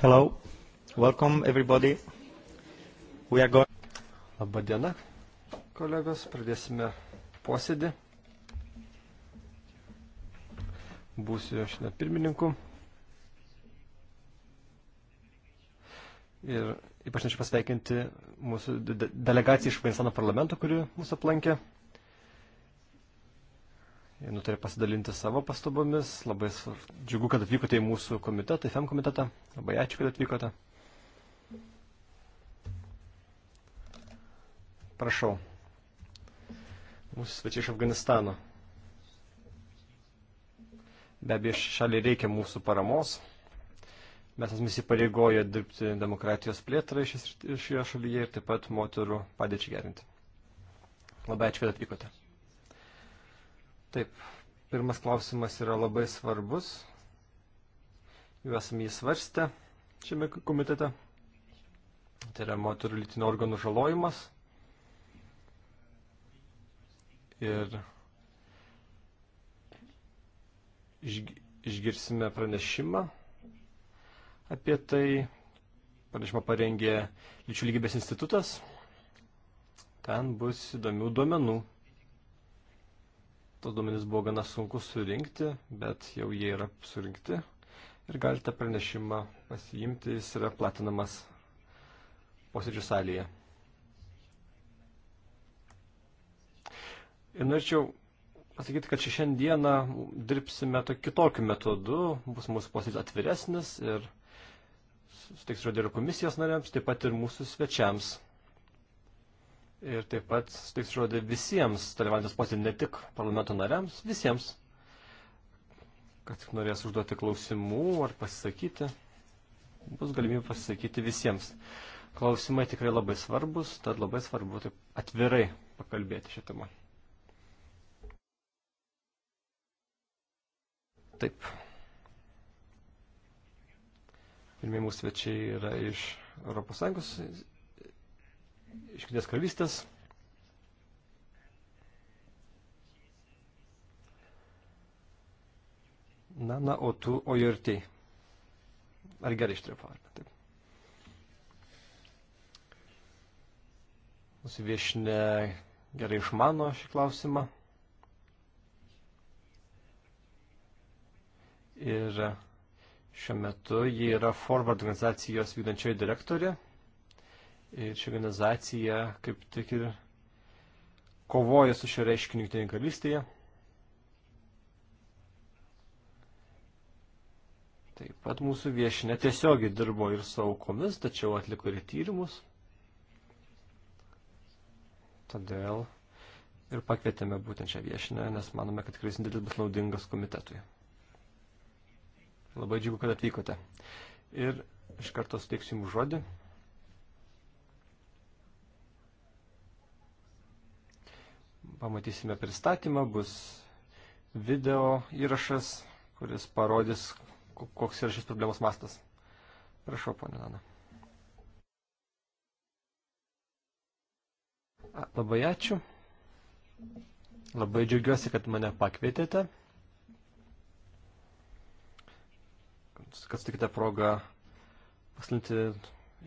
Hello. Welcome everybody. We are going. Labadiena, kolegos. Pradėsime posėdį. Būsiu šiandien pirmininku. Ir ypač norėčiau pasveikinti mūsų delegaciją iš Afganistano parlamento, kuri mūsų aplankė. Jie nutarė pasidalinti savo pastabomis. Labai džiugu, kad atvykote į mūsų komitetą, į FEM komitetą. Labai ačiū, kad atvykote. Prašau. Mūsų svečiai iš Afganistano. Be abejo, šaliai reikia mūsų paramos. Mes esame įsipareigoję dirbti demokratijos plėtrą šioje šalyje ir taip pat moterų padėčiai gerinti. Labai ačiū, kad atvykote. Taip, pirmas klausimas yra labai svarbus. Jau esame jį svarstę šiame komitete. Tai yra moterų lytinio organų žalojimas. Ir išgirsime pranešimą apie tai. Pranešimą parengė Lyčių lygybės institutas. Ten bus įdomių duomenų Tos duomenys buvo gana sunku surinkti, bet jau jie yra surinkti ir galite pranešimą pasiimti, jis yra platinamas posėdžių salėje. Ir norėčiau pasakyti, kad šiandieną dirbsime kitokiu metodu, bus mūsų posėdis atviresnis ir suteiks žodį ir komisijos nariams, taip pat ir mūsų svečiams. Ir taip pat suteiks žodį visiems dalyvaujantis posėdį, ne tik parlamento nariams, visiems, kad tik norės užduoti klausimų ar pasisakyti, bus galimybė pasisakyti visiems. Klausimai tikrai labai svarbus, tad labai svarbu taip atvirai pakalbėti šią temą. Taip. Pirmieji mūsų svečiai yra iš ES iš Kinės karalystės. Na, na, o tu, o ir tai. Ar gerai ištarė pavardę? Taip. Mūsų viešinė gerai išmano šį klausimą. Ir šiuo metu ji yra Forward organizacijos vykdančioji direktorė Ir ši organizacija kaip tik ir kovoja su šio reiškiniu Jungtinėje karalystėje. Taip pat mūsų viešinė tiesiogiai dirbo ir su aukomis, tačiau atliko ir tyrimus. Todėl ir pakvietėme būtent šią viešinę, nes manome, kad tikrai sindėlis bus naudingas komitetui. Labai džiugu, kad atvykote. Ir iš karto suteiksiu jums žodį. pamatysime pristatymą, bus video įrašas, kuris parodys, koks yra šis problemos mastas. Prašau, ponė Lana. Labai ačiū. Labai džiaugiuosi, kad mane pakvietėte. Kad sutikite progą pasilinti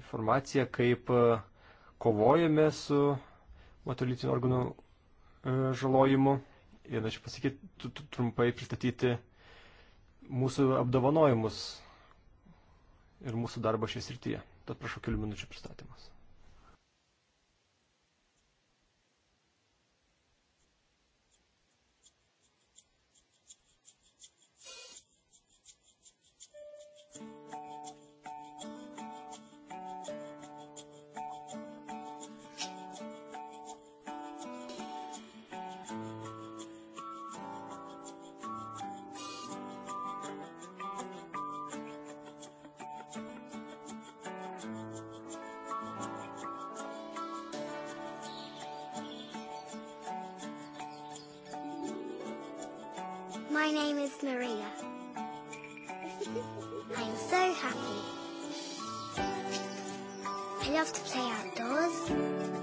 informaciją, kaip e, kovojame su matolytinių organų E, žalojimu. Ir norėčiau pasakyti, trumpai pristatyti mūsų apdovanojimus ir mūsų darbą šią srityje. Tad prašau kelių minučių pristatymas. My name is Maria. I am so happy. I love to play outdoors.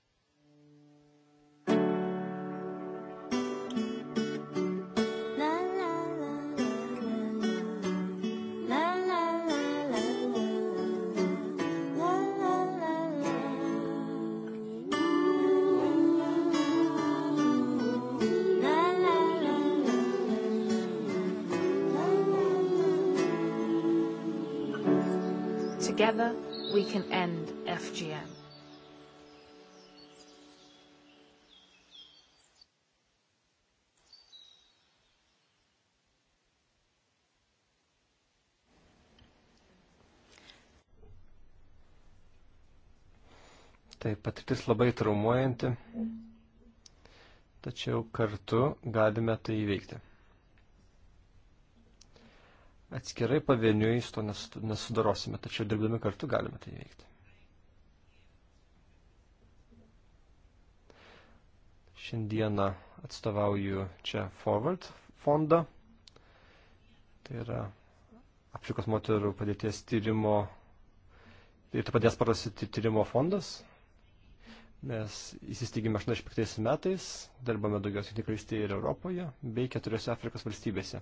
we can end FGM. Tai patirtis labai traumuojanti, tačiau kartu galime tai įveikti. Atskirai pavieniui to nesudarosime, tačiau dirbdami kartu galime tai veikti. Šiandieną atstovauju čia Forward fondą. Tai yra Afrikos moterų padėties tyrimo ir tai padės parasyti tyrimo fondas. Mes įsistigime 85 metais, darbame daugiausiai tikrai ir Europoje bei keturiose Afrikos valstybėse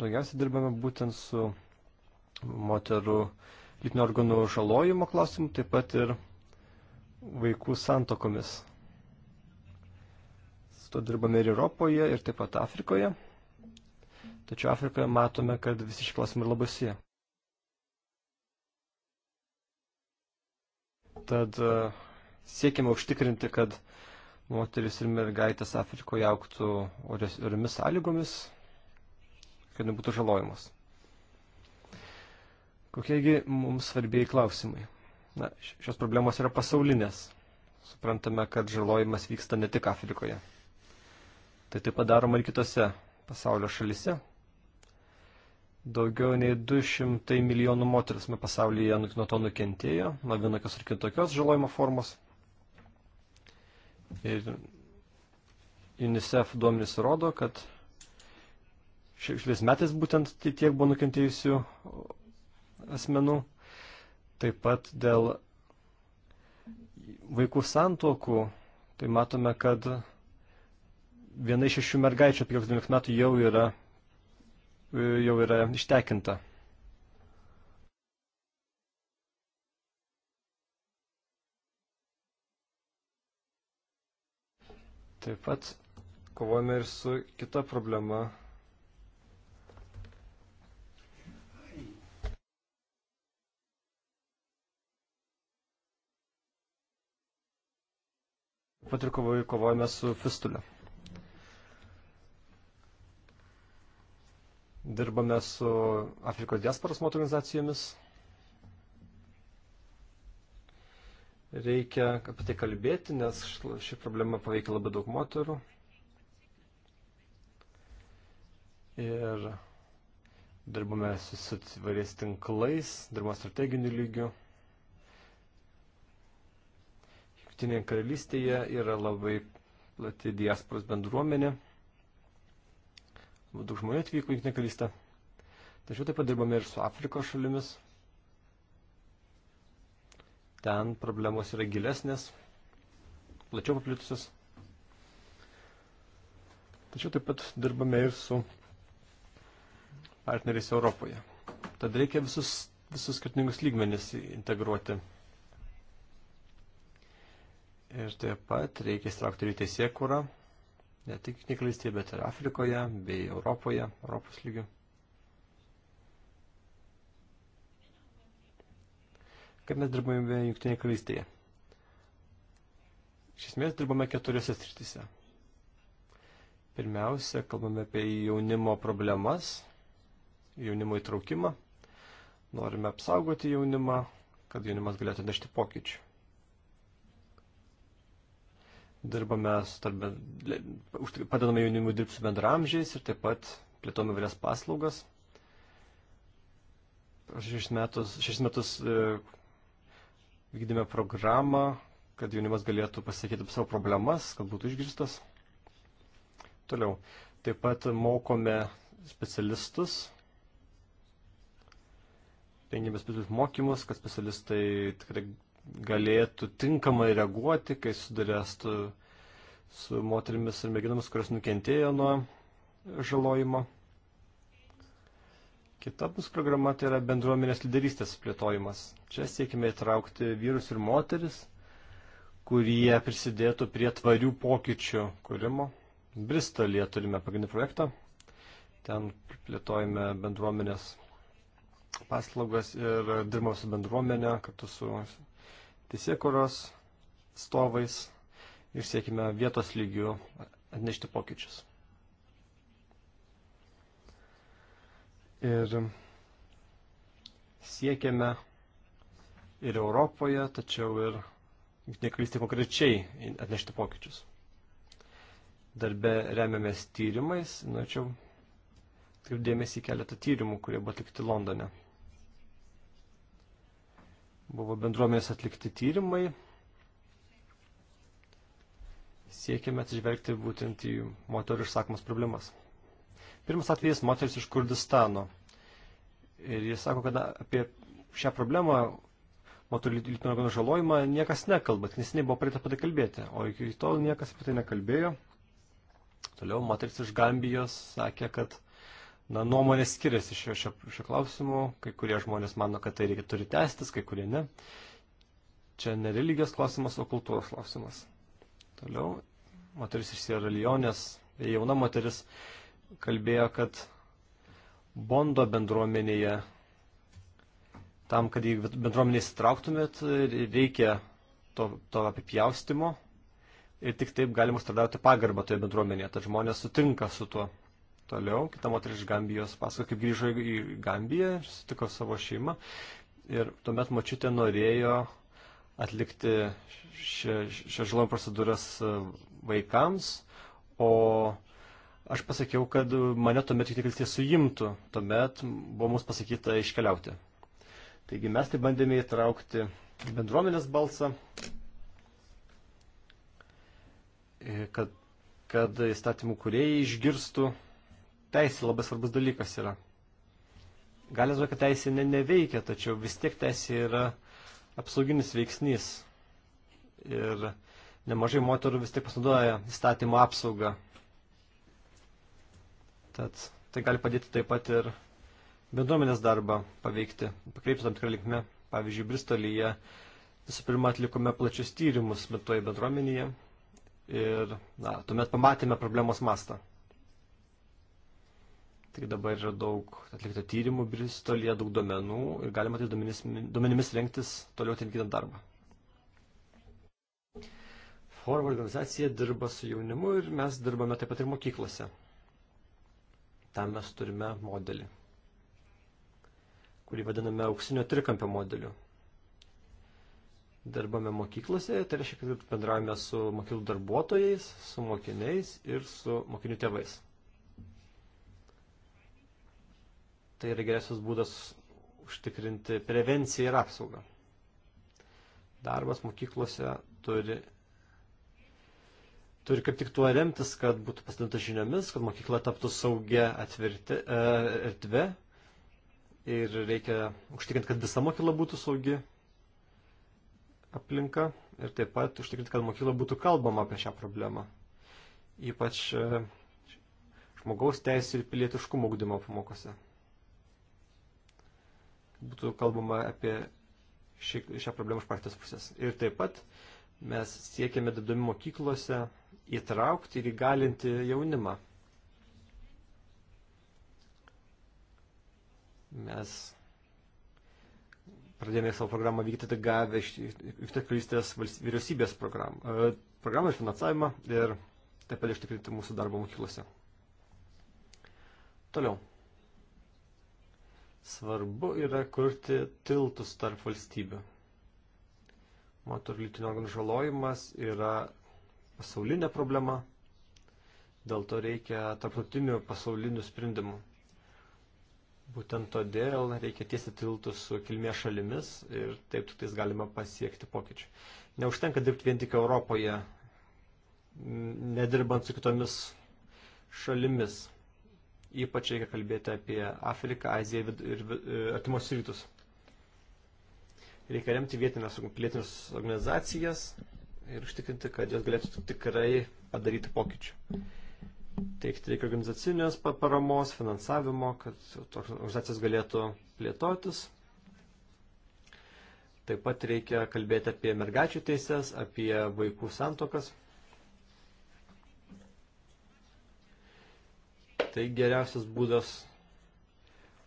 daugiausiai dirbame būtent su moterų lytinio organų žalojimo klausimu, taip pat ir vaikų santokomis. Su to dirbame ir Europoje, ir taip pat Afrikoje. Tačiau Afrikoje matome, kad visi šie klausimai labai sieja. Tad e, siekime užtikrinti, kad moteris ir mergaitės Afrikoje auktų oriomis sąlygomis, kad nebūtų žalojamos. Kokiegi mums svarbiai klausimai? Na, šios problemos yra pasaulinės. Suprantame, kad žalojimas vyksta ne tik Afrikoje. Tai taip padaroma ir kitose pasaulio šalise. Daugiau nei 200 milijonų moteris pasaulyje nuo to nukentėjo, nuo vienokios ir kitokios žalojimo formos. Ir UNICEF duomenys rodo, kad šiais metais būtent tiek buvo nukentėjusių asmenų. Taip pat dėl vaikų santokų, tai matome, kad viena iš šešių mergaičių apie 18 metų jau yra, jau yra ištekinta. Taip pat kovojame ir su kita problema pat ir kovojame su fistule. Dirbame su Afrikos diasporos motorizacijomis. Reikia apie tai kalbėti, nes ši problema paveikia labai daug moterų. Ir dirbame su įvairiais tinklais, dirbame strateginiu lygiu. Junktinėje karalystėje yra labai plati diasporos bendruomenė. Labai daug žmonių atvyko į Junktinę karalystę. Tačiau taip pat dirbame ir su Afrikos šalimis. Ten problemos yra gilesnės, plačiau paplitusios. Tačiau taip pat dirbame ir su partneriais Europoje. Tad reikia visus, visus skirtingus lygmenis integruoti Ir taip pat reikia įstraukti ir teisėkūrą, ne tik neklystėje, bet ir Afrikoje bei Europoje, Europos lygių. Kaip mes dirbame jungtinėje kalystėje? Iš esmės dirbame keturiose srityse. Pirmiausia, kalbame apie jaunimo problemas, jaunimo įtraukimą. Norime apsaugoti jaunimą, kad jaunimas galėtų nešti pokyčių dirbame, tarp, padedame jaunimui dirbti su bendramžiais ir taip pat plėtome vairias paslaugas. Šešis metus, šešis metus e, vykdėme programą, kad jaunimas galėtų pasakyti savo problemas, kad būtų išgirstas. Toliau. Taip pat mokome specialistus, rengiame specialius mokymus, kad specialistai tikrai galėtų tinkamai reaguoti, kai sudarės tu su moterimis ir merginomis, kurios nukentėjo nuo žalojimo. Kita mūsų programa tai yra bendruomenės lyderystės plėtojimas. Čia siekime įtraukti vyrus ir moteris, kurie prisidėtų prie tvarių pokyčių kūrimo. Bristolėje turime pagrindinį projektą. Ten plėtojame bendruomenės paslaugas ir dirbam su bendruomenė kartu su teisėkuros stovais ir siekime vietos lygių atnešti pokyčius. Ir siekiame ir Europoje, tačiau ir nekristį konkrečiai atnešti pokyčius. Darbe remiamės tyrimais, norėčiau atkreipdėmėsi keletą tyrimų, kurie buvo atlikti Londone. Buvo bendruomės atlikti tyrimai. Siekime atsižvelgti būtent į moterų išsakomas problemas. Pirmas atvejis moteris iš Kurdistano. Ir jis sako, kad apie šią problemą moterų lytinio organų žalojimą niekas nekalba, nes jinai buvo pradėta apie tai kalbėti, o iki tol niekas apie tai nekalbėjo. Toliau moteris iš Gambijos sakė, kad na, nuomonės skiriasi šio, šio, šio klausimu, kai kurie žmonės mano, kad tai reikia turi tęstis, kai kurie ne. Čia ne religijos klausimas, o kultūros klausimas. Toliau, moteris iš Sierra Leonės, tai jauna moteris, kalbėjo, kad Bondo bendruomenėje, tam, kad į bendruomenę įsitrauktumėt, reikia to, to apipjaustimo ir tik taip galima stradauti pagarbą toje bendruomenėje, tad žmonės sutinka su tuo Toliau kita moteris iš Gambijos pasako, kaip grįžo į Gambiją, sutiko savo šeimą ir tuomet močiutė norėjo atlikti šią žalom procedūras e, vaikams, o aš pasakiau, kad mane tuomet tik kaltė suimtų, tuomet buvo mums pasakyta iškeliauti. Taigi mes tai bandėme įtraukti bendruomenės balsą, e, kad, kad įstatymų kuriejai išgirstų teisė labai svarbus dalykas yra. Galės, kad teisė ne, neveikia, tačiau vis tiek teisė yra apsauginis veiksnys. Ir nemažai moterų vis tiek pasinaudoja įstatymo apsaugą. Tad tai gali padėti taip pat ir bendruomenės darbą paveikti, pakreipti tam tikrą linkmę. Pavyzdžiui, Bristolyje visų pirma atlikome plačius tyrimus metuoje bendruomenėje ir na, tuomet pamatėme problemos mastą. Tai dabar yra daug atlikta tyrimų Bristolėje, daug duomenų ir galima tai duomenis, duomenimis rengtis toliau tenkinant darbą. Forum organizacija dirba su jaunimu ir mes dirbame taip pat ir mokyklose. Tam mes turime modelį, kurį vadiname auksinio trikampio modeliu. Dirbame mokyklose, tai reiškia, kad bendravome su mokyklų darbuotojais, su mokiniais ir su mokinių tėvais. tai yra geresnis būdas užtikrinti prevenciją ir apsaugą. Darbas mokyklose turi, turi kaip tik tuo remtis, kad būtų pasidalinta žiniomis, kad mokykla taptų saugia atvirti, e, erdve ir reikia užtikrinti, kad visa mokykla būtų saugi aplinka ir taip pat užtikrinti, kad mokykla būtų kalbama apie šią problemą. Ypač e, žmogaus teisų ir pilietiškumo ugdymo pamokose būtų kalbama apie šį, šią problemą iš praktinės pusės. Ir taip pat mes siekiame dirbdami mokyklose įtraukti ir įgalinti jaunimą. Mes pradėjome savo programą vykti tik gavę iš Jungtinės karalystės vyriausybės programą, e, programą ir finansavimą ir taip pat ištikrinti mūsų darbą mokyklose. Toliau. Svarbu yra kurti tiltus tarp valstybių. Moterų lytinio organų žalojimas yra pasaulinė problema, dėl to reikia tarptautinių pasaulinių sprendimų. Būtent todėl reikia tiesti tiltus su kilmės šalimis ir taip tik tais galima pasiekti pokyčių. Neužtenka dirbti vien tik Europoje, nedirbant su kitomis šalimis. Ypač reikia kalbėti apie Afriką, Aziją ir e, artimus rytus. Reikia remti vietinės pilietinės organizacijas ir užtikrinti, kad jos galėtų tikrai padaryti pokyčių. Teikti reikia organizacinės paramos, finansavimo, kad toks organizacijos galėtų plėtotis. Taip pat reikia kalbėti apie mergačių teises, apie vaikų santokas. Tai geriausias būdas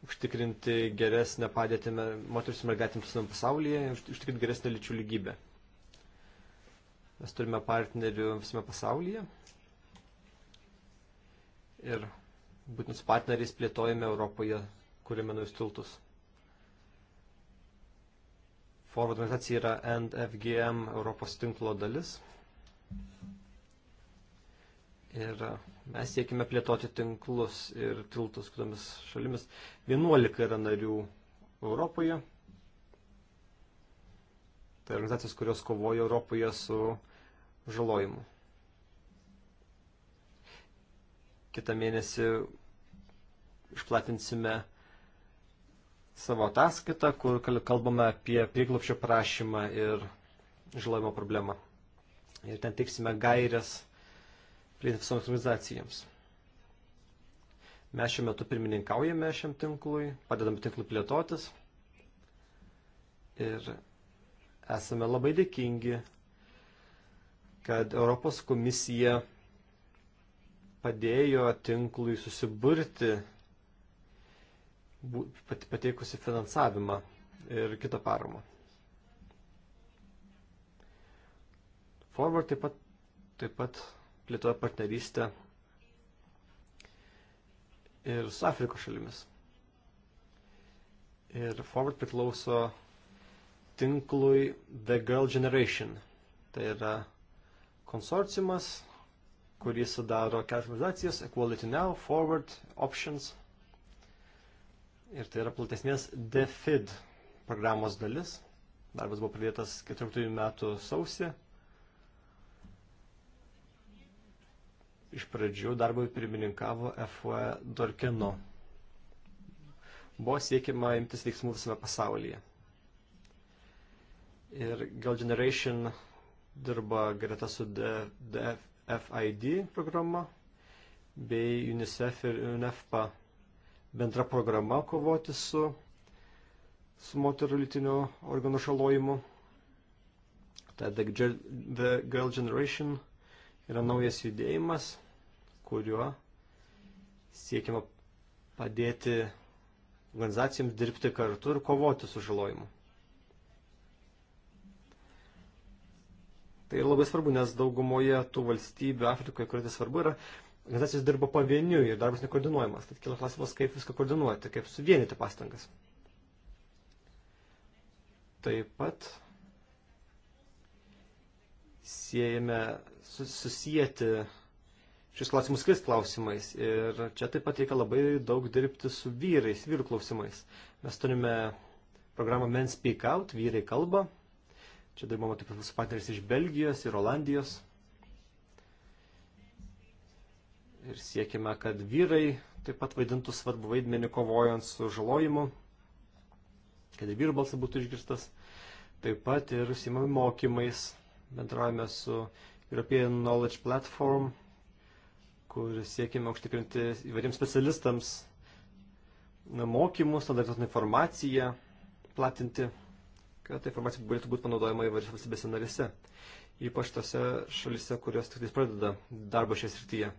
užtikrinti geresnę padėtį moteris ir mergaitėms visame pasaulyje, užtikrinti geresnę lyčių lygybę. Mes turime partnerių visame pasaulyje ir būtent su partneriais plėtojame Europoje, kuriame naujus tiltus. Forward organizacija yra NFGM Europos tinklo dalis. Ir e, mes siekime plėtoti tinklus ir tiltus kitomis šalimis. 11 yra narių Europoje. Tai organizacijos, kurios kovoja Europoje su žalojimu. Kita mėnesį išplatinsime savo ataskaitą, kur kalbame apie prieglopščio prašymą ir žalojimo problemą. Ir ten teiksime gairias prieinti visoms organizacijoms. Mes šiuo metu pirmininkaujame šiam tinklui, padedam tinklui plėtotis ir esame labai dėkingi, kad Europos komisija padėjo tinklui susiburti, pateikusi finansavimą ir kitą paramą. Forward taip pat, taip pat plėtoja partnerystę ir su Afrikos šalimis. Ir Forward priklauso tinklui The Girl Generation. Tai yra konsorciumas, kurį sudaro kelios organizacijos Equality Now, Forward, Options. Ir tai yra platesnės DFID programos dalis. Darbas buvo pradėtas 14 metų sausį Iš pradžių darbui pirmininkavo FUE Dorkeno. Buvo siekiama imtis veiksmų visame pasaulyje. Ir Girl Generation dirba greta su DFID programa bei UNICEF ir UNEFPA bendra programa kovoti su, su moterų lytiniu organų šalojimu. Tai The Girl Generation yra naujas judėjimas, kuriuo siekiama padėti organizacijoms dirbti kartu ir kovoti su žalojimu. Tai yra labai svarbu, nes daugumoje tų valstybių Afrikoje, kur tai svarbu, yra organizacijos dirba pavieniui ir darbas nekoordinuojamas. Tad kila klausimas, kaip viską koordinuoti, kaip suvienyti pastangas. Taip pat siejame susijęti šis klausimus kitais klausimais. Ir čia taip pat reikia labai daug dirbti su vyrais, vyrų klausimais. Mes turime programą Men Speak Out, vyrai kalba. Čia dirbama taip pat su partneriais iš Belgijos ir Olandijos. Ir siekime, kad vyrai taip pat vaidintų svarbu vaidmenį kovojant su žalojimu, kad ir vyrų balsas būtų išgirstas. Taip pat ir užsimami mokymais, bendravime su European Knowledge Platform kur siekime užtikrinti įvairiems specialistams mokymus, standartizuotą informaciją platinti, kad ta informacija galėtų būti panaudojama įvairiose valstybėse narėse, ypač tose šalise, kurios tik pradeda darbą šią srityje.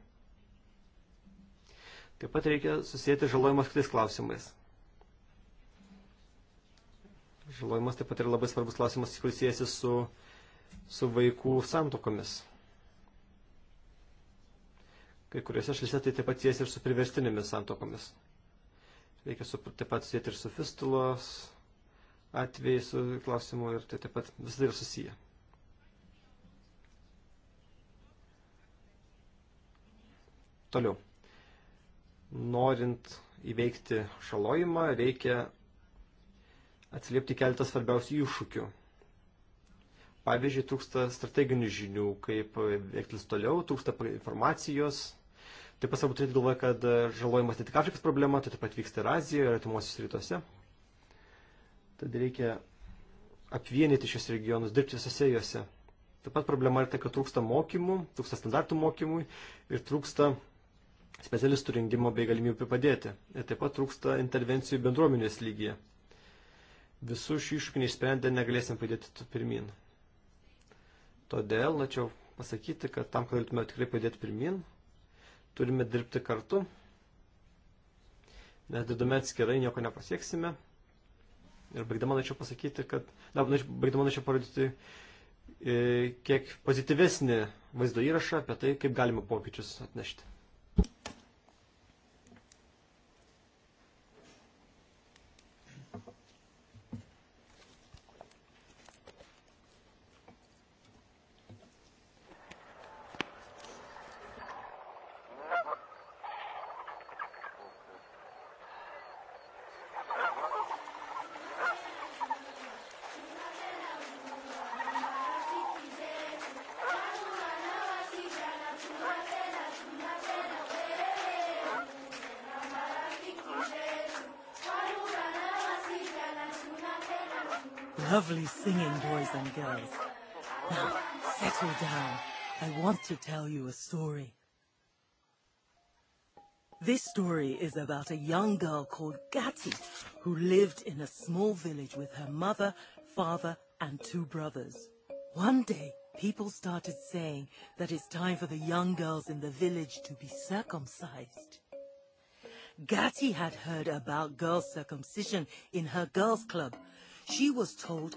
Taip pat reikia susijęti žalojimą su kitais klausimais. Žalojimas taip pat yra labai svarbus klausimas, kuris siejasi su, su vaikų santokomis. Kai kuriuose šalyse tai taip pat sies ir su priverstinėmis santokomis. Reikia su, taip pat sieti ir su fistulos atvejai su klausimu ir tai taip pat visada yra susiję. Toliau. Norint įveikti šalojimą, reikia atsiliepti keletą svarbiausių iššūkių. Pavyzdžiui, trūksta strateginių žinių, kaip veiktis toliau, trūksta informacijos, Taip pat svarbu turėti galvoje, kad e, žalojimas ne tik Afrikos problema, tai taip pat vyksta ir Azijoje, ir atimuosius rytuose. Tad reikia apvienyti šios regionus, dirbti visose juose. Taip pat problema yra tai, kad trūksta mokymų, trūksta standartų mokymui ir trūksta specialistų rengimo bei galimybių padėti. Ir taip pat trūksta intervencijų bendruomenės lygyje. Visų šių iššūkių neišsprendę negalėsim padėti pirmin. Todėl norėčiau pasakyti, kad tam, kad galėtume tikrai padėti pirmin, Turime dirbti kartu, nes dirbdami atskirai nieko nepasieksime. Ir baigdama norėčiau pasakyti, kad, na, baigdama norėčiau parodyti e, kiek pozityvesnį vaizdo įrašą apie tai, kaip galima pokyčius atnešti. tell you a story. This story is about a young girl called Gatti who lived in a small village with her mother, father, and two brothers. One day, people started saying that it's time for the young girls in the village to be circumcised. Gatti had heard about girl circumcision in her girls' club. She was told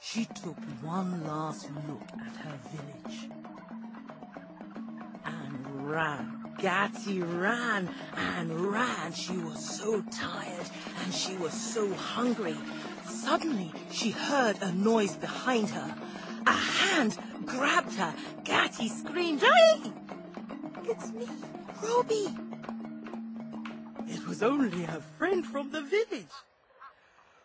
she took one last look at her village and ran. Gatsy ran and ran. She was so tired and she was so hungry. Suddenly, she heard a noise behind her. A hand grabbed her. Gatsy screamed, Hey! It's me, Robbie. It was only her friend from the village.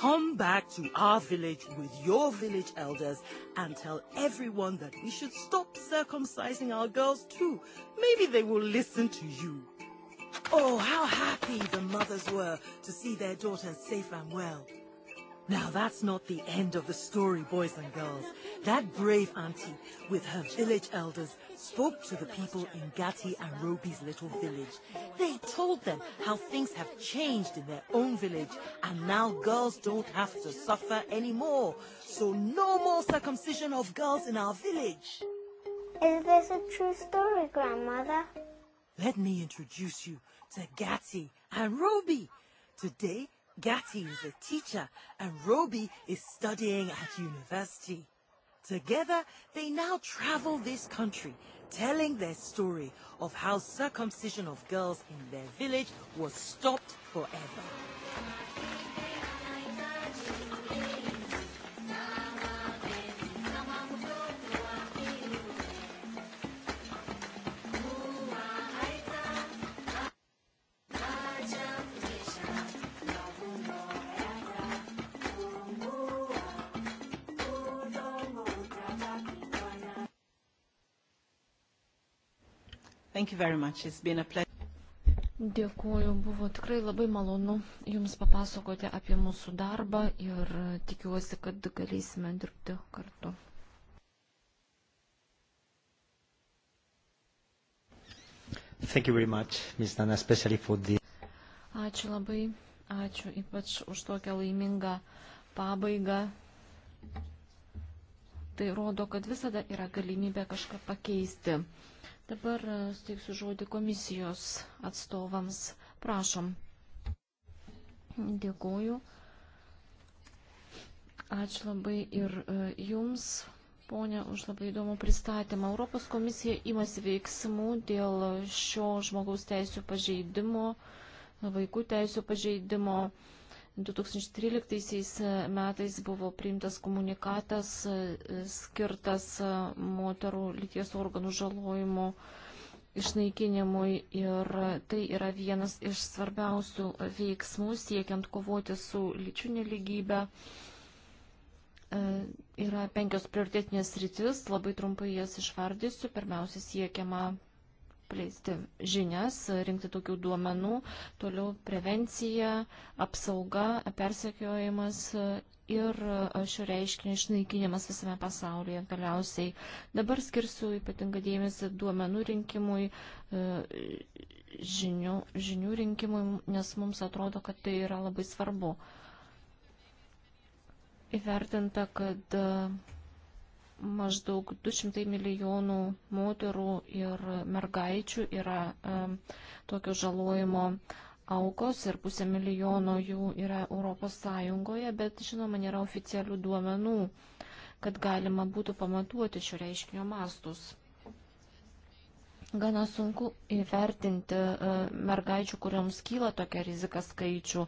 Come back to our village with your village elders and tell everyone that we should stop circumcising our girls too. Maybe they will listen to you. Oh, how happy the mothers were to see their daughters safe and well. Now that's not the end of the story, boys and girls. That brave auntie with her village elders spoke to the people in Gati and Robi's little village. They told them how things have changed in their own village and now girls don't have to suffer anymore. So no more circumcision of girls in our village. Is this a true story, Grandmother? Let me introduce you to Gatti and Roby. Today, Gatti is a teacher and Roby is studying at university. Together, they now travel this country, telling their story of how circumcision of girls in their village was stopped forever. Thank you very much. It's been a pleasure. Dėkuoju, buvo tikrai labai malonu Jums papasakoti apie mūsų darbą ir tikiuosi, kad galėsime dirbti kartu. Thank you very much, Ms. Nana, especially for the... Ačiū labai, ačiū ypač už tokią laimingą pabaigą. Tai rodo, kad visada yra galimybė kažką pakeisti. Dabar e, steiksiu žodį komisijos atstovams. Prašom. Dėkuoju. Ačiū labai ir e, jums, ponė, už labai įdomų pristatymą. Europos komisija imasi veiksmų dėl šio žmogaus teisų pažeidimo, vaikų teisų pažeidimo. Uh, 2013 e, metais buvo priimtas komunikatas e, skirtas e, moterų lyties organų žalojimo išnaikinimui ir tai yra vienas iš svarbiausių veiksmų siekiant kovoti su lyčių neligybė. Yra penkios prioritetinės rytis, labai trumpai jas išvardysiu. Pirmiausia, siekiama plėsti žinias, rinkti tokių duomenų, toliau prevencija, apsauga, persekiojimas ir šio reiškinio išnaikinimas visame pasaulyje galiausiai. Dabar skirsiu ypatingą dėmesį duomenų rinkimui, e, žinių, žinių rinkimui, nes mums atrodo, kad tai yra labai svarbu. Įvertinta, kad maždaug 200 milijonų moterų ir mergaičių yra e, tokio žalojimo aukos ir pusė milijono jų yra Europos Sąjungoje, bet žinoma nėra oficialių duomenų, kad galima būtų pamatuoti šio reiškinio mastus gana sunku įvertinti e, mergaičių, kuriams kyla tokia rizika skaičių.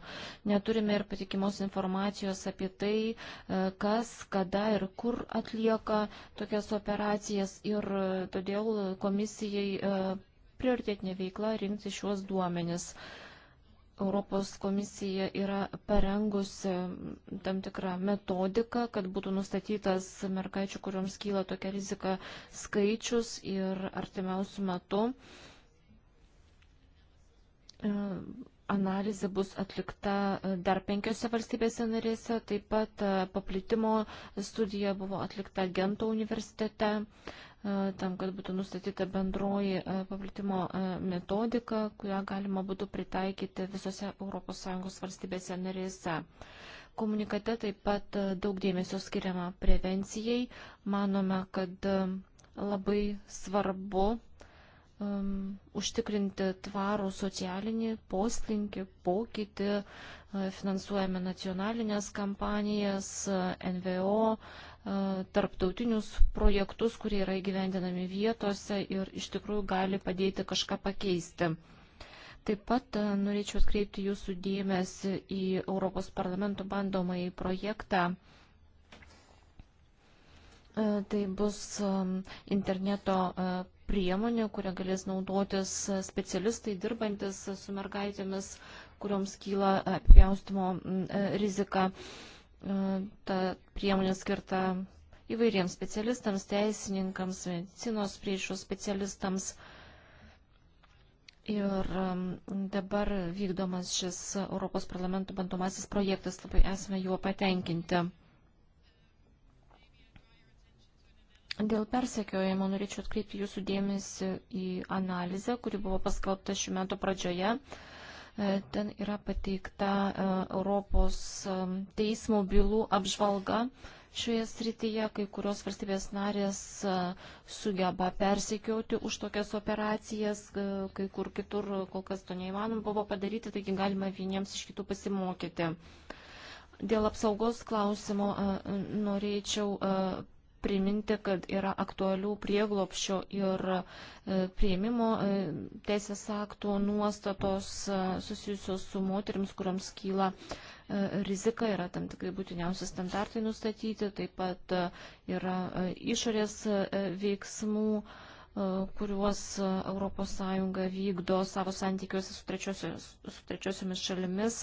Neturime ir patikimos informacijos apie tai, e, kas, kada ir kur atlieka tokias operacijas ir e, todėl komisijai prioritetinė veikla rinkti šiuos duomenis. Uh, Europos komisija yra parengusi tam tikrą metodiką, kad būtų nustatytas mergaičių, kuriuoms kyla tokia rizika skaičius ir artimiausių metų e, analizė bus atlikta e, dar penkiose valstybėse narėse, taip pat e, paplitimo studija buvo atlikta Gento universitete. E, tam, kad būtų nustatyta bendroji e, paplitimo e, metodika, kurią galima būtų pritaikyti visose ES valstybėse narėse. Komunikate taip pat daug dėmesio skiriama prevencijai. Manome, kad labai svarbu um, užtikrinti tvarų socialinį poslinkį, pokytį, finansuojame nacionalinės kampanijas, NVO, tarptautinius projektus, kurie yra įgyvendinami vietose ir iš tikrųjų gali padėti kažką pakeisti. Taip pat norėčiau atkreipti jūsų dėmesį į Europos parlamento bandomąjį projektą. Tai bus interneto priemonė, kurią galės naudotis specialistai dirbantis su mergaitėmis, kurioms kyla apjaustimo rizika. E, ta priemonė skirta įvairiems specialistams, teisininkams, medicinos priešų specialistams. Ir e, dabar vykdomas šis Europos parlamento bandomasis projektas, labai esame juo patenkinti. Dėl persekiojimo norėčiau atkreipti jūsų dėmesį į analizę, kuri buvo paskelbta šių metų pradžioje. E, ten yra pateikta e, Europos e, teismo bylų apžvalga. Šioje srityje kai kurios valstybės narės sugeba persekioti už tokias operacijas, kai kur kitur kol kas to neįmanoma buvo padaryti, taigi galima vieniems iš kitų pasimokyti. Dėl apsaugos klausimo norėčiau priminti, kad yra aktualių prieglopščio ir e, prieimimo e, teisės aktų nuostatos e, susijusios su moteriams, kuriams kyla rizika, yra tam tikrai būtiniausi standartai nustatyti, taip pat yra išorės veiksmų kuriuos ES vykdo savo santykiuose su, trečiosios, su trečiosiomis šalimis,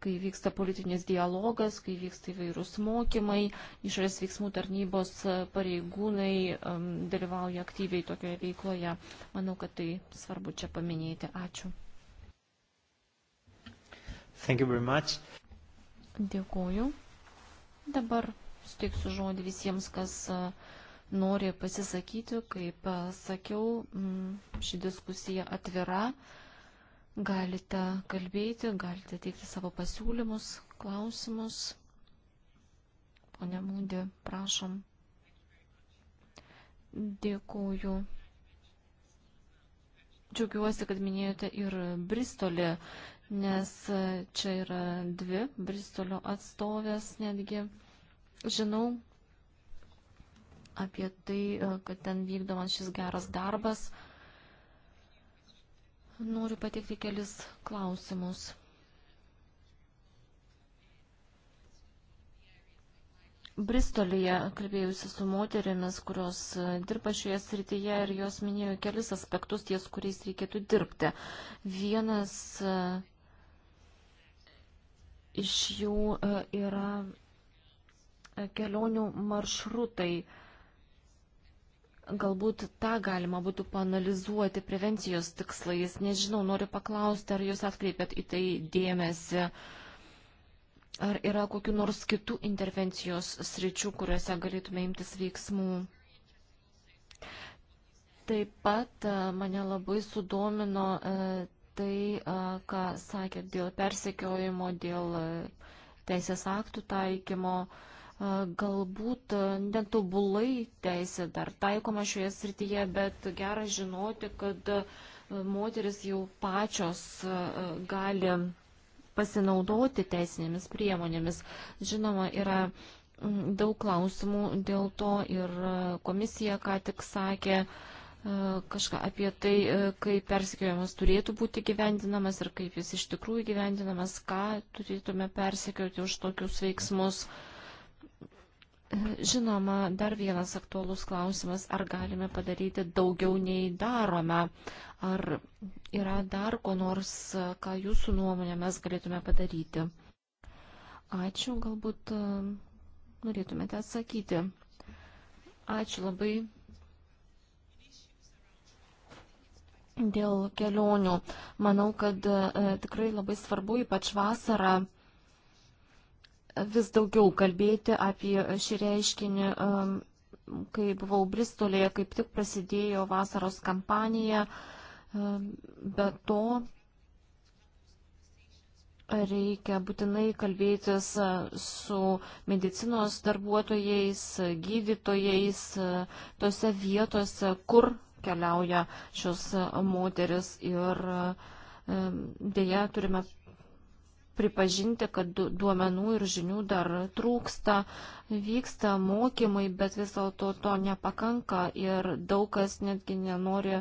kai vyksta politinis dialogas, kai vyksta įvairūs mokymai, išorės veiksmų tarnybos pareigūnai um, dalyvauja aktyviai tokioje veikloje. Manau, kad tai svarbu čia paminėti. Ačiū. Dėkuoju. Dabar suteiksiu žodį visiems, kas uh, nori pasisakyti, kaip sakiau, mm, ši diskusija atvira. Galite kalbėti, galite teikti savo pasiūlymus, klausimus. Pone Mūdė, prašom. Dėkuoju. Džiaugiuosi, kad minėjote ir Bristolį, nes čia yra dvi Bristolio atstovės netgi. Žinau, apie tai, e, kad ten vykdomas šis geras darbas. Noriu pateikti kelis klausimus. Bristolyje kalbėjusi su moterimis, kurios e, dirba šioje srityje ir jos minėjo kelis aspektus, ties kuriais reikėtų dirbti. Vienas e, iš jų yra kelionių maršrutai Galbūt tą galima būtų panalizuoti prevencijos tikslais. Nežinau, noriu paklausti, ar jūs atkreipėt į tai dėmesį. Ar yra kokiu nors kitų intervencijos sričių, kuriuose galėtume imtis veiksmų? Taip pat e, mane labai sudomino e, tai, e, ką sakėt dėl persekiojimo, dėl teisės aktų taikymo galbūt netobulai teisė dar taikoma šioje srityje, bet gera žinoti, kad moteris jau pačios gali pasinaudoti teisinėmis priemonėmis. Žinoma, yra daug klausimų dėl to ir komisija ką tik sakė kažką apie tai, kaip persekiojimas turėtų būti gyvendinamas ir kaip jis iš tikrųjų gyvendinamas, ką turėtume persekioti už tokius veiksmus. Mhm Žinoma, dar vienas aktuolus klausimas, ar galime padaryti daugiau nei darome, ar yra dar ko nors, ką jūsų nuomonė mes galėtume padaryti. Ačiū, galbūt e, norėtumėte atsakyti. Ačiū labai dėl kelionių. Manau, kad e, tikrai labai svarbu, ypač vasarą vis daugiau kalbėti apie šį reiškinį. Um, kai buvau Bristolėje, kaip tik prasidėjo vasaros kampanija, um, be to reikia būtinai kalbėtis uh, su medicinos darbuotojais, gydytojais, uh, tose vietose, kur keliauja šios uh, moteris ir um, dėja turime pripažinti, kad duomenų ir žinių dar trūksta, vyksta mokymai, bet vis dėlto to nepakanka ir daug kas netgi nenori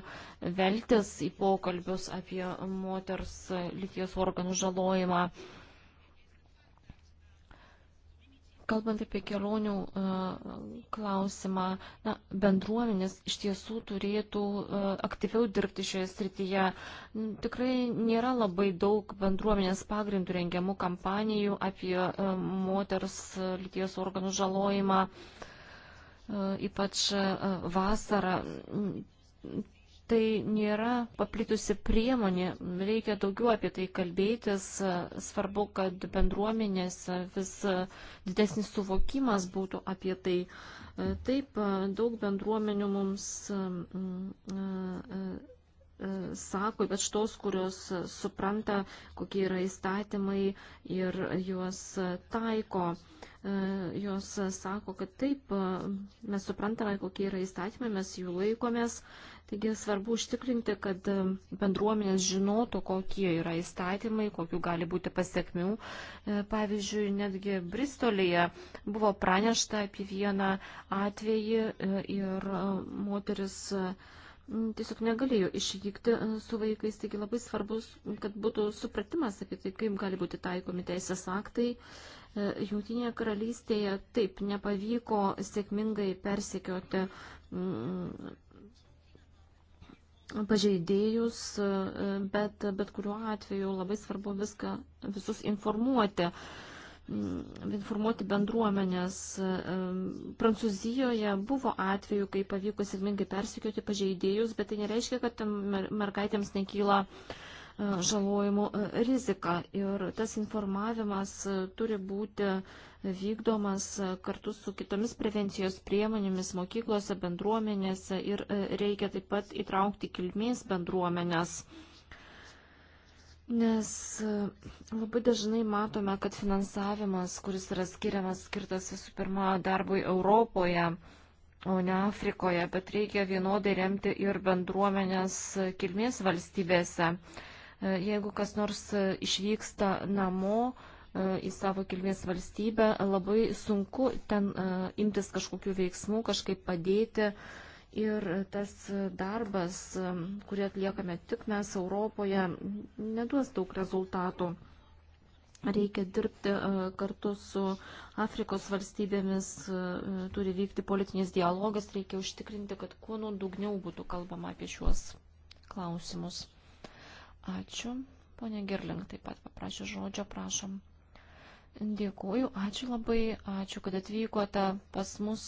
veltis į pokalbius apie moters lyties organų žalojimą. Kalbant apie kelionių e, klausimą, na, bendruomenės iš tiesų turėtų e, aktyviau dirbti šioje srityje. Tikrai nėra labai daug bendruomenės pagrindų rengiamų kampanijų apie e, moters lyties organų žalojimą, ypač vasarą tai nėra paplitusi priemonė, reikia daugiau apie tai kalbėtis, svarbu, kad bendruomenės vis didesnis suvokimas būtų apie tai. Taip, daug bendruomenių mums mm, mm, mm, sako, ypač tos, kurios supranta, kokie yra įstatymai ir juos taiko. Jos sako, kad taip, mes suprantame, kokie yra įstatymai, mes jų laikomės, Taigi svarbu užtikrinti, kad bendruomenės žinotų, kokie yra įstatymai, kokiu gali būti pasiekmių. E, pavyzdžiui, netgi Bristolėje buvo pranešta apie vieną atvejį e, ir e, moteris tiesiog negalėjo išvykti su vaikais, taigi labai svarbus, kad būtų supratimas apie tai, kaip gali būti taikomi teisės aktai. Jungtinėje karalystėje taip nepavyko sėkmingai persekioti pažeidėjus, bet bet kuriuo atveju labai svarbu viską, visus informuoti, mm, informuoti bendruomenės. Mm, Prancūzijoje buvo atveju, kai pavyko sėkmingai persikioti pažeidėjus, bet tai nereiškia, kad mergaitėms nekyla uh, žalojimų e, riziką. Ir tas informavimas e, turi būti vykdomas e, kartu su kitomis prevencijos priemonėmis mokyklose, bendruomenėse ir reikia taip pat įtraukti kilmės bendruomenės. Nes labai dažnai matome, kad finansavimas, kuris yra skiriamas, skirtas visų pirma darbui Europoje, o ne Afrikoje, bet reikia vienodai remti ir bendruomenės kilmės valstybėse. E, jeigu kas nors e, išvyksta namo e, į savo kilmės valstybę, labai sunku ten imtis kažkokių veiksmų, kažkaip padėti. Ir tas darbas, kurį atliekame tik mes Europoje, neduos daug rezultatų. Reikia dirbti kartu su Afrikos valstybėmis, turi vykti politinis dialogas, reikia užtikrinti, kad kuo nuodugniau būtų kalbama apie šiuos klausimus. Ačiū. Pone Girling taip pat paprašė žodžio, prašom. Dėkuoju, ačiū labai, ačiū, kad atvykote pas mus.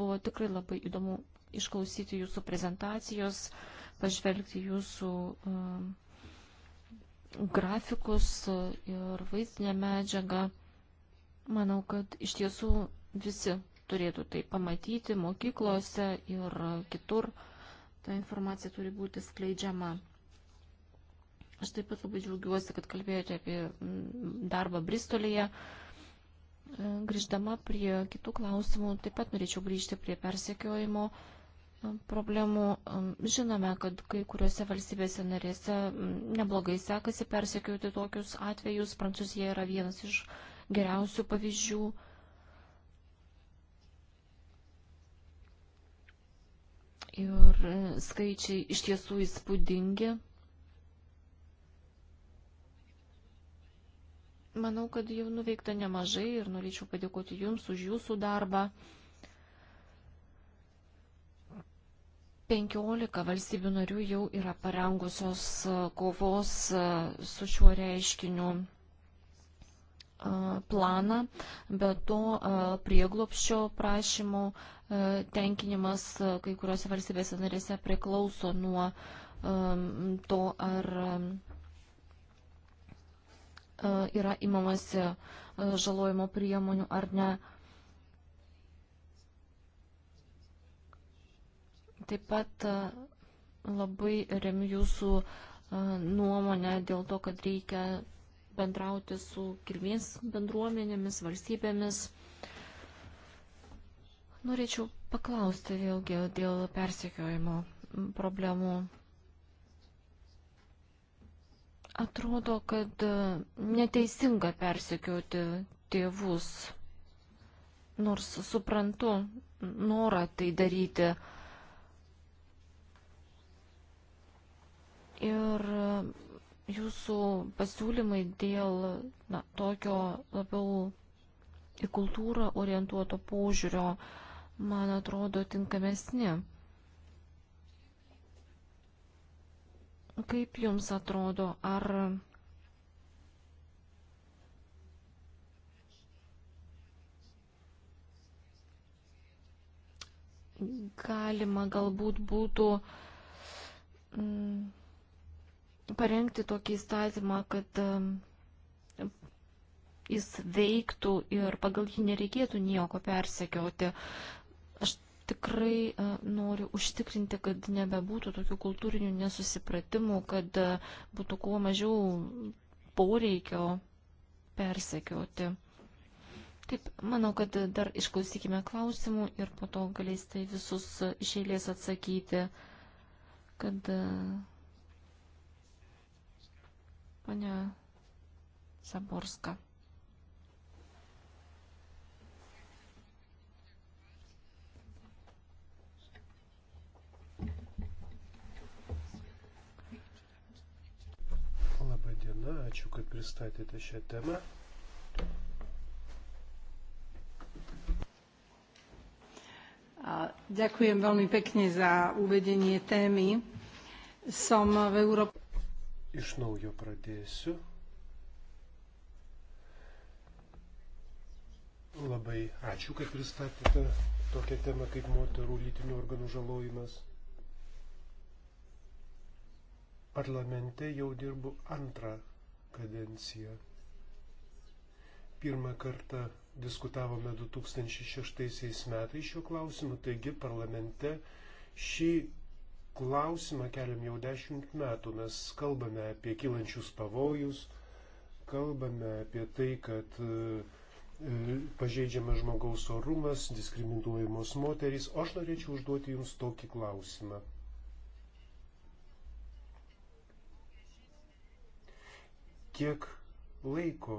Buvo tikrai labai įdomu išklausyti jūsų prezentacijos, pažvelgti jūsų um, uh, grafikus ir vaizdinę medžiagą. Manau, kad iš tiesų visi turėtų tai pamatyti mokyklose ir kitur. Ta informacija turi būti skleidžiama. Aš taip pat labai džiaugiuosi, kad kalbėjote apie mm, darbą Bristolėje. E, grįždama prie kitų klausimų, taip pat norėčiau grįžti prie persekiojimo e, problemų. E, žinome, kad kai kuriuose valstybėse narėse neblogai sekasi persekioti tokius atvejus. Prancūzija yra vienas iš geriausių pavyzdžių. Ir skaičiai iš tiesų įspūdingi. Manau, kad jau nuveikta nemažai ir norėčiau padėkoti Jums už Jūsų darbą. 15 valstybių narių jau yra parengusios e, kovos e, su šiuo reiškiniu e, planą, bet to prieglopščio prašymų tenkinimas kai kuriuose valstybėse narėse priklauso nuo to, ar E, yra įmamasi e, žalojimo priemonių ar ne. Taip pat e, labai remiu jūsų nuomonę dėl to, kad reikia bendrauti su kilmės bendruomenėmis, valstybėmis. Norėčiau paklausti vėlgi dėl persekiojimo problemų. Atrodo, kad e, neteisinga persekioti tėvus, nors suprantu norą tai daryti. Ir e, jūsų pasiūlymai dėl na, tokio labiau į kultūrą orientuoto požiūrio, man atrodo, tinkamesni. Kaip Jums atrodo, ar galima galbūt būtų mm, parengti tokį įstatymą, kad mm, jis veiktų ir pagal jį nereikėtų nieko persekioti tikrai e, noriu užtikrinti, kad nebebūtų tokių kultūrinių nesusipratimų, kad e, būtų kuo mažiau poreikio persekioti. Taip, manau, kad dar išklausykime klausimų ir po to galėsite tai visus iš eilės atsakyti, kad e, ponia Saborska. diena, ačiū, kad pristatėte šią temą. Ďakujem veľmi pekne za uvedenie témy. Som v Európe. Iš naujo pradėsiu. Labai ačiū, kad pristatėte tokią temą kaip moterų lytinių organų žalojimas. Parlamente jau dirbu antrą kadenciją. Pirmą kartą diskutavome 2006 metais šiuo klausimu, taigi parlamente šį klausimą keliam jau dešimt metų. Mes kalbame apie kylančius pavojus, kalbame apie tai, kad e, pažeidžiamas žmogaus orumas, diskriminuojamos moterys. O aš norėčiau užduoti Jums tokį klausimą. Kiek laiko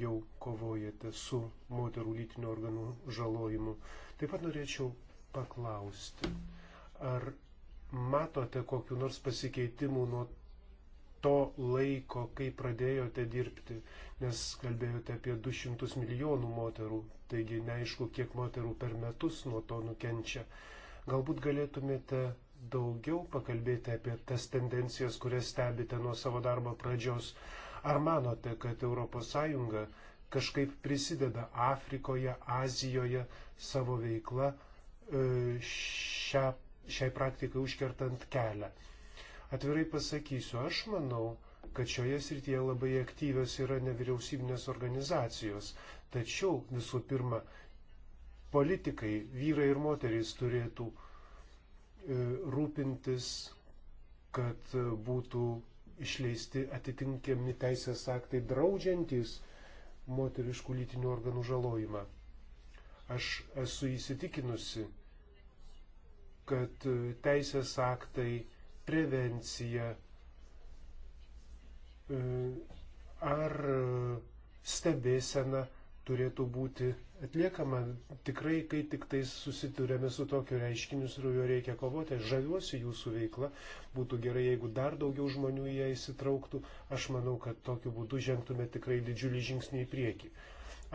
jau kovojate su moterų lytinių organų žalojimu? Taip pat norėčiau paklausti, ar matote kokiu nors pasikeitimu nuo to laiko, kai pradėjote dirbti, nes kalbėjote apie 200 milijonų moterų, taigi neaišku, kiek moterų per metus nuo to nukenčia. Galbūt galėtumėte daugiau pakalbėti apie tas tendencijas, kurias stebite nuo savo darbo pradžios, Ar manote, kad ES kažkaip prisideda Afrikoje, Azijoje savo veikla e, šią, šiai praktikai užkertant kelią? Atvirai pasakysiu, aš manau, kad šioje srityje labai aktyvios yra nevyriausybinės organizacijos. Tačiau visų pirma, politikai, vyrai ir moterys turėtų e, rūpintis, kad e, būtų išleisti atitinkami teisės aktai draudžiantis moteriškų lytinių organų žalojimą. Aš esu įsitikinusi, kad e, teisės aktai, prevencija e, ar e, stebėsena turėtų būti atliekama tikrai, kai tik tai susiturėme su tokiu reiškiniu, su juo reikia kovoti. Aš žaviuosi jūsų veikla, būtų gerai, jeigu dar daugiau žmonių į ją įsitrauktų. Aš manau, kad tokiu būdu žengtume tikrai didžiulį žingsnį į priekį.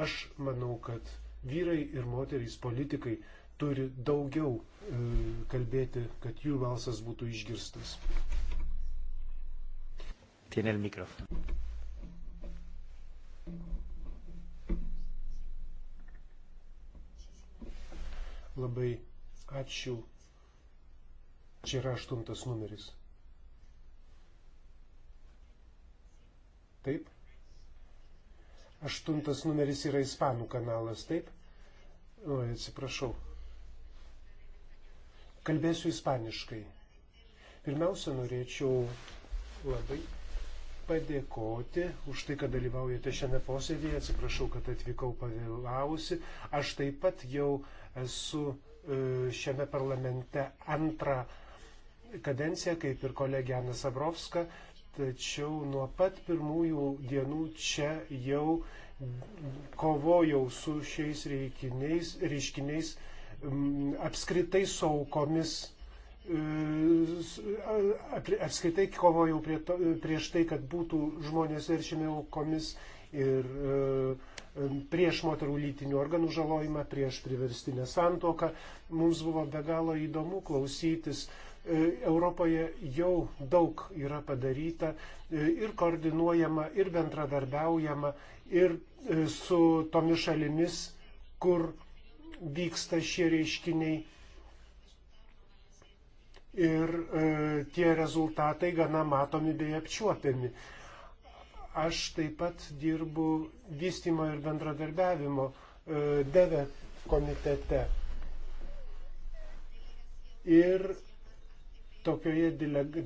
Aš manau, kad vyrai ir moterys, politikai turi daugiau e, kalbėti, kad jų balsas būtų išgirstas. Tiene el micrófono. Labai ačiū. Čia yra aštuntas numeris. Taip. Aštuntas numeris yra ispanų kanalas, taip? O, atsiprašau. Kalbėsiu ispaniškai. Pirmiausia, norėčiau labai padėkoti už tai, kad dalyvaujate šiame posėdėje. Atsiprašau, kad atvykau pavėlavusi. Aš taip pat jau esu e, šiame parlamente antrą kadenciją, kaip ir kolegė Ana Sabrovska, tačiau nuo pat pirmųjų dienų čia jau kovojau su šiais reikiniais, reiškiniais, apskritai su aukomis Mm, apskritai kovojau prie to, prieš tai, kad būtų žmonės verčiami aukomis ir e, prieš moterų lytinių organų žalojimą, prieš priverstinę santoką. Mums buvo be galo įdomu klausytis. E, Europoje jau daug yra padaryta e, ir koordinuojama, ir bendradarbiaujama, ir su tomis šalimis, kur vyksta šie reiškiniai ir e, tie rezultatai gana matomi bei apčiuopiami. Aš taip pat dirbu vystimo ir bendradarbiavimo e, deve komitete. Ir tokioje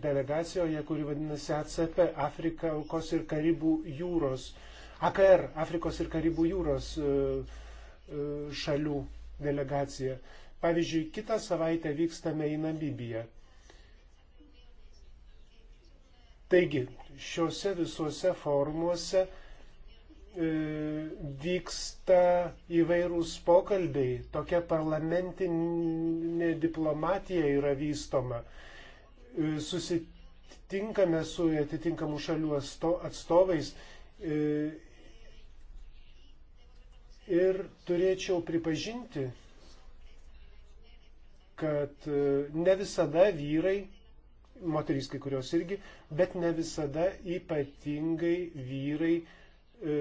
delegacijoje, kuri vadinasi ACP, Afrikos ir Karibų jūros, AKR, Afrikos ir Karibų jūros šalių delegacija. Pavyzdžiui, kitą savaitę vykstame į Namibiją. Taigi, šiuose visuose formuose e, vyksta įvairūs pokalbiai, tokia parlamentinė diplomatija yra vystoma. E, susitinkame su atitinkamų šalių atstovais e, ir turėčiau pripažinti, kad e, ne visada vyrai, moterys kai kurios irgi, bet ne visada ypatingai vyrai e,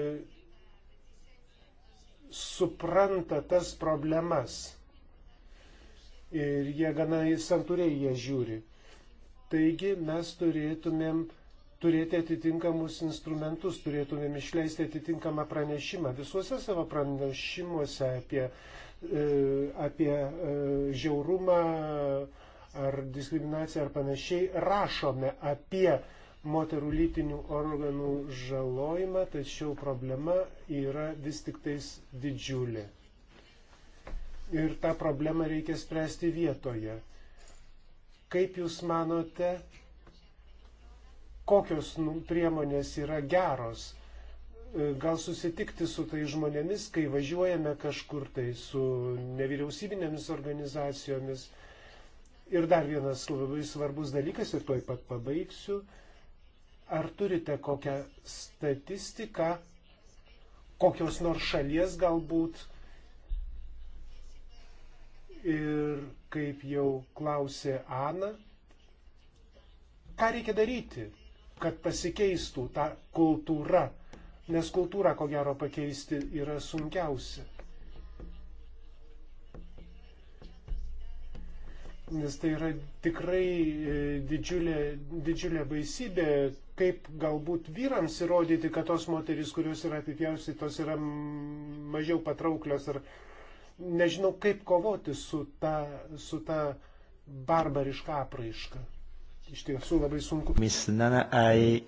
supranta tas problemas. Ir jie gana santūriai jie žiūri. Taigi mes turėtumėm turėti atitinkamus instrumentus, turėtumėm išleisti atitinkamą pranešimą. Visuose savo pranešimuose apie E, apie e, žiaurumą ar diskriminaciją ar panašiai, rašome apie moterų lytinių organų žalojimą, tačiau problema yra vis tik tais didžiulė. Ir tą problemą reikia spręsti vietoje. Kaip Jūs manote, kokios nu, priemonės yra geros? gal susitikti su tai žmonėmis, kai važiuojame kažkur tai su nevyriausybinėmis organizacijomis. Ir dar vienas labai svarbus dalykas, ir toj pat pabaigsiu, ar turite kokią statistiką, kokios nors šalies galbūt, ir kaip jau klausė Ana, ką reikia daryti, kad pasikeistų ta kultūra nes kultūrą ko gero pakeisti yra sunkiausia. Nes tai yra tikrai e, didžiulė, didžiulė baisybė, kaip galbūt vyrams įrodyti, kad tos moteris, kurios yra apipjaustytos, yra mažiau patrauklios ir nežinau, kaip kovoti su ta, su ta barbariška apraiška. Iš tiesų labai sunku. Miss Nana, I...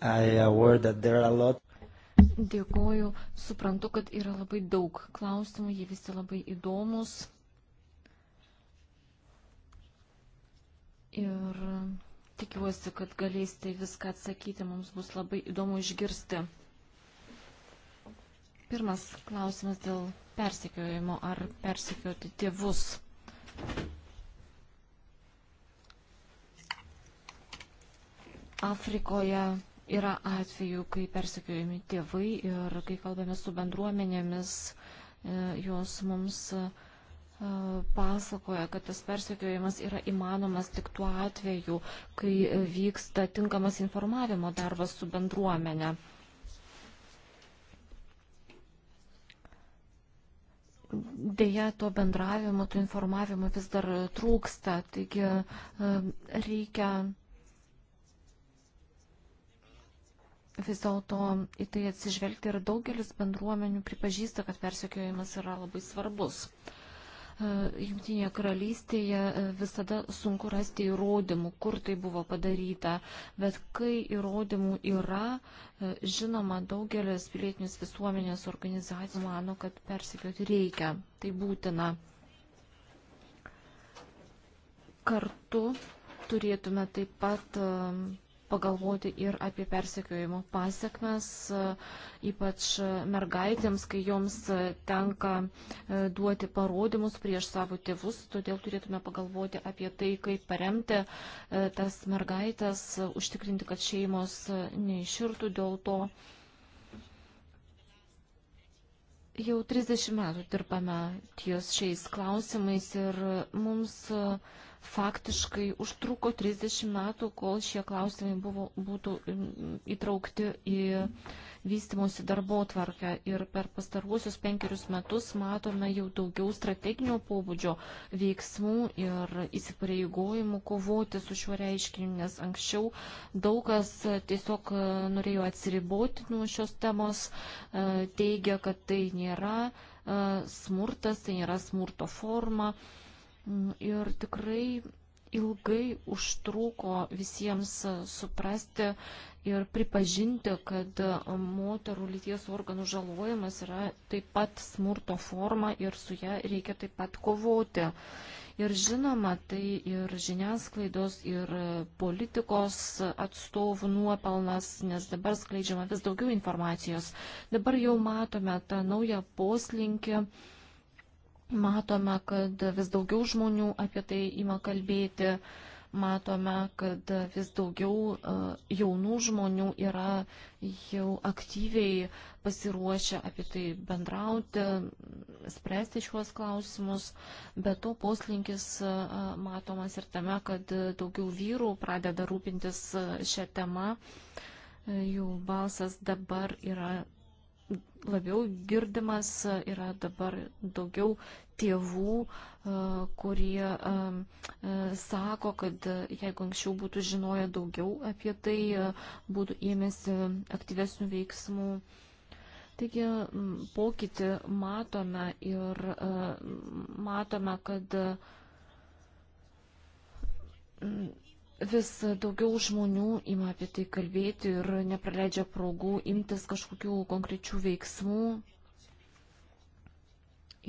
Dėkoju, suprantu, kad yra labai daug klausimų, jie visi labai įdomus. Ir tikiuosi, kad galėsite viską atsakyti, mums bus labai įdomu išgirsti. Pirmas klausimas dėl persekiojimo ar persekioti tėvus. Afrikoje Yra atvejų, kai persekiojami tėvai ir kai kalbame su bendruomenėmis, e, jos mums e, pasakoja, kad tas persekiojimas yra įmanomas tik tuo atveju, kai vyksta tinkamas informavimo darbas su bendruomenė. Deja, to bendravimo, to informavimo vis dar trūksta, taigi e, reikia vis dėlto į tai atsižvelgti ir daugelis bendruomenių pripažįsta, kad persekiojimas yra labai svarbus. E, Junktinėje karalystėje e, visada sunku rasti įrodymų, kur tai buvo padaryta, bet kai įrodymų yra, e, žinoma, daugelis pilietinės visuomenės organizacijų mano, kad persekioti reikia, tai būtina. Kartu turėtume taip pat pagalvoti ir apie persekiojimo pasiekmes, ypač mergaitėms, kai joms tenka e, duoti parodymus prieš savo tėvus. Todėl turėtume pagalvoti apie tai, kaip paremti e, tas mergaitės, užtikrinti, kad šeimos neiširtų dėl to. Jau 30 metų dirbame ties šiais klausimais ir mums uh, faktiškai užtruko 30 metų, kol šie klausimai buvo, būtų įtraukti į vystimosi darbo tvarkę. Ir per pastaruosius penkerius metus matome jau daugiau strateginio pobūdžio veiksmų ir įsipareigojimų kovoti su šiuo reiškiniu, nes anksčiau daug kas tiesiog e, norėjo atsiriboti nuo šios temos, e, teigia, kad tai nėra e, smurtas, tai nėra smurto forma Mm, ir tikrai ilgai užtruko visiems suprasti ir pripažinti, kad moterų lyties organų žalojimas yra taip pat smurto forma ir su ją reikia taip pat kovoti. Ir žinoma, tai ir žiniasklaidos, ir politikos atstovų nuopelnas, nes dabar skleidžiama vis daugiau informacijos. Dabar jau matome tą naują poslinkį Matome, kad vis daugiau žmonių apie tai ima kalbėti, matome, kad vis daugiau e, jaunų žmonių yra jau aktyviai pasiruošę apie tai bendrauti, spręsti šiuos klausimus, bet to poslinkis e, matomas ir tame, kad daugiau vyrų pradeda rūpintis e, šią temą jų balsas dabar yra labiau girdimas e, yra dabar daugiau tėvų, e, kurie e, sako, kad jeigu anksčiau būtų žinoję daugiau apie tai, būtų ėmėsi aktyvesnių veiksmų. Taigi pokytį matome ir matome, kad vis daugiau žmonių ima apie tai kalbėti ir nepraleidžia progų imtis kažkokių konkrečių veiksmų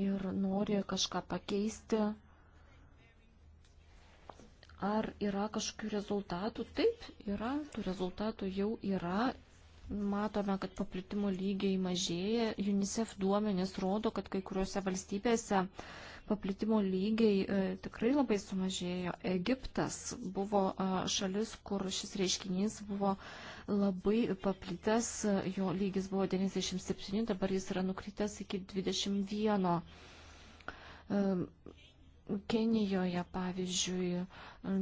ir nori kažką pakeisti. Ar yra kažkokių rezultatų? Taip, yra, tų rezultatų jau yra. Matome, kad paplitimo lygiai mažėja. UNICEF duomenys rodo, kad kai kuriuose valstybėse uh, paplitimo lygiai e, tikrai labai sumažėjo. Egiptas buvo e, šalis, kur šis reiškinys buvo labai paplitęs, e, jo lygis buvo 97, dabar jis yra nukritęs iki 21. Kenijoje, pavyzdžiui,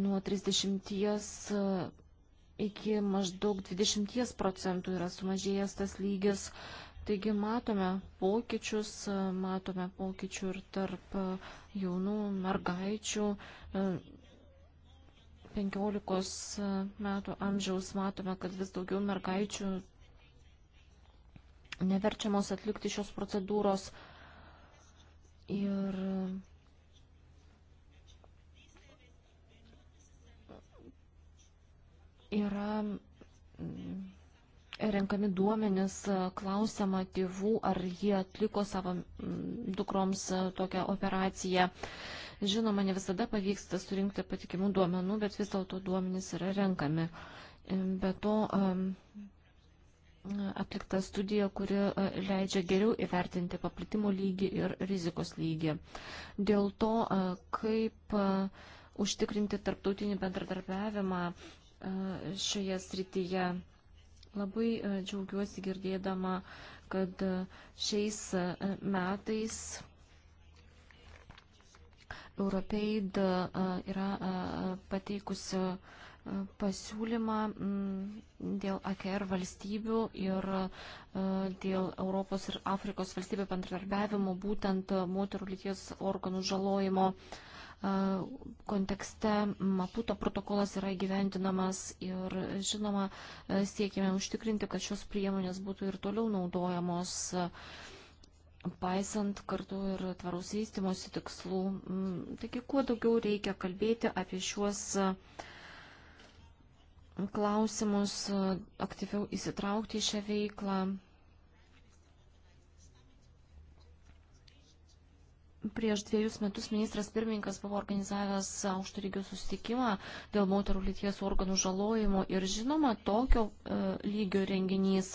nuo 30 iki maždaug 20 procentų yra sumažėjęs tas lygis. Uh, Taigi matome pokyčius, matome pokyčių ir tarp e, jaunų mergaičių. 15 e, e, metų amžiaus matome, kad vis daugiau mergaičių neverčiamos atlikti šios procedūros. Ir yra renkami duomenys, e, klausima tėvų, ar jie atliko savo dukroms e, tokią operaciją. Žinoma, ne visada pavyksta surinkti patikimų duomenų, bet vis dėlto duomenys yra renkami. E, be to, atlikta studija, kuri leidžia geriau įvertinti paplitimo lygį ir rizikos lygį. Dėl to, kaip užtikrinti tarptautinį bendradarbiavimą šioje srityje Labai e, džiaugiuosi girdėdama, kad e, šiais e, metais Europeid yra pateikusi pasiūlymą dėl AKR valstybių ir dėl Europos ir Afrikos valstybių bendradarbiavimo būtent moterų lyties organų žalojimo uh, kontekste Maputo protokolas yra gyventinamas ir žinoma siekime užtikrinti, kad šios priemonės būtų ir toliau naudojamos, paisant kartu ir tvaraus vystimosi tikslų. Mm, taigi, kuo daugiau reikia kalbėti apie šiuos klausimus, aktyviau įsitraukti į šią veiklą Prieš dviejus metus ministras pirmininkas buvo organizavęs aukšto lygio susitikimą dėl moterų lyties organų žalojimo ir žinoma, tokio e, lygio renginys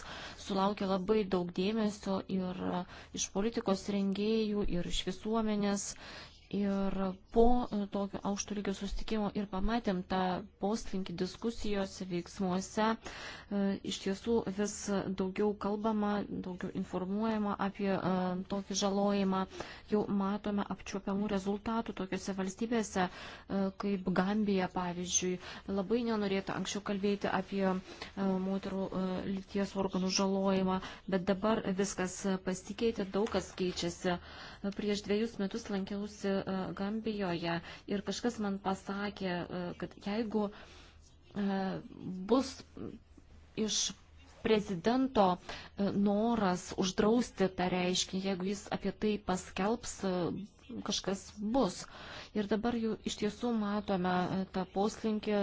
sulaukė labai daug dėmesio ir e, iš politikos rengėjų, ir iš visuomenės. Ir po tokio aukšto lygio sustikimo ir pamatėm tą poslinkį diskusijose, veiksmuose. E, iš tiesų vis daugiau kalbama, daugiau informuojama apie e, tokį žalojimą. Jau matome apčiuopiamų rezultatų tokiuose valstybėse, e, kaip Gambija, pavyzdžiui. Labai nenorėtų anksčiau kalbėti apie moterų lyties organų žalojimą, bet dabar viskas pasikeitė, daug kas keičiasi. Uh, Nu, prieš dviejus metus lankiausi e, Gambijoje ir kažkas man pasakė, e, kad jeigu e, bus iš prezidento noras uždrausti tą reiškinį, jeigu jis apie tai paskelbs, kažkas bus. Ir dabar jau iš tiesų matome e, tą poslinkį,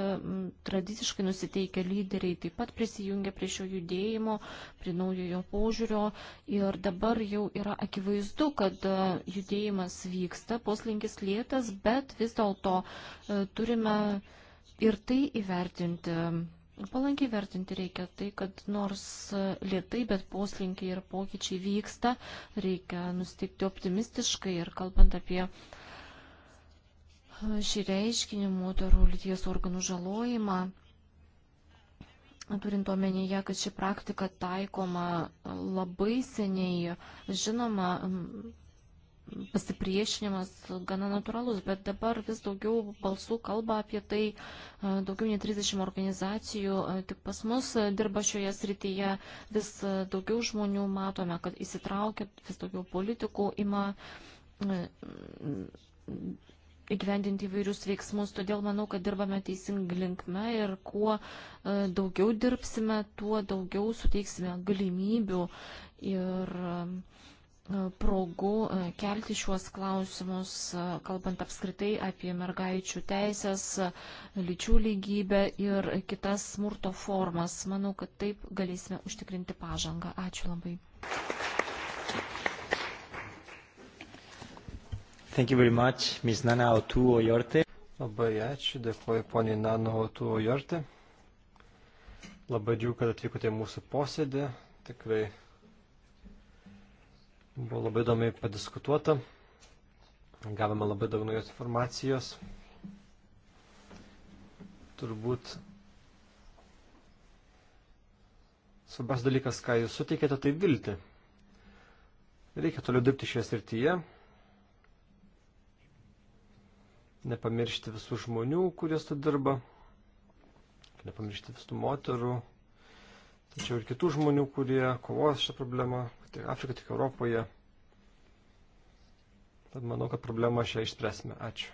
tradiciškai nusiteikę lyderiai taip pat prisijungia prie šio judėjimo, prie naujojo požiūrio. Ir dabar jau yra akivaizdu, kad e, judėjimas vyksta, poslinkis lėtas, bet vis dėlto e, turime ir tai įvertinti Palankiai vertinti reikia tai, kad nors lietai, bet poslinkiai ir pokyčiai vyksta, reikia nustikti optimistiškai ir kalbant apie e, šį reiškinį moterų lyties organų žalojimą, turint omenyje, kad ši praktika taikoma labai seniai, žinoma, pasipriešinimas gana natūralus, bet dabar vis daugiau balsų kalba apie tai, e, daugiau nei 30 organizacijų e, tik pas mus e, dirba šioje srityje, vis daugiau žmonių matome, kad įsitraukia, vis daugiau politikų ima įgyvendinti įvairius veiksmus, todėl manau, kad dirbame teising linkme ir kuo daugiau dirbsime, tuo daugiau suteiksime galimybių ir uh, progų e, kelti šiuos klausimus, e, kalbant apskritai apie mergaičių teisės, e, lyčių lygybę ir kitas smurto formas. Manau, kad taip galėsime užtikrinti pažangą. Ačiū labai. Thank you very much, Ms. Nana Otu Ojorte. Labai ačiū, dėkuoju poniai Nana Otu Ojorte. Labai džiugu, kad atvykote į mūsų posėdį. Tikrai Buvo labai įdomiai padiskutuota. Gavome labai daug naujos informacijos. Turbūt svarbiausias dalykas, ką jūs suteikėte, tai vilti. Reikia toliau dirbti šioje srityje. Nepamiršti visų žmonių, kurie su dirba. Nepamiršti visų moterų, Tačiau ir kitų žmonių, kurie kovos šią problemą, tiek Afrika, tiek Europoje. Tad manau, kad problemą šią išspręsime. Ačiū.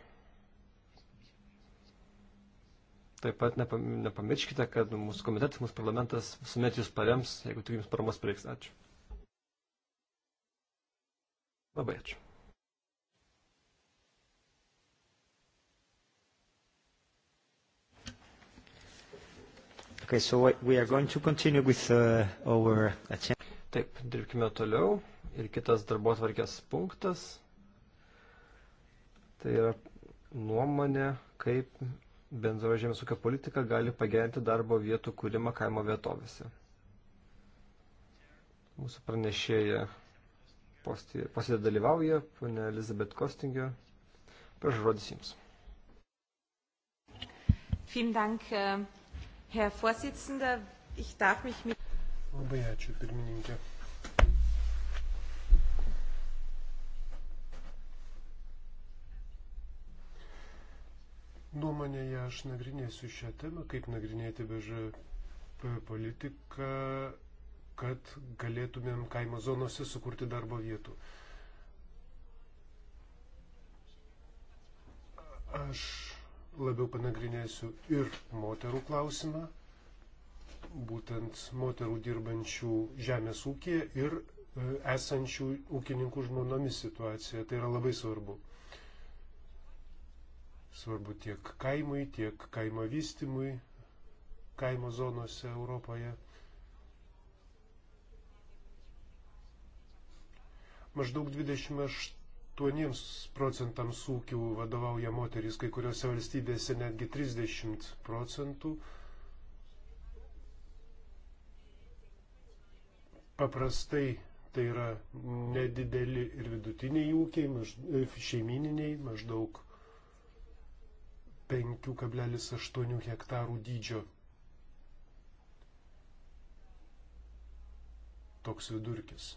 Taip pat nepamirškite, kad mūsų komitetas, mūsų parlamentas visuomet jūs parems, jeigu tik jums paramos prieks. Ačiū. Labai ačiū. Okay, so we are going to continue with uh, our agenda. Taip, dirbkime toliau. Ir kitas darbo tvarkės punktas. Tai yra nuomonė, kaip bendroja žemės ūkio politika gali pagerinti darbo vietų kūrimą kaimo vietovėse. Mūsų pranešėja posėdė dalyvauja, ponė Elizabet Kostingė. Prašau, žodis jums. Vielen Dank, äh, Herr Vorsitzender, ich darf mich mit. Labai ačiū, pirmininkė. Nuomonėje aš nagrinėsiu šią temą, kaip nagrinėti BŽP politiką, kad galėtumėm kaimo zonose sukurti darbo vietų. Aš labiau panagrinėsiu ir moterų klausimą, būtent moterų dirbančių žemės ūkėje ir e, esančių ūkininkų žmonomis situacija. Tai yra labai svarbu. Svarbu tiek kaimui, tiek kaimo vystimui, kaimo zonose Europoje. Maždaug 28 8 procentams ūkių vadovauja moteris, kai kuriuose valstybėse netgi 30 procentų. Paprastai tai yra nedideli ir vidutiniai ūkiai, maž, e, šeimininiai, maždaug 5,8 hektarų dydžio. Toks vidurkis.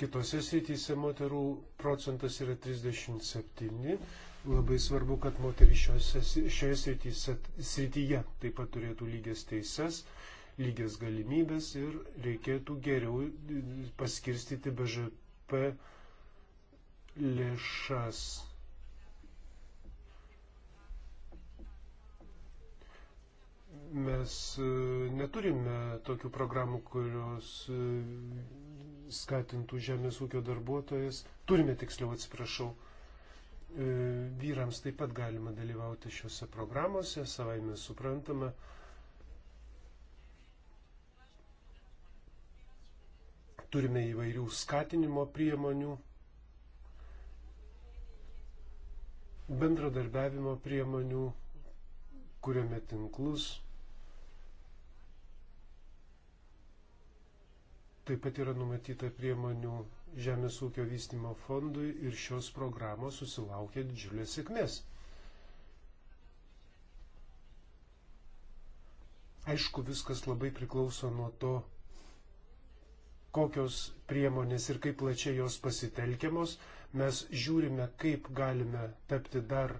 Kitose srityse moterų procentas yra 37. Labai svarbu, kad moteris šioje srityse, srityje taip pat turėtų lygias teises, lygias galimybės ir reikėtų geriau paskirstyti BŽP lėšas Mes e, neturime tokių programų, kurios e, skatintų žemės ūkio darbuotojas. Turime tiksliau, atsiprašau. E, vyrams taip pat galima dalyvauti šiuose programuose, savaime suprantama. turime įvairių skatinimo priemonių, bendradarbiavimo priemonių, kuriame tinklus, Taip pat yra numatyta priemonių Žemės ūkio vystimo fondui ir šios programos susilaukia didžiulės sėkmės. Aišku, viskas labai priklauso nuo to, kokios priemonės ir kaip plačiai jos pasitelkiamos. Mes žiūrime, kaip galime tapti dar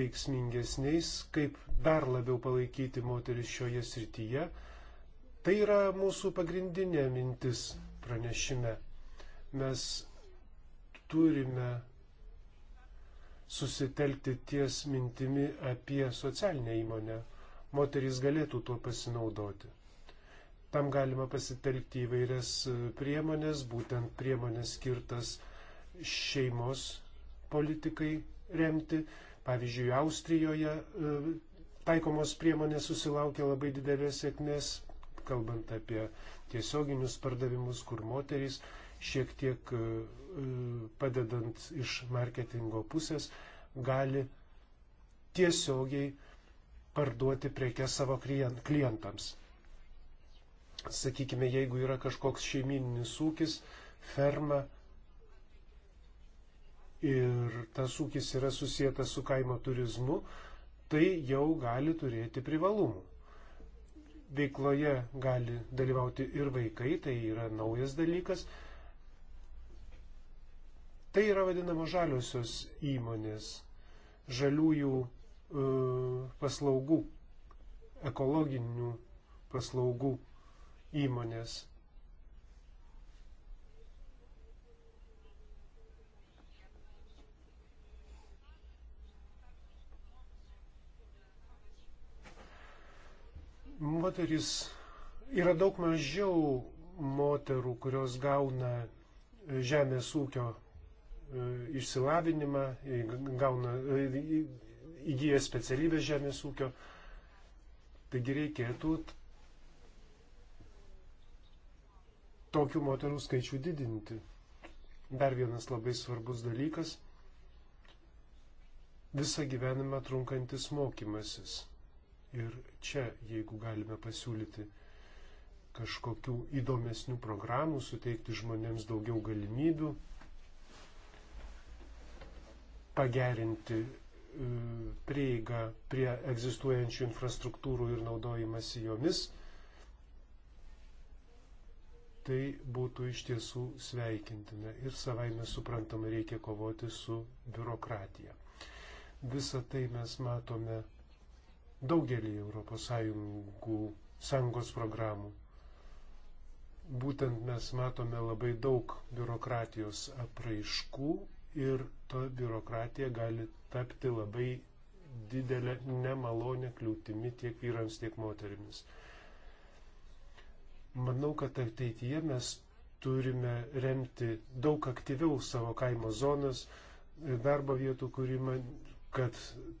veiksmingesniais, kaip dar labiau palaikyti moteris šioje srityje Tai yra mūsų pagrindinė mintis pranešime. Mes turime susitelkti ties mintimi apie socialinę įmonę. Moterys galėtų tuo pasinaudoti. Tam galima pasitelkti įvairias priemonės, būtent priemonės skirtas šeimos politikai remti. Pavyzdžiui, Austrijoje e, taikomos priemonės susilaukė labai didelės sėkmės kalbant apie tiesioginius pardavimus, kur moterys šiek tiek e, e, padedant iš marketingo pusės gali tiesiogiai parduoti prekes savo klientams. Sakykime, jeigu yra kažkoks šeimininis ūkis, ferma ir tas ūkis yra susijęs su kaimo turizmu, tai jau gali turėti privalumų veikloje gali dalyvauti ir vaikai, tai yra naujas dalykas. Tai yra vadinamos žaliosios įmonės, žaliųjų e, paslaugų, ekologinių paslaugų įmonės. Moterys yra daug mažiau moterų, kurios gauna e, žemės ūkio e, išsilavinimą, e, gauna, įgyja specialybę žemės ūkio. Taigi reikėtų tokių moterų skaičių didinti. Dar vienas labai svarbus dalykas - visą gyvenimą trunkantis mokymasis ir čia, jeigu galime pasiūlyti kažkokių įdomesnių programų, suteikti žmonėms daugiau galimybių, pagerinti e, prieigą prie egzistuojančių infrastruktūrų ir naudojimasi jomis, tai būtų iš tiesų sveikintina ir savaime suprantama reikia kovoti su biurokratija. Visą tai mes matome daugelį Europos Sąjungų, Sąjungos programų. Būtent mes matome labai daug biurokratijos apraiškų ir ta biurokratija gali tapti labai didelę nemalonę kliūtimi tiek vyrams, tiek moterimis. Manau, kad ateityje mes turime remti daug aktyviau savo kaimo zonas, darbo vietų kūrimą, kad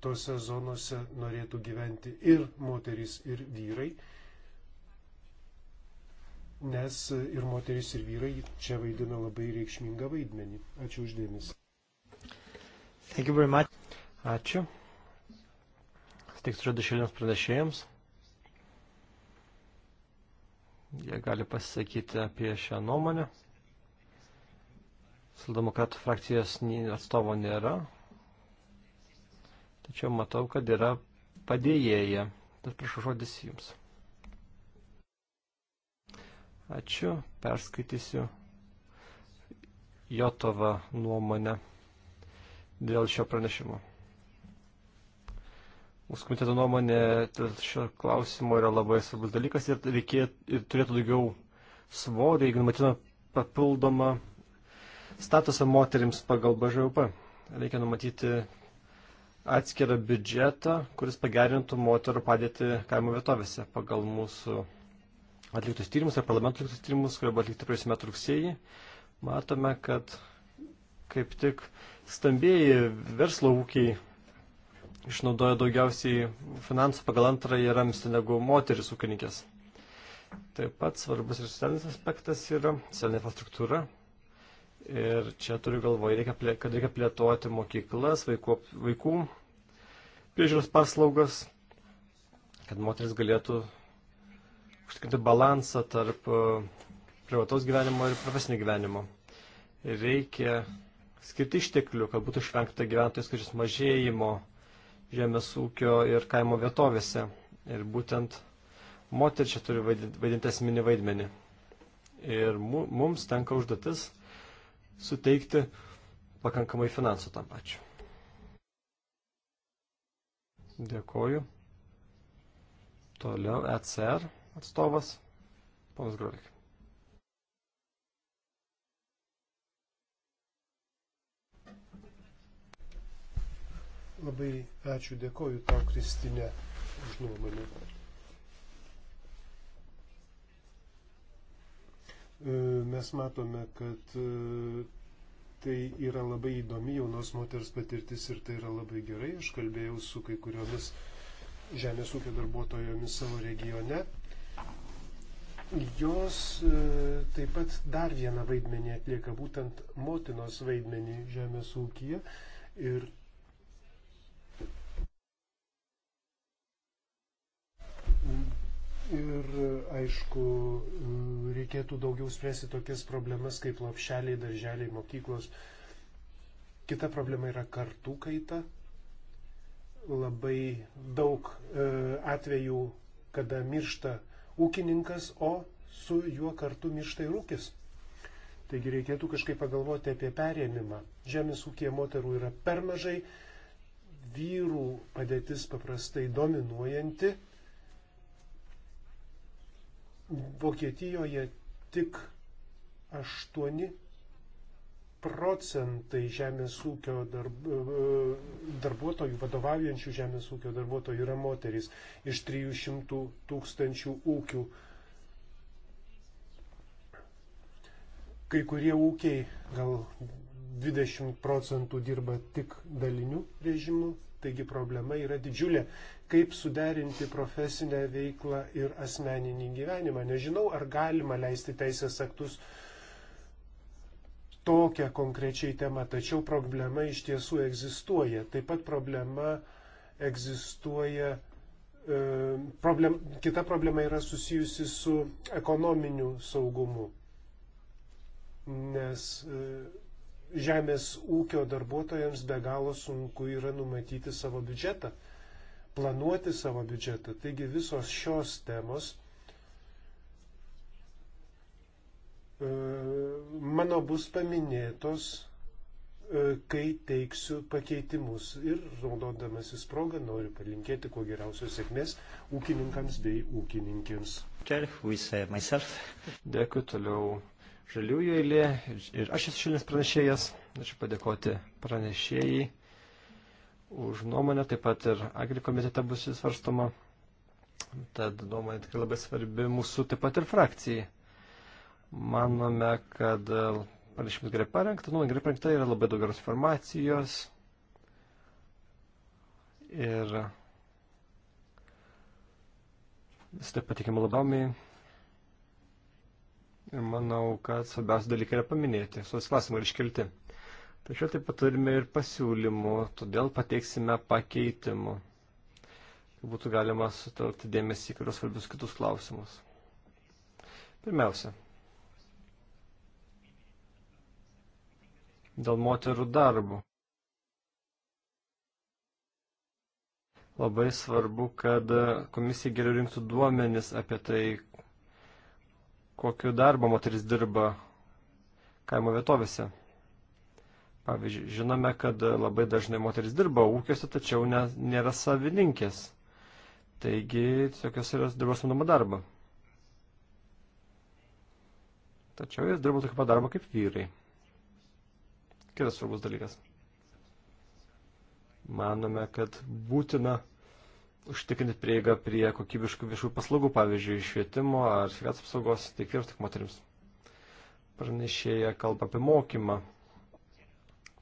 tose zonose norėtų gyventi ir moteris, ir vyrai, nes ir moteris, ir vyrai čia vaidina labai reikšmingą vaidmenį. Ačiū uždėmesi. Ačiū. Steiksiu žodį šiandienos pranešėjams. Jie gali pasisakyti apie šią nuomonę. Saldemokratų frakcijos atstovo nėra, tačiau matau, kad yra padėjėja. Tad prašau žodis jums. Ačiū, perskaitysiu Jotova nuomonę dėl šio pranešimo. Mūsų komiteto nuomonė dėl šio klausimo yra labai svarbus dalykas ir, reikėt, ir turėtų daugiau svorį, jeigu numatytume papildomą statusą moterims pagal BŽUP. Reikia numatyti atskirą biudžetą, kuris pagerintų moterų padėtį kaimo vietovėse pagal mūsų atliktus tyrimus ir parlamentų atliktus tyrimus, kurie buvo atlikti praėjusiu metu rugsėjį. Matome, kad kaip tik stambėjai verslo ūkiai išnaudoja daugiausiai finansų pagal antrąjį ramstį negu moteris ūkininkės. Taip pat svarbus ir socialinis aspektas yra socialinė infrastruktūra, Ir čia turiu galvoje, kad reikia plėtoti mokyklas, vaikų, vaikų priežiūros paslaugas, kad moteris galėtų užtikrinti balansą tarp uh, privataus gyvenimo ir profesinio gyvenimo. Reikia skirti išteklių, kad būtų išvengta gyventojų skaičius mažėjimo žemės ūkio ir kaimo vietovėse. Ir būtent moterčia turi vaidinti esminį vaidmenį. Ir mums tenka užduotis suteikti pakankamai finansų tam pačiu. Dėkoju. Toliau ECR atstovas, ponas Grulik. Labai ačiū, dėkoju tau, Kristinė, už nuomonę. E, mes matome, kad e, tai yra labai įdomi jaunos moters patirtis ir tai yra labai gerai. Aš kalbėjau su kai kuriomis žemės ūkio darbuotojomis savo regione. Jos e, taip pat dar vieną vaidmenį atlieka, būtent motinos vaidmenį žemės ūkija. Ir Ir aišku, reikėtų daugiau spręsti tokias problemas kaip lopšeliai, darželiai, mokyklos. Kita problema yra kartų kaita. Labai daug e, atvejų, kada miršta ūkininkas, o su juo kartu miršta ir ūkis. Taigi reikėtų kažkaip pagalvoti apie perėmimą. Žemės ūkėje moterų yra per mažai, vyrų padėtis paprastai dominuojanti Vokietijoje tik 8 procentai žemės ūkio darb, e, darbuotojų, vadovaujančių žemės ūkio darbuotojų yra moteris iš 300 tūkstančių ūkių. Kai kurie ūkiai gal 20 procentų dirba tik daliniu režimu, Taigi problema yra didžiulė, kaip suderinti profesinę veiklą ir asmeninį gyvenimą. Nežinau, ar galima leisti teisės aktus tokią konkrečiai temą, tačiau problema iš tiesų egzistuoja. Taip pat problema egzistuoja. E, problem, kita problema yra susijusi su ekonominiu saugumu, nes e, žemės ūkio darbuotojams be galo sunku yra numatyti savo biudžetą, planuoti savo biudžetą. Taigi visos šios temos e, mano bus paminėtos, e, kai teiksiu pakeitimus. Ir naudodamasis progą noriu palinkėti kuo geriausios sėkmės ūkininkams bei ūkininkėms. Uh, Dėkui toliau žaliųjų eilė ir, ir aš esu šilinis pranešėjas. Ačiū padėkoti pranešėjai už nuomonę, taip pat ir agri komitete bus įsvarstoma. Tad nuomonė tikrai labai svarbi mūsų taip pat ir frakcijai. Manome, kad pranešimas gerai parengta, nuomonė gerai parengta, yra labai daug geros informacijos. Ir vis taip patikima labiausiai Ir manau, kad svarbiausia dalykai yra paminėti, svarbiausia klausimai yra iškelti. Tačiau taip pat turime ir pasiūlymų, todėl pateiksime pakeitimų. Būtų galima sutelkti dėmesį į kurios svarbius kitus klausimus. Pirmiausia, dėl moterų darbų. Labai svarbu, kad komisija geriau rinktų duomenis apie tai, kokiu darbu moteris dirba kaimo vietovėse. Pavyzdžiui, žinome, kad labai dažnai moteris dirba ūkiuose, tačiau ne, nėra savininkės. Taigi, tiesiog jos yra dirba samdomą darbą. Tačiau jis dirba tokį pat darbą kaip vyrai. Kitas svarbus dalykas. Manome, kad būtina užtikrinti prieigą prie kokybiškų viešų paslaugų, pavyzdžiui, švietimo ar sveikatos apsaugos tiek vyrams, tiek moteriams. Pranešėja kalba apie mokymą,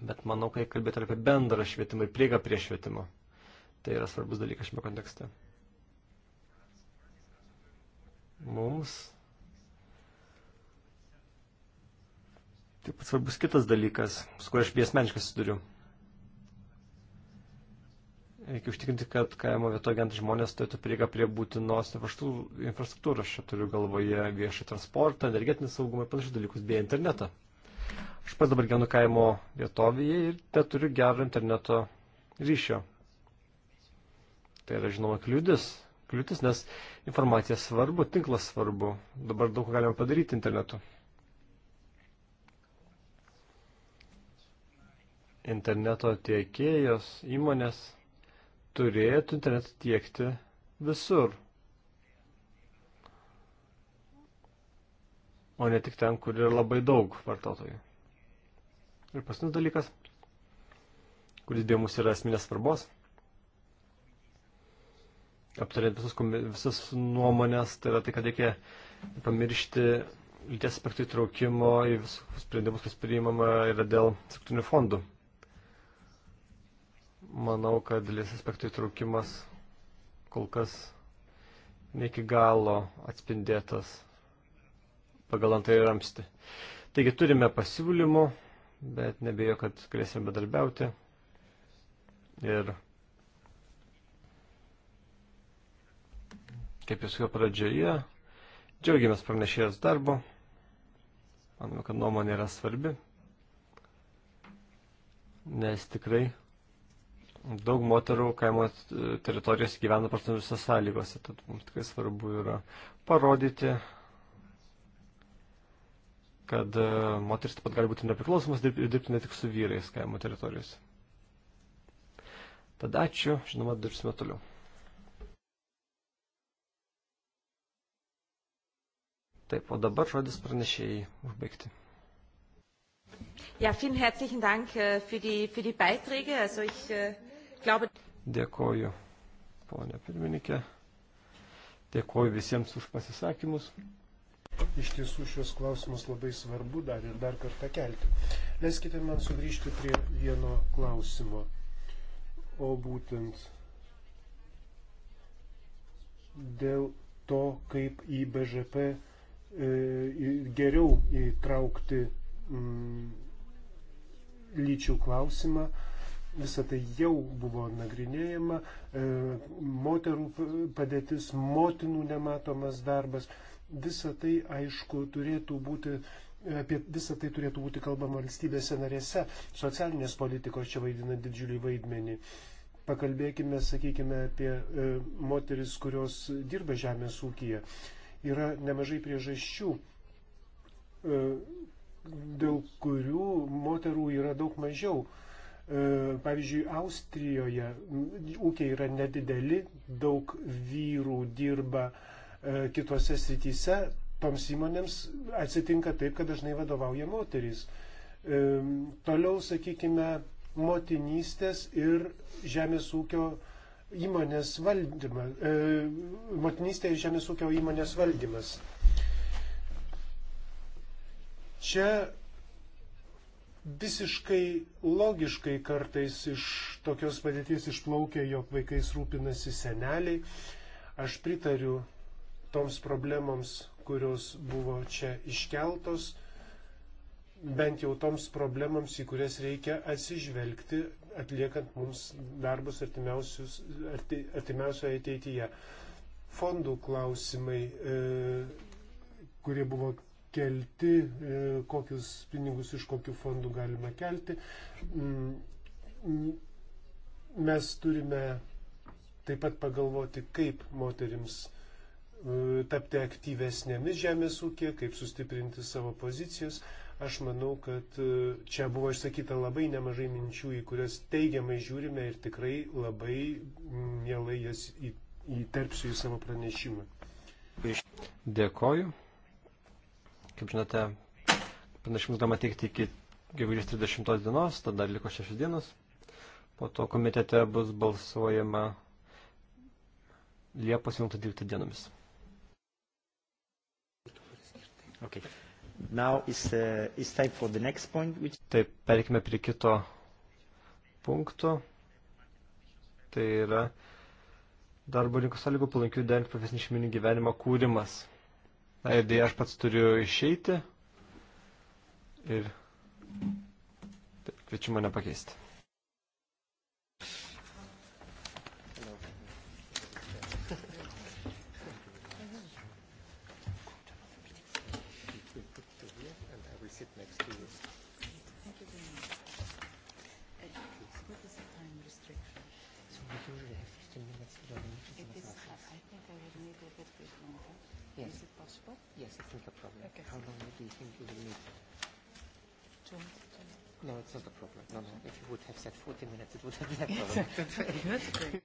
bet manau, kai kalbėtų apie bendrą švietimą ir prieigą prie švietimo, tai yra svarbus dalykas šiame kontekste. Mums taip pat svarbus kitas dalykas, su kuriuo aš biesmeniškai susiduriu. Reikia užtikrinti, kad kaimo vietoje gyvenantys žmonės turėtų prieigą prie būtinos infrastruktūros. Aš turiu galvoje viešą transportą, energetinį saugumą ir panašius dalykus, bei internetą. Aš pats dabar gyvenu kaimo vietovėje ir neturiu gero interneto ryšio. Tai yra, žinoma, kliūtis. Kliūtis, nes informacija svarbu, tinklas svarbu. Dabar daug galima padaryti internetu. Interneto tiekėjos, įmonės turėtų internetą tiekti visur. O ne tik ten, kur yra labai daug vartotojų. Ir paskutinis dalykas, kuris dėl mūsų yra esminės svarbos. Aptariant visus, visus nuomonės, tai yra tai, kad reikia pamiršti lyties aspektų įtraukimo į visus sprendimus, kas priimama yra dėl struktūrinių fondų manau, kad dalies aspektų įtraukimas kol kas ne iki galo atspindėtas pagal antrąjį ramstį. Taigi turime pasiūlymų, bet nebejo, kad galėsime bedarbiauti. Ir kaip jūs jo pradžioje, džiaugiamės pranešėjos darbo. Manome, kad nuomonė yra svarbi, nes tikrai daug moterų kaimo e, teritorijose gyvena prastomis sąlygose, tad mums tikrai svarbu yra parodyti, kad e, moteris taip pat gali būti nepriklausomas ir dirbti ne tik su vyrais kaimo teritorijose. Tad ačiū, žinoma, dirbsime toliau. Taip, o dabar žodis pranešėjai užbaigti. Ja, vielen herzlichen Dank äh, für die, für die Beiträge. Also ich, äh, Dėkoju, ponė pirmininkė. Dėkoju visiems už pasisakymus. Iš tiesų šios klausimus labai svarbu dar ir dar kartą kelti. Leiskite man sugrįžti prie vieno klausimo, o būtent dėl to, kaip į BŽP e, geriau įtraukti m, mm, lyčių klausimą. E, visą tai jau buvo nagrinėjama, e, moterų padėtis, motinų nematomas darbas, visa tai aišku turėtų būti, apie visą tai turėtų būti kalbama valstybėse narėse, socialinės politikos čia vaidina didžiulį vaidmenį. Pakalbėkime, sakykime, apie e, moteris, kurios dirba žemės ūkyje. Yra nemažai priežasčių, e, dėl kurių moterų yra daug mažiau E, pavyzdžiui, Austrijoje ūkiai yra nedideli, daug vyrų dirba e, kitose srityse, toms įmonėms atsitinka taip, kad dažnai vadovauja moterys. E, toliau, sakykime, motinystės ir žemės ūkio įmonės valdymas. Motinystė ir žemės ūkio įmonės valdymas. Čia visiškai logiškai kartais iš tokios padėties išplaukia, jog vaikais rūpinasi seneliai. Aš pritariu toms problemoms, kurios buvo čia iškeltos, bent jau toms problemams, į kurias reikia atsižvelgti, atliekant mums darbus arti, artimiausioje ateityje. Fondų klausimai, e, kurie buvo kelti, e, kokius pinigus iš kokių fondų galima kelti. Mm, mm, mes turime taip pat pagalvoti, kaip moterims e, tapti aktyvesnėmis žemės ūkė, kaip sustiprinti savo pozicijas. Aš manau, kad e, čia buvo išsakyta labai nemažai minčių, į kurias teigiamai žiūrime ir tikrai labai mielai jas įterpsiu į savo pranešimą. Dėkoju kaip žinote, pranešimus galima teikti iki gegužės 30 dienos, tada liko 6 dienos. Po to komitete bus balsuojama Liepos 11-12 dienomis. Okay. Now is, uh, is time for the next point, which... Taip, perkime prie kito punkto. Tai yra darbo rinkos sąlygų palankių derinti profesinį šeiminį gyvenimą kūrimas. Na ir dėja, aš pats turiu išeiti ir Taip, kviečiu mane pakeisti. That's not a problem. No, no. If you would have said 40 minutes, it would have been a problem. That's great.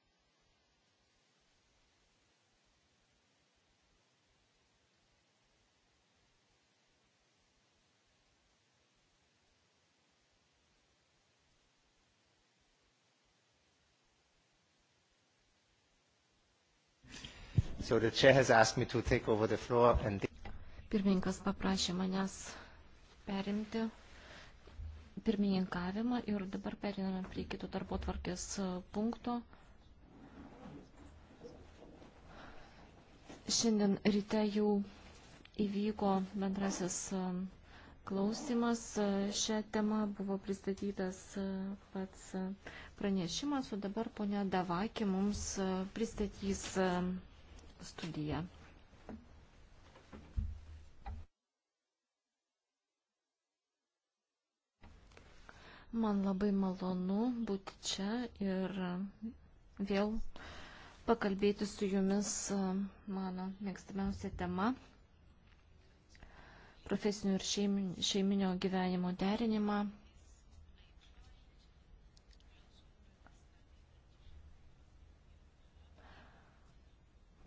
So the chair has asked me to take over the floor and Pirmininkas paprašė manęs perimti pirmininkavimą ir dabar periname prie kito darbo tvarkės e, punkto. Šiandien ryte jau įvyko bendrasis e, klausimas. E, Šią temą buvo pristatytas pats pranešimas, o dabar ponia Davakė mums pristatys studiją. Man labai malonu būti čia ir vėl pakalbėti su jumis mano mėgstamiausia tema - profesinio ir šeiminio gyvenimo derinimą.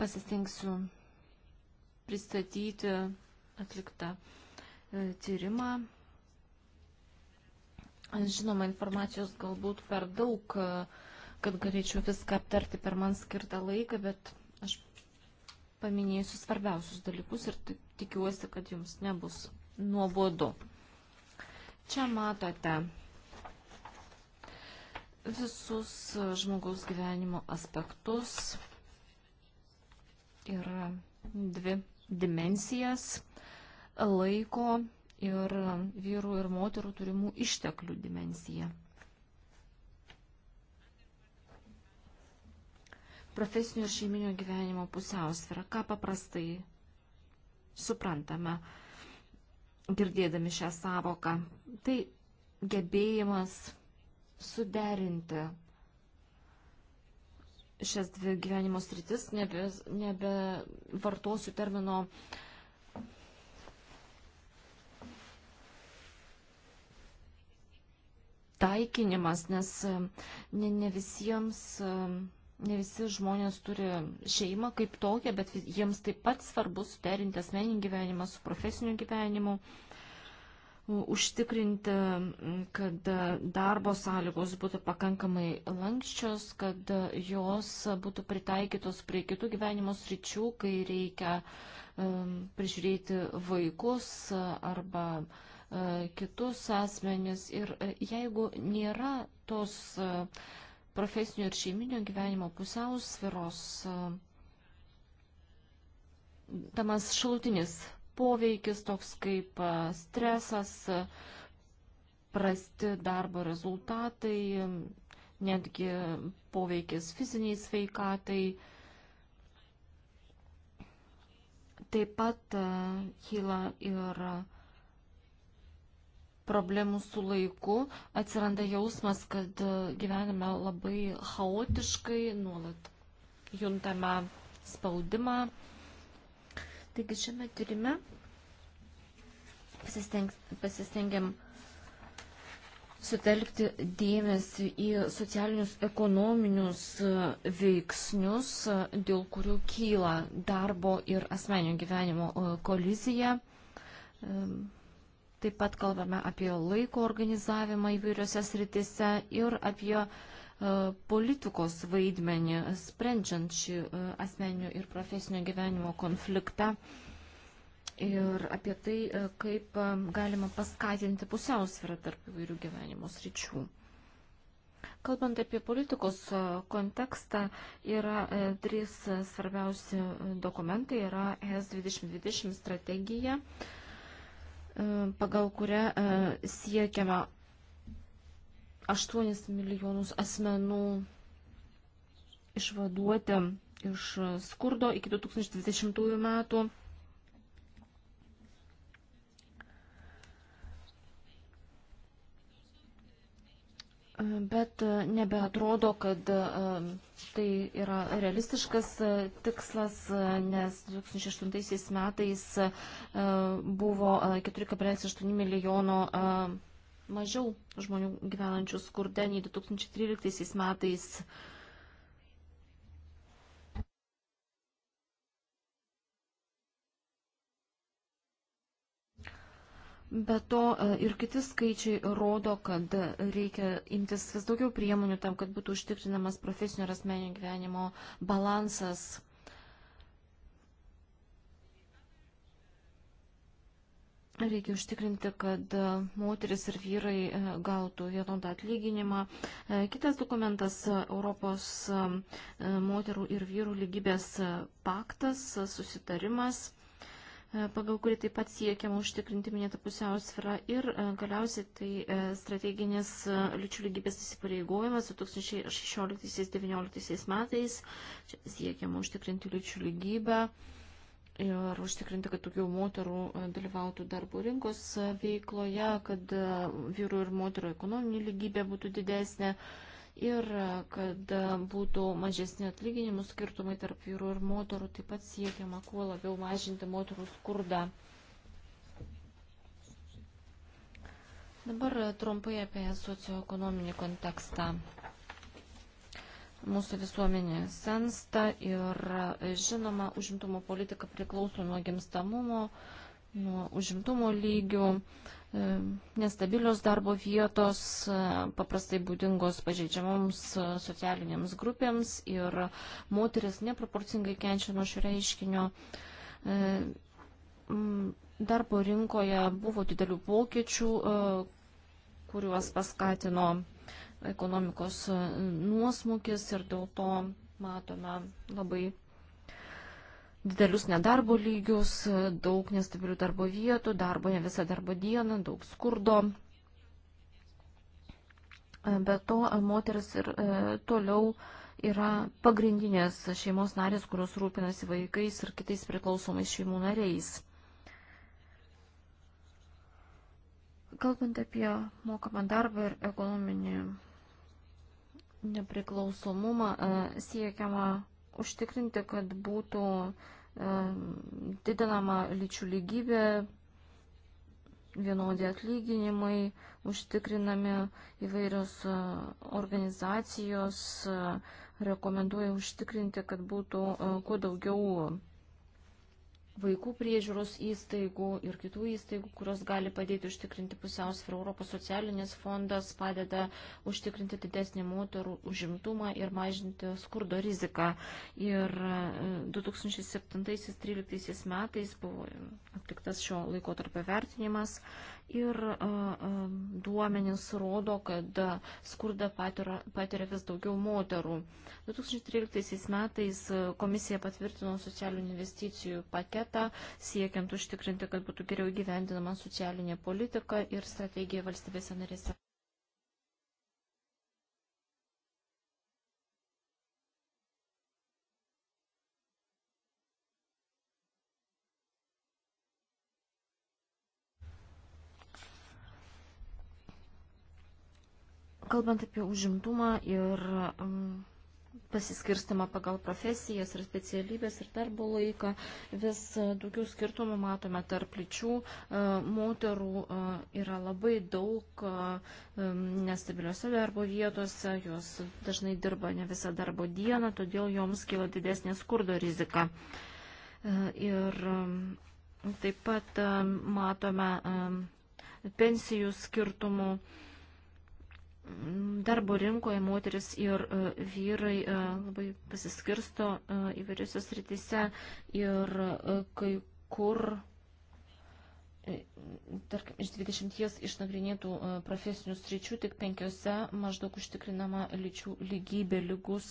Pasistengsiu pristatyti atliktą e, tyrimą Žinoma, informacijos galbūt per daug, kad galėčiau viską aptarti per man skirtą laiką, bet aš paminėsiu svarbiausius dalykus ir tikiuosi, kad jums nebus nuobodu. Čia matote visus žmogaus gyvenimo aspektus ir dvi dimensijas - laiko ir vyrų ir moterų turimų išteklių dimensiją. Profesinio ir šeiminio gyvenimo pusiausvėra, ką paprastai suprantame, girdėdami šią savoką, tai gebėjimas suderinti šias dvi gyvenimo sritis, nebe, nebe vartosiu termino uh, taikinimas, nes ne, ne visiems, ne visi žmonės turi šeimą kaip tokią, bet jiems taip pat svarbu suderinti asmeninį gyvenimą su profesiniu gyvenimu, užtikrinti, kad e, darbo sąlygos būtų pakankamai lankščios, kad e, jos būtų pritaikytos prie kitų gyvenimo sričių, kai reikia prižiūrėti vaikus arba uh, E, kitus asmenis. Ir e, jeigu nėra tos e, profesinio ir šeiminio gyvenimo pusiausviros, tamas šalutinis poveikis toks kaip stresas, prasti darbo rezultatai, netgi poveikis fiziniai sveikatai. Taip pat kyla ir uh, problemų su laiku, atsiranda jausmas, kad e, gyvename labai chaotiškai, nuolat juntame spaudimą. Taigi šiame tyrime pasistengiam sutelkti dėmesį į socialinius ekonominius e, veiksnius, e, dėl kurių kyla darbo ir asmeninio gyvenimo kolizija. Taip pat kalbame apie laiko organizavimą įvairiose sritise ir apie e, politikos vaidmenį, sprendžiant šį e, asmeninio ir profesinio gyvenimo konfliktą. Ir apie tai, e, kaip e, galima paskatinti pusiausvyrą tarp įvairių gyvenimo sričių. Kalbant apie politikos e, kontekstą, yra e, trys svarbiausi dokumentai. Yra ES 2020 strategija, E, pagal kurią e, siekiama 8 milijonus asmenų išvaduoti iš skurdo iki 2020 metų. bet nebeatrodo, kad tai yra realistiškas e, tikslas, e, nes 2008 metais e, buvo 4,8 milijono mažiau žmonių gyvenančių skurde nei 2013 metais. Be to e, ir kiti skaičiai rodo, kad reikia imtis vis daugiau priemonių tam, kad būtų užtikrinamas profesinio ir asmeninio gyvenimo balansas. Reikia užtikrinti, kad e, moteris ir vyrai e, gautų vienodą atlyginimą. Kitas dokumentas - Europos moterų ir vyrų lygybės paktas, susitarimas. E, pagal kurį taip pat siekiama užtikrinti minėtą pusiausvyrą. Ir e, galiausiai tai e, strateginis lyčių lygybės įsipareigojimas 2016-2019 metais. Čia siekiama užtikrinti lyčių lygybę ir užtikrinti, kad daugiau moterų dalyvautų darbo rinkos veikloje, kad vyrų ir moterų ekonominė lygybė būtų didesnė ir kad būtų mažesni atlyginimų skirtumai tarp vyrų ir moterų, taip pat siekiama kuo labiau mažinti moterų skurdą. Dabar trumpai apie socioekonominį kontekstą. Mūsų visuomenė sensta ir žinoma, užimtumo politika priklauso nuo gimstamumo, uh, nuo užimtumo lygių, e, nestabilios darbo vietos, e, paprastai būdingos pažeidžiamoms e, socialinėms grupėms ir moteris neproporcingai kenčia nuo šio reiškinio. Darbo rinkoje buvo didelių pokyčių, kuriuos paskatino ekonomikos nuosmukis ir dėl to matome labai didelius nedarbo lygius, daug nestabilių darbo vietų, darbo ne visą darbo dieną, daug skurdo. Be to, moteris ir e, toliau yra pagrindinės šeimos narės, kurios rūpinasi vaikais ir kitais priklausomais šeimų nariais. Kalbant apie mokamą darbą ir ekonominį nepriklausomumą, e, siekiama užtikrinti, kad būtų e, didinama lyčių lygybė, vienodi atlyginimai, užtikrinami įvairios e, organizacijos, e, rekomenduoja užtikrinti, kad būtų kuo daugiau vaikų priežiūros įstaigų ir kitų įstaigų, kurios gali padėti užtikrinti pusiausvyrą. Europos socialinis fondas padeda užtikrinti didesnį moterų užimtumą ir mažinti skurdo riziką. Ir 2007-2013 e, metais buvo e, atliktas šio laiko tarp vertinimas Ir duomenys rodo, kad skurdą patiria vis daugiau moterų. 2013 metais komisija patvirtino socialinių investicijų paketą, siekiant užtikrinti, kad būtų geriau gyvendinama socialinė politika ir strategija valstybėse narėse. Kalbant apie užimtumą ir um, pasiskirstimą pagal profesijas ir specialybės ir darbo laiką, vis uh, daugiau skirtumų matome tarp lyčių. Uh, moterų uh, yra labai daug um, nestabiliuose darbo vietose, jos dažnai dirba ne visą darbo dieną, todėl joms kyla didesnė skurdo rizika. Ir um, taip pat um, matome pensijų skirtumų darbo rinkoje moteris ir e, vyrai e, labai pasiskirsto e, įvairiose srityse ir kai kur tarkim, iš 20 išnagrinėtų profesinių sričių tik penkiose maždaug užtikrinama lyčių lygybė, lygus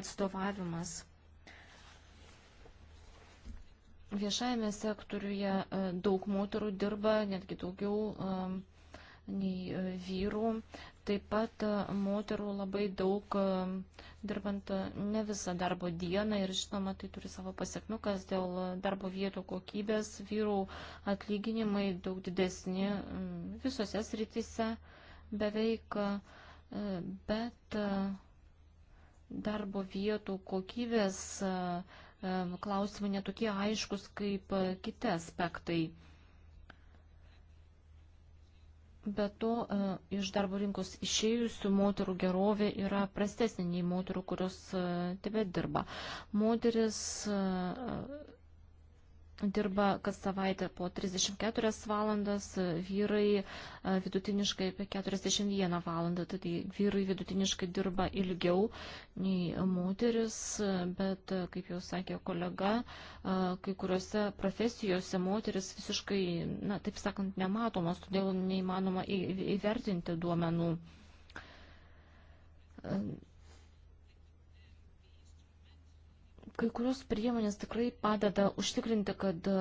atstovavimas. Viešajame sektoriuje daug moterų dirba, netgi daugiau nei vyrų. Taip pat e, moterų labai daug e, dirbant e, ne visą darbo dieną ir žinoma, tai turi savo pasiekmių, kas dėl darbo vietų kokybės vyrų atlyginimai daug didesni visose srityse beveik, bet darbo vietų kokybės klausimai netokie aiškus kaip kiti aspektai. Be to, e, iš darbo rinkos išėjusių moterų gerovė yra prastesnė nei moterų, kurios e, tebe dirba. Moteris e, dirba kas savaitę po 34 valandas, vyrai vidutiniškai apie 41 valandą, tai vyrai vidutiniškai dirba ilgiau nei moteris, bet, kaip jau sakė kolega, kai kuriuose profesijose moteris visiškai, na, taip sakant, nematomos, todėl neįmanoma įvertinti duomenų. Kai kurios priemonės tikrai padeda užtikrinti, kad e,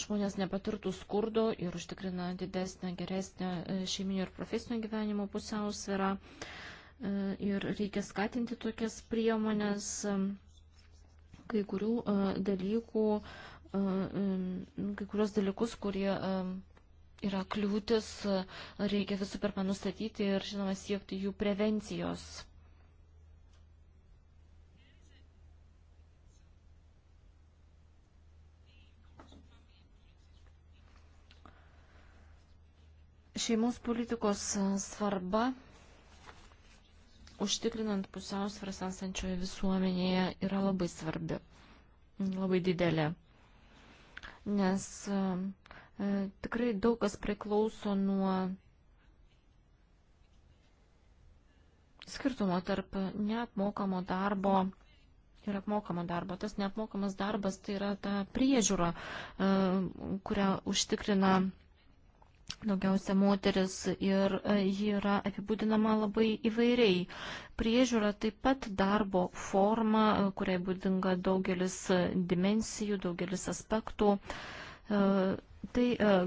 žmonės nepatirtų skurdo ir užtikrina didesnę, geresnę e, šeiminio ir profesinio gyvenimo pusiausvyrą. E, ir reikia skatinti tokias priemonės. Kai kurių dalykų, kai kurios dalykus, kurie yra kliūtis, reikia visų pirma nustatyti ir, žinoma, siekti jų prevencijos. Šeimos politikos svarba užtikrinant pusiausvėras esančioje visuomenėje yra labai svarbi, labai didelė. Nes e, tikrai daug kas priklauso nuo skirtumo tarp neapmokamo darbo ir apmokamo darbo. Tas neapmokamas darbas tai yra ta priežiūra, e, kurią užtikrina. Mhm daugiausia moteris ir e, ji yra apibūdinama labai įvairiai. Priežiūra taip pat darbo forma, e, kuriai būdinga daugelis e, dimensijų, daugelis aspektų. Tai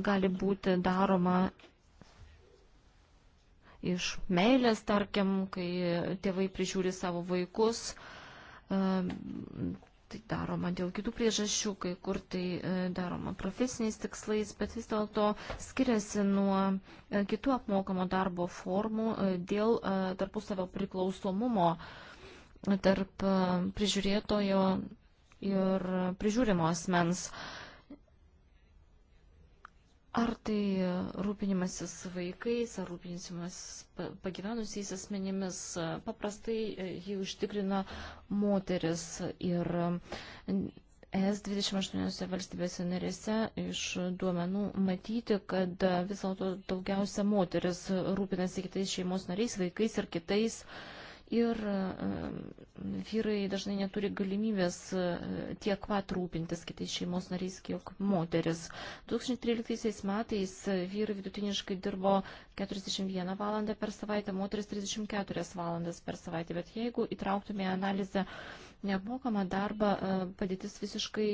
gali būti daroma iš meilės, tarkim, kai tėvai prižiūri savo vaikus tai daroma dėl kitų priežasčių, kai kur tai e, daroma profesiniais tikslais, bet vis dėlto skiriasi nuo e, kitų apmokamo darbo formų e, dėl tarpusavio priklausomumo tarp prižiūrėtojo ir prižiūrimo asmens. Uh, Ar tai rūpinimasis vaikais, ar rūpinimas pagyvenusiais asmenimis, paprastai e, jį užtikrina moteris ir ES 28 valstybėse narėse iš duomenų matyti, kad vis dėlto daugiausia moteris rūpinasi kitais šeimos nariais, vaikais ir kitais uh, ir e, vyrai dažnai neturi galimybės e, tiek pat rūpintis kitais šeimos nariais, kiek moteris. 2013 metais vyrai vidutiniškai dirbo 41 valandą per savaitę, moteris 34 valandas per savaitę, bet jeigu įtrauktume analizę neapmokamą darbą, e, padėtis visiškai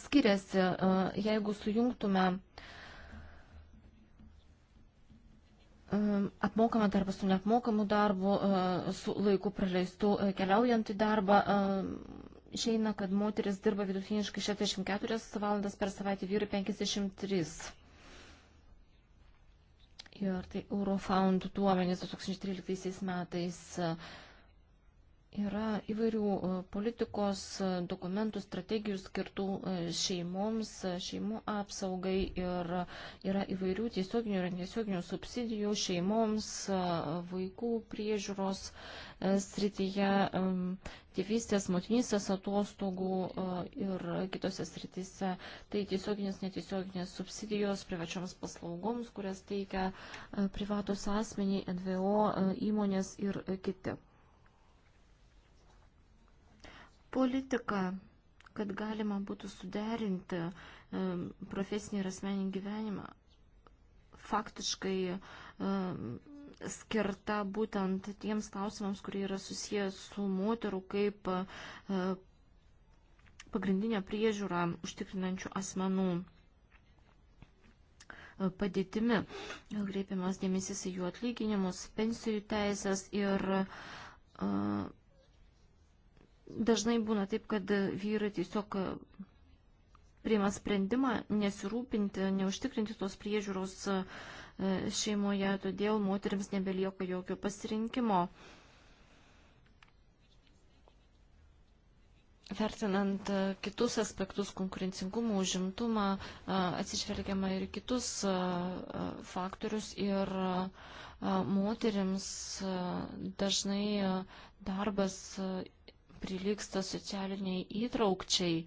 skiriasi, jeigu sujungtume apmokamą darbą su neapmokamu darbu, e, su laiku praleistu e, keliaujant į darbą. Išeina, kad moteris dirba vidutiniškai 64 valandas per savaitę, vyrai 53. Ir tai Eurofound duomenys 2013 metais Yra įvairių e, politikos e, dokumentų, strategijų skirtų e, šeimoms, šeimų apsaugai ir yra įvairių tiesioginių ir netiesioginių subsidijų šeimoms, vaikų priežiūros srityje, tėvystės, motinystės atostogų ir kitose srityse. Tai tiesioginės, netiesioginės subsidijos privačioms paslaugoms, kurias teikia privatus asmeniai, NVO įmonės ir kiti politiką, kad galima būtų suderinti profesinį ir asmeninį gyvenimą, faktiškai skirta būtent tiems klausimams, kurie yra susijęs su moterų kaip e, pagrindinė priežiūra užtikrinančių asmenų e, padėtimi. Kreipiamas dėmesys į jų atlyginimus, pensijų teisės ir uh, Dažnai būna taip, kad vyrai tiesiog priima sprendimą nesirūpinti, neužtikrinti tos priežiūros e, šeimoje, todėl moteriams nebelieka jokio pasirinkimo. Vertinant e, kitus aspektus, konkurencingumą, užimtumą, e, atsižvelgiama ir kitus faktorius ir moteriams dažnai darbas prilyksta socialiniai įtraukčiai.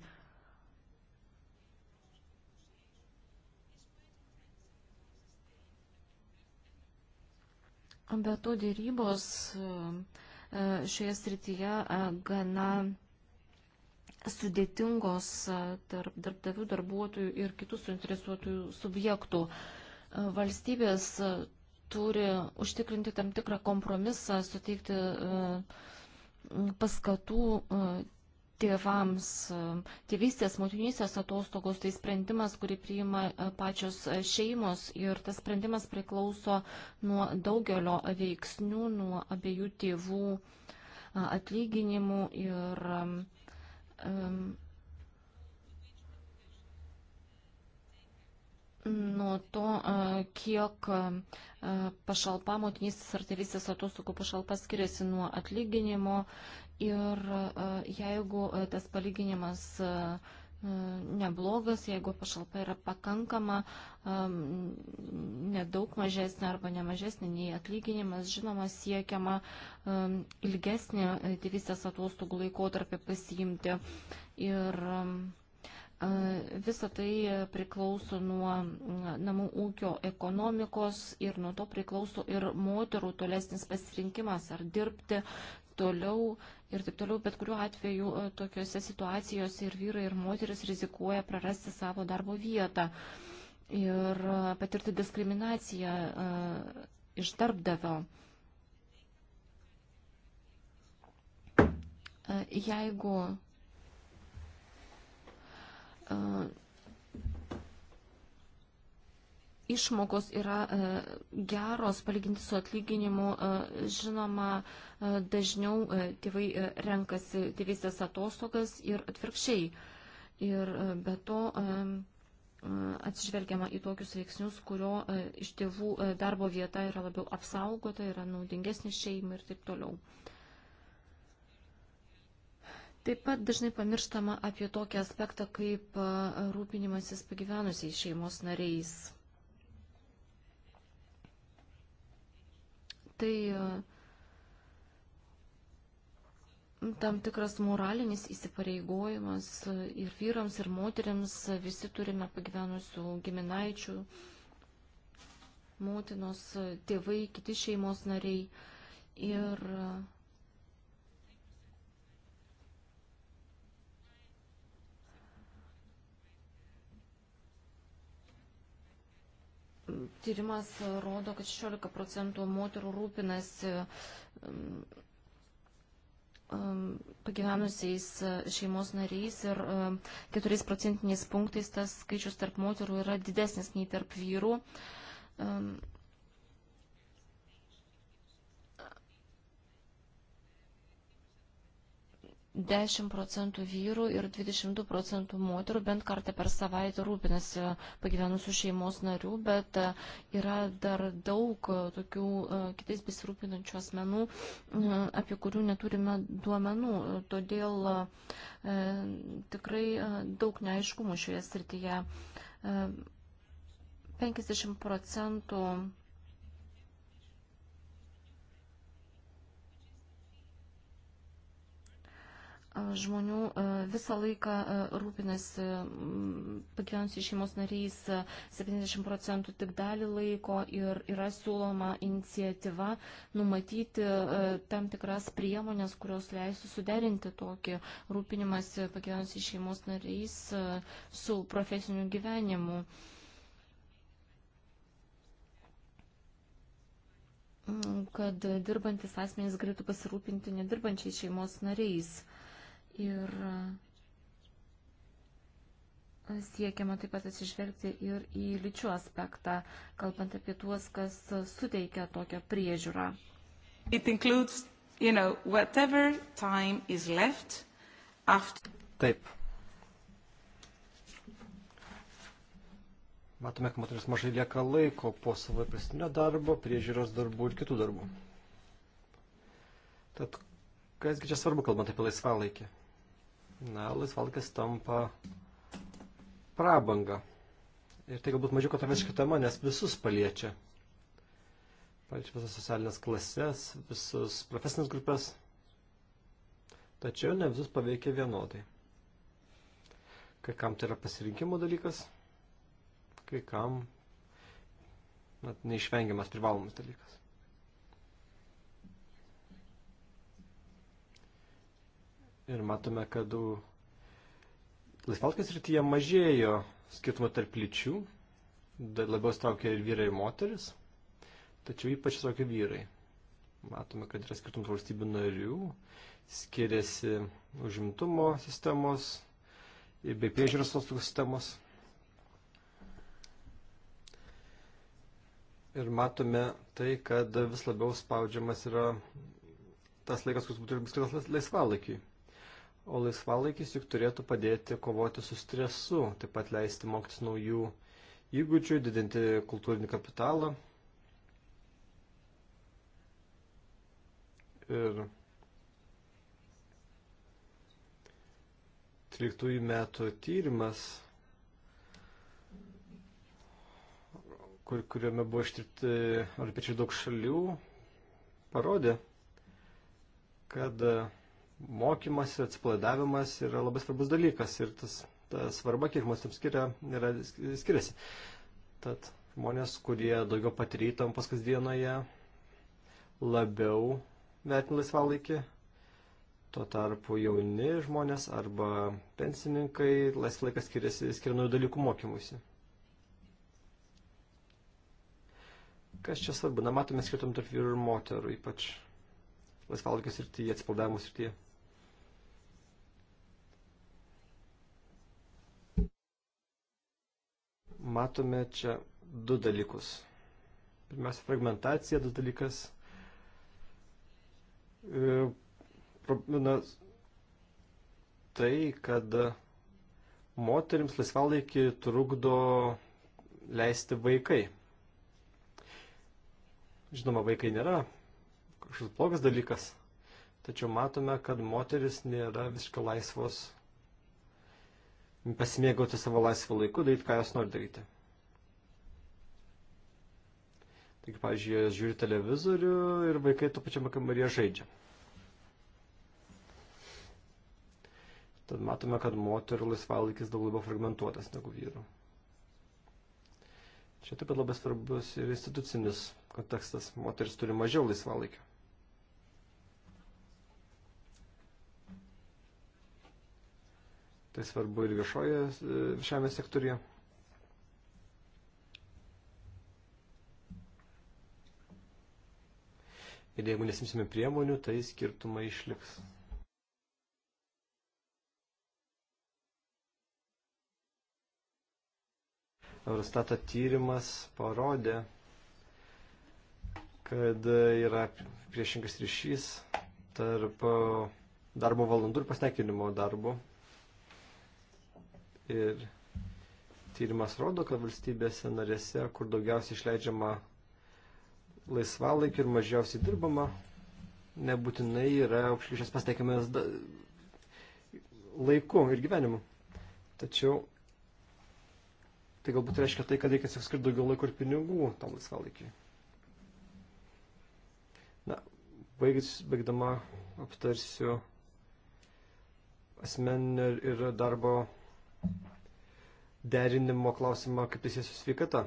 Be to dėrybos e, šioje srityje e, gana sudėtingos e, tarp darbdavių, darbuotojų ir kitų suinteresuotųjų subjektų. Valstybės turi užtikrinti tam tikrą kompromisą, suteikti uh, paskatų e, tėvams e, tėvystės, motinystės atostogos, tai sprendimas, kurį priima e, pačios šeimos ir tas sprendimas priklauso nuo daugelio veiksnių, nuo abiejų tėvų atlyginimų ir um, nuo to, kiek pašalpa motinystės ar tėvystės atostogų pašalpa skiriasi nuo atlyginimo ir jeigu tas palyginimas neblogas, jeigu pašalpa yra pakankama, nedaug mažesnė arba nemažesnė nei atlyginimas, žinoma, siekiama ilgesnį tėvystės atostogų laikotarpį pasiimti ir Visa tai priklauso nuo namų ūkio ekonomikos ir nuo to priklauso ir moterų tolesnis pasirinkimas ar dirbti toliau ir taip toliau, bet kuriuo atveju tokiuose situacijose ir vyrai, ir moteris rizikuoja prarasti savo darbo vietą ir patirti diskriminaciją iš darbdavio. Jeigu išmokos yra e, geros palyginti su atlyginimu. E, žinoma, e, dažniau tėvai renkasi tėvystės atostogas ir atvirkščiai. Ir be to atsižvelgiama į tokius veiksnius, kurio iš tėvų darbo vieta yra labiau apsaugota, yra naudingesnė šeimai ir taip toliau. Taip pat dažnai pamirštama apie tokį aspektą kaip rūpinimasis pagyvenusiais šeimos nariais. Tai tam tikras moralinis įsipareigojimas ir vyrams, ir moteriams. Visi turime pagyvenusių giminaičių, motinos, tėvai, kiti šeimos nariai. Ir mm tyrimas rodo, kad 16 procentų moterų rūpinasi um, um, pagyvenusiais uh, šeimos nariais ir 4 um, procentiniais punktais tas skaičius tarp moterų yra didesnis nei tarp vyrų. 10 procentų vyrų ir 22 procentų moterų bent kartą per savaitę rūpinasi pagyvenusių šeimos narių, bet e, yra dar daug e, tokių e, kitais besirūpinančių asmenų, apie kurių neturime duomenų. Todėl tikrai daug neaiškumų šioje srityje. 50 procentų žmonių visą laiką rūpinasi pagyvenusiais šeimos nariais 70 procentų tik dalį laiko ir yra siūloma iniciatyva numatyti tam tikras priemonės, kurios leisų suderinti tokį rūpinimąsi pagyvenusiais šeimos nariais su profesiniu gyvenimu. kad dirbantis asmenys galėtų pasirūpinti nedirbančiais šeimos nariais. Uh, ir e, siekiama taip pat atsižvelgti ir į lyčių aspektą, kalbant apie tuos, kas e, suteikia tokią priežiūrą. Includes, you know, after... Taip. Matome, kad moteris mažai lieka laiko po savo įprastinio darbo, priežiūros darbų ir kitų darbų. Tad kasgi čia svarbu, kalbant apie laisvalaikį? na, laisvalkis tampa prabanga. Ir tai galbūt mažiau kontroversiška tema, nes visus paliečia. Paliečia visas socialinės klasės, visus profesinės grupės. Tačiau ne visus paveikia vienodai. Kai kam tai yra pasirinkimo dalykas, kai kam na, neišvengiamas privalomas dalykas. Ir matome, kad laisvalkės rytyje mažėjo skirtumo tarp lyčių, labiau straukia ir vyrai, ir moteris, tačiau ypač straukia vyrai. Matome, kad yra skirtumas valstybių narių, skiriasi užimtumo sistemos ir bei priežiūros atostogų sistemos. Ir matome tai, kad vis labiau spaudžiamas yra tas laikas, kuris būtų skirtas laisvalaikiai. O laisvalaikis juk turėtų padėti kovoti su stresu, taip pat leisti mokytis naujų įgūdžių, didinti kultūrinį kapitalą. Ir 13 metų tyrimas, kur, kuriuome buvo ištirti olimpiečiai daug šalių, parodė, kad mokymas ir atsipalaidavimas yra labai svarbus dalykas ir tas, ta svarba, kiek žmonės tam skiria, yra, skiriasi. Tad žmonės, kurie daugiau patiria įtampos kasdienoje, labiau vertina laisvalaikį. Tuo tarpu jauni žmonės arba pensininkai laisvą laiką skiriasi skirnųjų dalykų mokymusi. Kas čia svarbu? Na, matome skirtum tarp vyrų ir moterų, ypač laisvalgio srityje, atsipaldavimo srityje. matome čia du dalykus. Pirmiausia, fragmentacija, du dalykas. E, na, tai, kad moteriams laisvalaikį trukdo leisti vaikai. Žinoma, vaikai nėra kažkoks blogas dalykas, tačiau matome, kad moteris nėra visiškai laisvos pasimėgauti savo laisvą laiku, daryti, ką jos nori daryti. Taigi, pavyzdžiui, jos žiūri televizorių ir vaikai to pačiame kambaryje žaidžia. Tad matome, kad moterų laisvalaikis daug labiau fragmentuotas negu vyrų. Čia taip pat labai svarbus ir institucinis kontekstas. Moteris turi mažiau laisvalaikio. Tai svarbu ir viešoje, e, viešame sektorija. Ir jeigu nesimsime priemonių, tai skirtumai išliks. Eurostato tyrimas parodė, kad yra priešingas ryšys tarp darbo valandų ir pasitenkinimo darbo Ir tyrimas rodo, kad valstybėse narėse, kur daugiausiai išleidžiama laisvalaikį ir mažiausiai dirbama, nebūtinai yra aukšlyšės pasiekimas laiku ir gyvenimu. Tačiau tai galbūt reiškia tai, kad reikia skirti daugiau laiko ir pinigų tam laisvalaikiai. Na, baigis, baigdama aptarsiu asmeninio ir darbo derinimo klausimą, kaip tai jis su sveikata.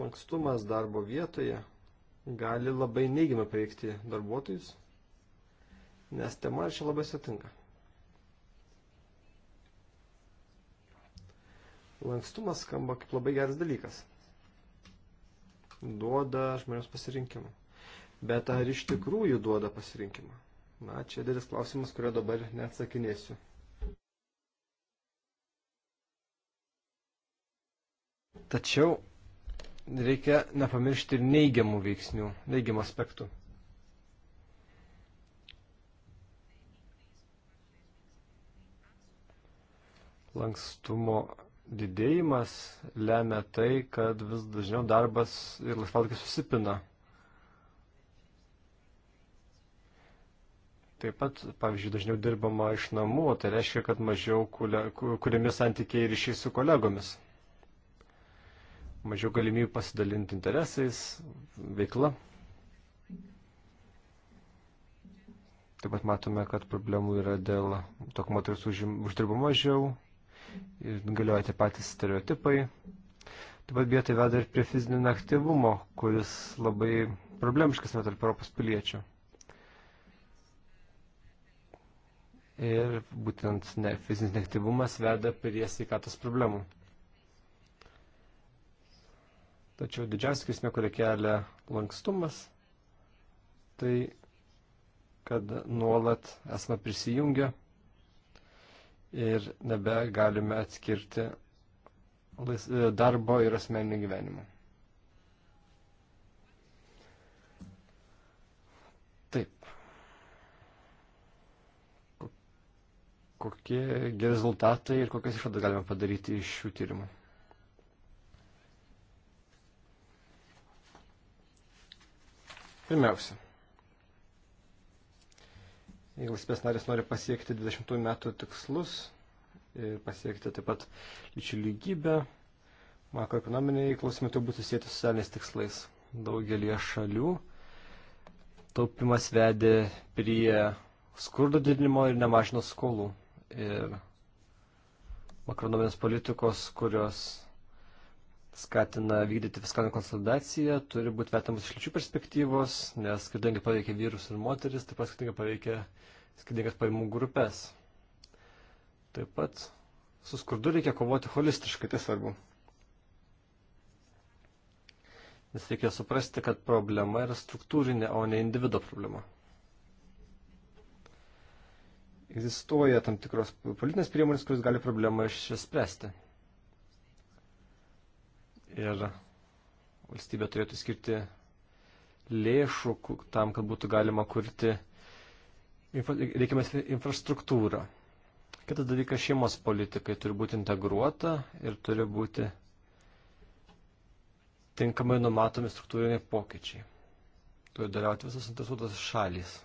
Lankstumas darbo vietoje gali labai neigiamai paveikti darbuotojus, nes tema čia labai sutinka. Lankstumas skamba kaip labai geras dalykas. Duoda žmonėms pasirinkimą. Bet ar iš tikrųjų duoda pasirinkimą? Na, čia didelis klausimas, kurio dabar neatsakinėsiu. Tačiau reikia nepamiršti ir neigiamų veiksnių, neigiamų aspektų. Lankstumo didėjimas lemia tai, kad vis dažniau darbas ir laisvalgis susipina. Taip pat, pavyzdžiui, dažniau dirbama iš namų, tai reiškia, kad mažiau kuriami santykiai ryšiai su kolegomis. Mažiau galimybių pasidalinti interesais, veikla. Taip pat matome, kad problemų yra dėl to, kad moteris uždirba mažiau ir galioja tie patys stereotipai. Taip pat bietai veda ir prie fizininio aktyvumo, kuris labai problemiškas net tarp Europos piliečių. ir būtent ne, fizinis neaktyvumas veda prie sveikatos problemų. Tačiau didžiausia grėsmė, kurią kelia lankstumas, tai kad nuolat esame prisijungę ir nebegalime atskirti darbo ir asmeninio gyvenimo. kokie geri rezultatai ir kokias išvadas galime padaryti iš šių tyrimų. Pirmiausia, jeigu valstybės narės nori pasiekti 20 metų tikslus ir pasiekti taip pat lyčių lygybę, makroekonominiai klausimai turi būti susijęti su socialiniais tikslais. Daugelie šalių taupimas vedė prie skurdo didinimo ir nemažino skolų ir makronominės politikos, kurios skatina vykdyti fiskalinę konsolidaciją, turi būti vertamas iš lyčių perspektyvos, nes skirtingai paveikia vyrus ir moteris, taip pat skirtingai paveikia skirtingas pajamų grupės. Taip pat su skurdu reikia kovoti holistiškai, tai svarbu. Nes reikia suprasti, kad problema yra struktūrinė, o ne individo problema egzistuoja tam tikros politinės priemonės, kuris gali problemą iš čia spręsti. Ir valstybė turėtų skirti lėšų tam, kad būtų galima kurti reikiamą infrastruktūrą. Kitas dalykas, šeimos politikai turi būti integruota ir turi būti tinkamai numatomi struktūriniai pokyčiai. Turi dalyvauti visas interesuotas šalys.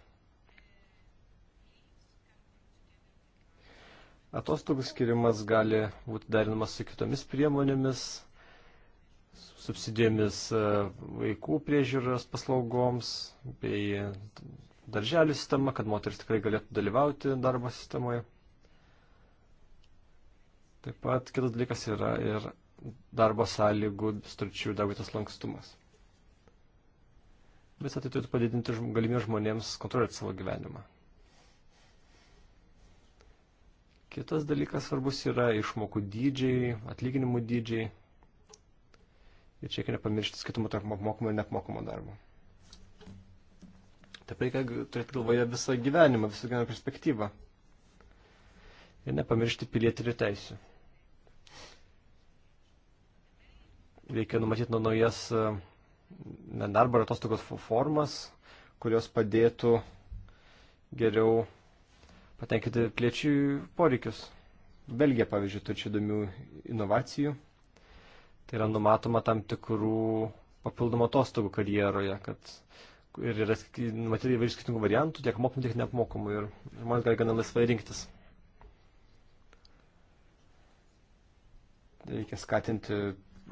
Atostogų skirimas gali būti derinamas su kitomis priemonėmis, subsidijomis e, vaikų priežiūros paslaugoms bei darželių sistema, kad moteris tikrai galėtų dalyvauti darbo sistemoje. Taip pat kitas dalykas yra ir darbo sąlygų stručių davytas lankstumas. Visą tai turėtų padidinti galimybę žmonėms kontroliuoti savo gyvenimą. Kitas dalykas svarbus yra išmokų dydžiai, atlyginimų dydžiai. Ir čia reikia nepamiršti skirtumų tarp apmokamo ir neapmokamo darbo. Taip reikia turėti galvoje visą gyvenimą, visą gyvenimo perspektyvą. Ir nepamiršti pilietinių teisių. Reikia numatyti nuo naujas e, nedarbo ir atostogos formas, kurios padėtų geriau patenkinti piliečių poreikius. Belgija, pavyzdžiui, turi čia įdomių inovacijų. Tai yra numatoma tam tikrų papildomų atostogų karjeroje, kad ir yra matyti įvairių skirtingų variantų, tiek mokamų, tiek neapmokamų ir žmonės gali gana laisvai rinktis. Reikia skatinti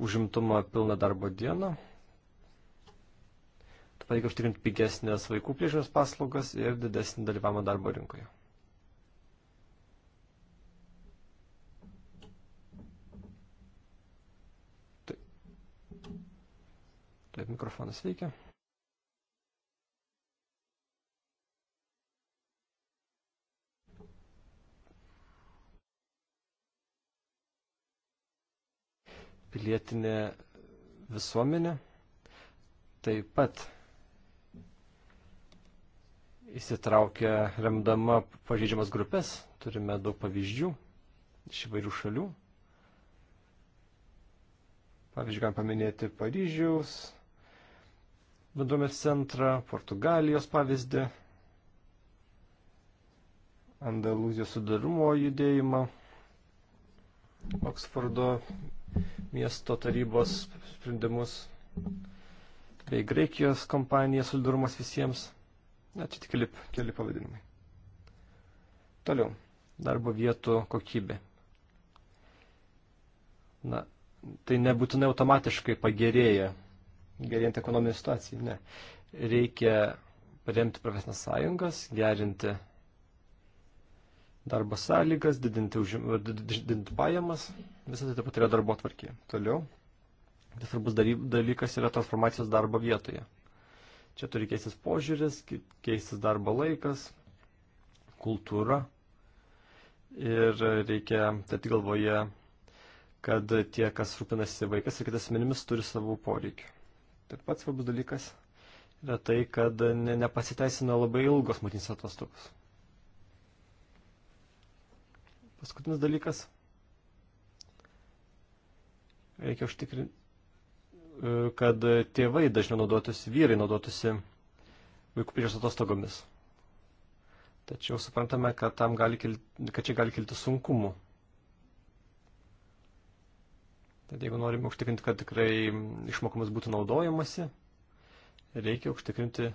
užimtumą pilną darbo dieną. Taip pat reikia užtikrinti pigesnės vaikų priežiūros paslaugas ir didesnį dalyvavimą darbo rinkoje. Kaip mikrofonas veikia? Pilietinė visuomenė taip pat įsitraukia remdama pažeidžiamas grupės. Turime daug pavyzdžių iš įvairių šalių. Pavyzdžiui, galime paminėti Paryžiaus bendruomenės centrą, Portugalijos pavyzdį, Andalūzijos sudarumo judėjimą, Oksfordo miesto tarybos sprendimus bei Graikijos kompanija solidarumas visiems. Na, čia tik keli, keli pavadinimai. Toliau. Darbo vietų kokybė. Na, tai nebūtinai automatiškai pagerėja gerint ekonominę situaciją. Ne. Reikia paremti profesinės sąjungas, gerinti darbo sąlygas, didinti, užim, didinti pajamas. Visą tai taip pat yra darbo tvarkė. Toliau. Tai svarbus dalykas yra transformacijos darbo vietoje. Čia turi keistis požiūris, keistis darbo laikas, kultūra. Ir reikia taip galvoje, kad tie, kas rūpinasi vaikas ir kitas menimis, turi savų poreikių. Taip pat svarbus dalykas yra tai, kad ne, nepasiteisino labai ilgos motinys atostogos. Paskutinis dalykas. Reikia užtikrinti, kad tėvai dažniau naudotųsi, vyrai naudotųsi vaikų priežas atostogomis. Tačiau suprantame, kad, gali kilti, kad čia gali kilti sunkumų. Tad jeigu norime užtikrinti, kad tikrai išmokomas būtų naudojamasi, reikia užtikrinti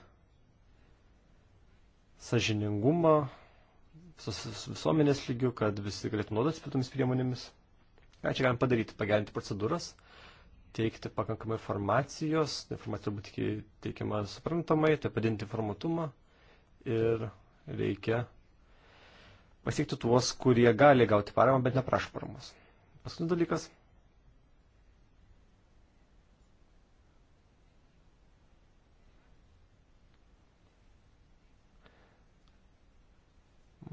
sažiningumą visos visuomenės lygių, kad visi galėtų naudotis tomis priemonėmis. Ką čia galim padaryti? Pagerinti procedūras, teikti pakankamai informacijos, informacija būtų teikiama suprantamai, tai padinti informatumą ir reikia pasiekti tuos, kurie gali gauti paramą, bet neprašo paramos. Paskutinis dalykas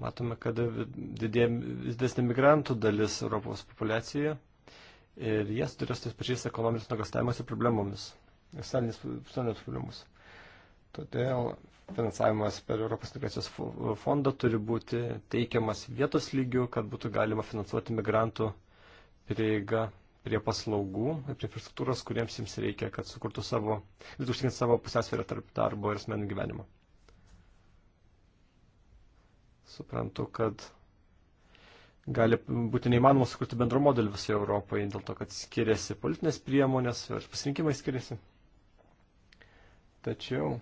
Matome, kad didėja vis didesnė migrantų dalis Europos populiacijoje ir jie susiduria su tais pačiais ekonominis nuogastavimas ir problemomis, socialinės problemus. Todėl finansavimas per Europos migracijos fondą turi būti teikiamas vietos lygių, kad būtų galima finansuoti migrantų prieigą prie paslaugų ir prie infrastruktūros, kuriems jums reikia, kad sukurtų savo, užtikrinti savo pusiausvyrą tarp darbo ir asmenų gyvenimo suprantu, kad gali būti neįmanoma sukurti bendro modelį visoje Europoje, dėl to, kad skiriasi politinės priemonės ir pasirinkimai skiriasi. Tačiau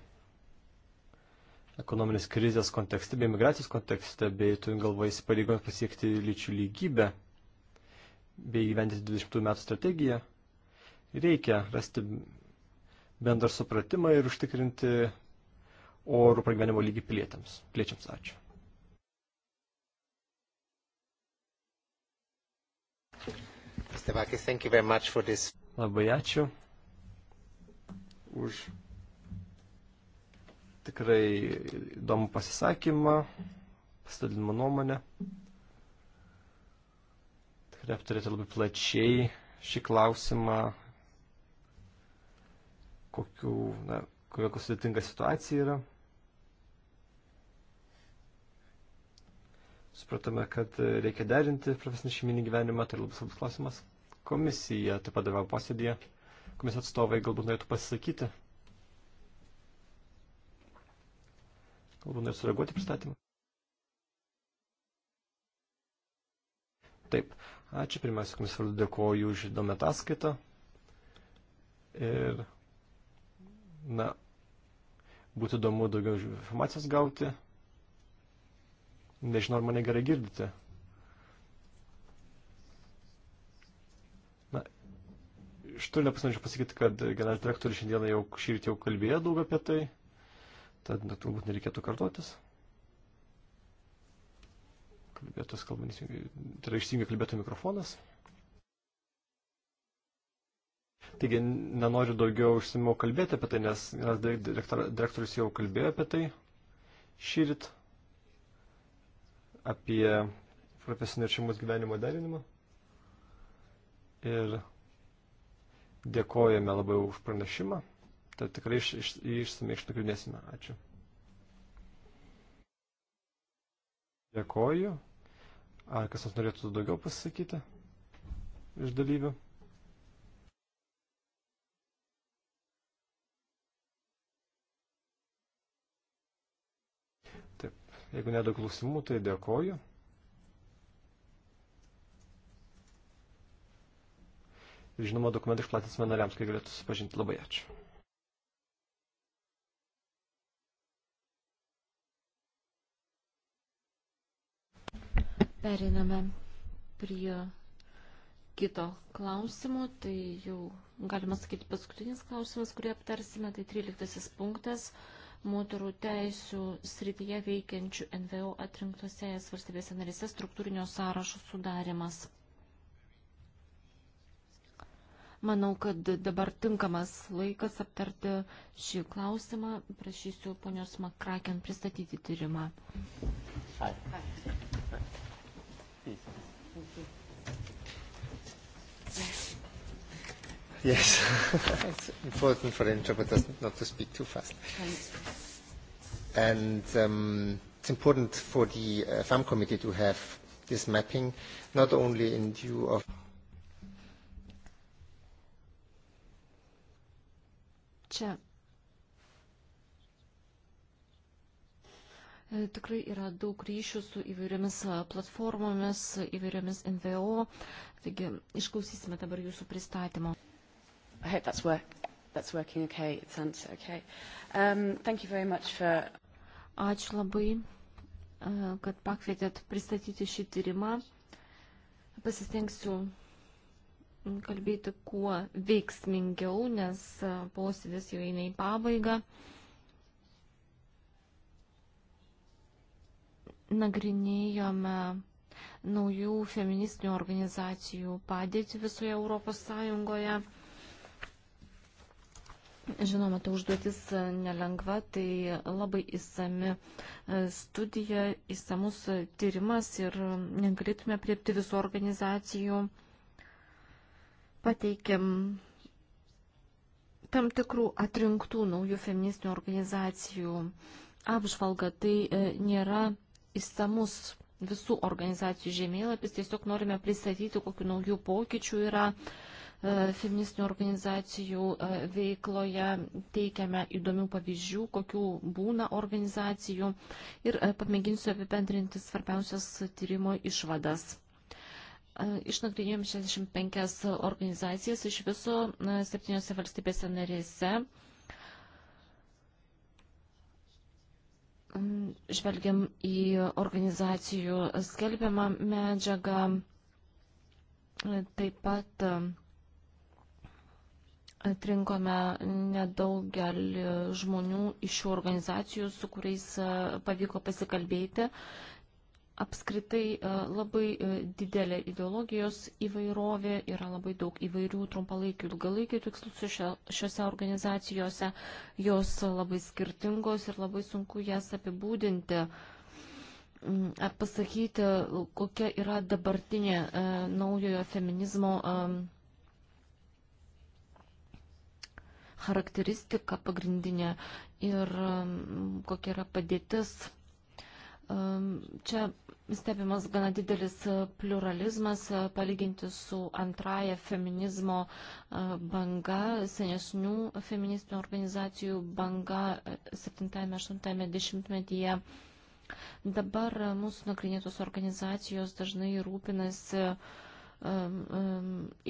ekonominės krizės kontekste bei migracijos kontekste, bei turint galvoje įsipareigojant pasiekti lyčių lygybę, bei gyventi 20 metų strategiją, reikia rasti bendrą supratimą ir užtikrinti orų pragyvenimo lygį pilietėms. Piliečiams ačiū. Stevakis, thank you very much for this. Labai ačiū už tikrai įdomų pasisakymą, pasidalinimą nuomonę. Tikrai aptarėte labai plačiai šį klausimą, kokiu, na, kokia sudėtinga situacija yra. supratome, kad reikia derinti profesinį šeiminį gyvenimą, tai labai svarbus klausimas. Komisija taip pat dalyvavo posėdėje. Komisijos atstovai galbūt norėtų pasisakyti. Galbūt norėtų sureaguoti pristatymą. Taip, ačiū pirmiausia, komisijos vardu dėkoju už įdomią ataskaitą. Ir, na, būtų įdomu daugiau informacijos gauti Nežinau, ar mane gerai girdite. Na, iš turinio pasinaučiau pasakyti, kad generalinis direktorius šiandieną jau šį rytį jau kalbėjo daug apie tai, tad na, turbūt nereikėtų kartotis. Kalbėtos kalbanys, tai yra išsingai kalbėtų mikrofonas. Taigi nenoriu daugiau užsimiau kalbėti apie tai, nes direktor, direktorius jau kalbėjo apie tai šį rytį apie profesinio ir šeimos gyvenimo derinimą. Ir dėkojame labai už pranešimą. Tad tikrai iš, iš, išsamei išnagrinėsime. Ačiū. Dėkoju. Ar kas nors norėtų daugiau pasisakyti iš dalyvių? Jeigu nedaug klausimų, tai dėkoju. Ir žinoma, dokumentą išplatinsime nariams, kai galėtų supažinti. Labai ačiū. Periname prie kito klausimo, tai jau galima sakyti paskutinis klausimas, kurį aptarsime, tai 13 punktas – moterų teisų srityje veikiančių NVO atrinktose ES valstybėse narėse struktūrinio sąrašo sudarimas. Manau, kad dabar tinkamas laikas aptarti šį klausimą. Prašysiu ponios Makraken pristatyti tyrimą. Hi. Hi. Hi. Yes, it's important for the interpreters not to speak too fast. And um, it's important for the uh, farm committee to have this mapping, not only in view of Čia e, Tikrai yra daug ryšių su įvairiomis e, platformomis, įvairiomis NVO. Taigi, išklausysime dabar jūsų pristatymo. I hope that's, work, that's working okay, it's answer okay. Um, thank you very much for... Ačiū labai, kad pakvietėt pristatyti šį tyrimą. Pasistengsiu kalbėti kuo veiksmingiau, nes posėdis jau eina į pabaigą. Nagrinėjome naujų feministinių organizacijų padėti visoje Europos Sąjungoje Žinoma, ta užduotis e, nelengva, tai labai įsami e, studija, įsamus tyrimas ir negalėtume priepti visų organizacijų. Pateikėm tam tikrų atrinktų naujų feministinių organizacijų apžvalgą. Tai e, nėra įsamus visų organizacijų žemėlapis, tiesiog norime pristatyti, kokiu naujų pokyčių yra E, feministinių organizacijų e, veikloje, teikiame įdomių pavyzdžių, kokių būna organizacijų ir e, pamėginsiu apibendrinti svarbiausias tyrimo išvadas. Išnagrinėjom 65 organizacijas iš viso 7 valstybėse narėse. Mm, žvelgiam į organizacijų skelbiamą medžiagą, taip pat atrinkome nedaugelį žmonių iš šių organizacijų, su kuriais e, pavyko pasikalbėti. Apskritai e, labai e, didelė ideologijos įvairovė, yra labai daug įvairių trumpalaikių ir ilgalaikių tikslų šiuose organizacijose, jos labai skirtingos ir labai sunku jas apibūdinti pasakyti, kokia yra dabartinė e, naujojo feminizmo e, charakteristika pagrindinė ir um, kokia yra padėtis. Um, čia stebimas gana didelis uh, pluralizmas uh, palyginti su antraja feminizmo uh, banga, senesnių feministinių organizacijų banga 7-8 dešimtmetyje. Dabar mūsų nagrinėtos organizacijos dažnai rūpinasi uh,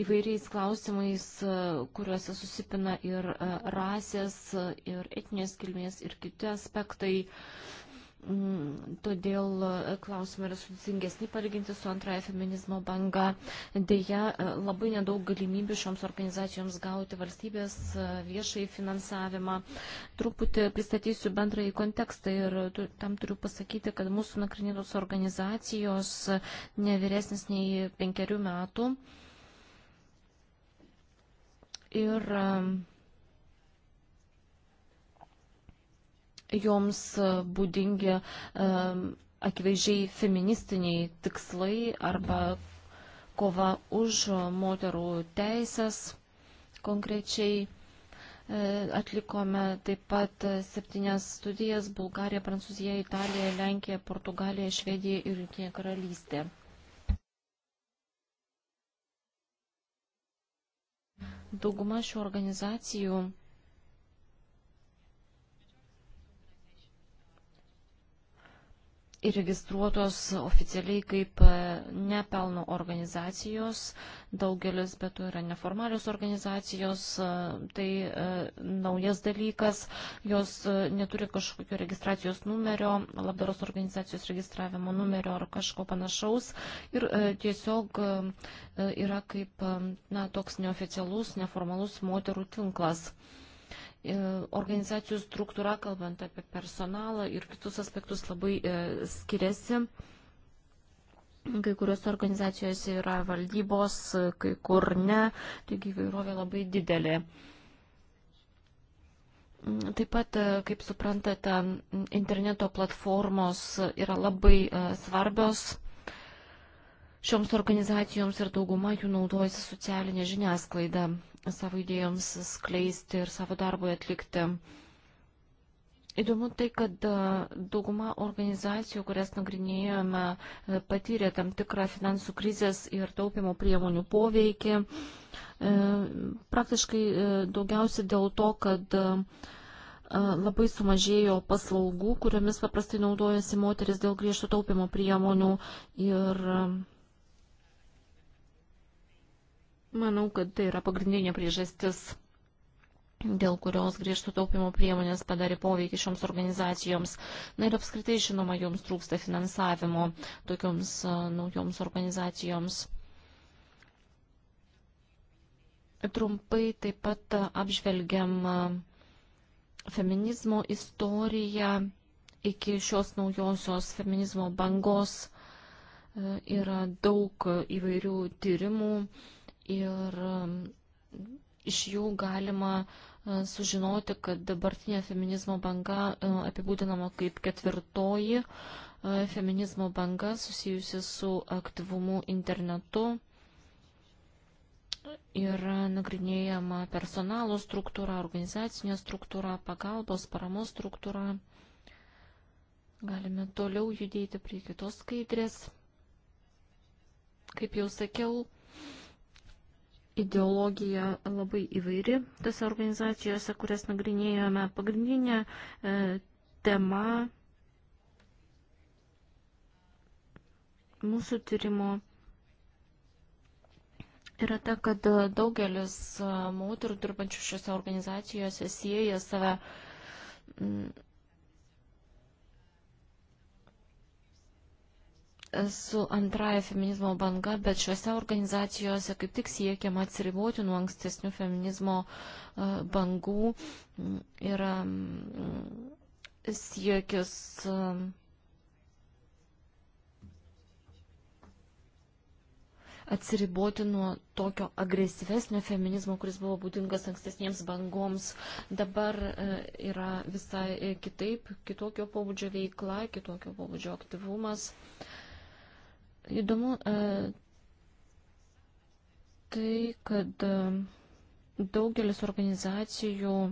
įvairiais klausimais, e, kuriuose susipina ir e, rasės, e, ir etinės kilmės, ir kiti aspektai. Um, Mm, todėl e, klausimai yra sudėtingesni palyginti su antraja feminizmo banga. Deja, e, labai nedaug galimybių šioms organizacijoms gauti valstybės e, viešai finansavimą. Truputį pristatysiu bendrąjį kontekstą ir tam turiu pasakyti, kad mūsų nakrinėtos organizacijos ne vyresnis nei penkerių metų. Ir um, joms e, būdingi e, akivaizdžiai feministiniai tikslai arba kova už moterų teisės konkrečiai. E, atlikome taip pat septynias studijas - Bulgarija, Prancūzija, Italija, Lenkija, Portugalija, Švedija ir Junktinė karalystė. Dauguma šių organizacijų įregistruotos oficialiai kaip e, nepelno organizacijos, daugelis bet to yra neformalios organizacijos, e, tai e, naujas dalykas, jos neturi kažkokio registracijos numerio, labdaros organizacijos registravimo numerio ar kažko panašaus ir tiesiog yra kaip na, toks neoficialus, neformalus moterų tinklas. E, organizacijų struktūra, kalbant apie personalą ir kitus aspektus, labai e, skiriasi. Kai kuriuose organizacijose yra valdybos, kai kur ne, taigi įvairovė labai didelė. Taip pat, e, kaip suprantate, interneto platformos yra labai svarbios šioms organizacijoms ir dauguma jų naudojasi socialinė žiniasklaida savo idėjoms skleisti ir savo darbui atlikti. Įdomu tai, kad e, dauguma organizacijų, kurias nagrinėjome, e, patyrė tam tikrą finansų krizės ir taupimo priemonių poveikį. E, praktiškai daugiausia dėl to, kad labai sumažėjo paslaugų, kuriomis paprastai naudojasi moteris dėl griežto taupimo priemonių ir Manau, kad tai yra pagrindinė priežastis, dėl kurios griežtų taupimo priemonės padarė poveikį šioms organizacijoms. Na ir apskritai, žinoma, joms trūksta finansavimo tokioms naujoms organizacijoms. Trumpai taip pat apžvelgiam feminizmo istoriją iki šios naujosios feminizmo bangos. E, yra daug įvairių tyrimų ir um, iš jų galima uh, sužinoti, kad dabartinė feminizmo banga uh, apibūdinama kaip ketvirtoji uh, feminizmo banga susijusi su aktyvumu internetu. Yra nagrinėjama personalo struktūra, organizacinė struktūra, pagalbos, paramos struktūra. Galime toliau judėti prie kitos skaidrės. Kaip jau sakiau, ideologija labai įvairi tose organizacijose, kurias nagrinėjome. Pagrindinė e, tema mūsų tyrimo yra ta, kad daugelis e, moterų dirbančių šiose organizacijose sieja save su antraja feminizmo banga, bet šiuose organizacijose kaip tik siekiama atsiriboti nuo ankstesnių feminizmo e, bangų ir mm, mm, siekis e, atsiriboti nuo tokio agresyvesnio feminizmo, kuris buvo būdingas ankstesniems bangoms. Dabar e, yra visai kitaip, kitokio pobūdžio veikla, kitokio pobūdžio aktyvumas. Uh, Įdomu e, tai, kad e, daugelis organizacijų e,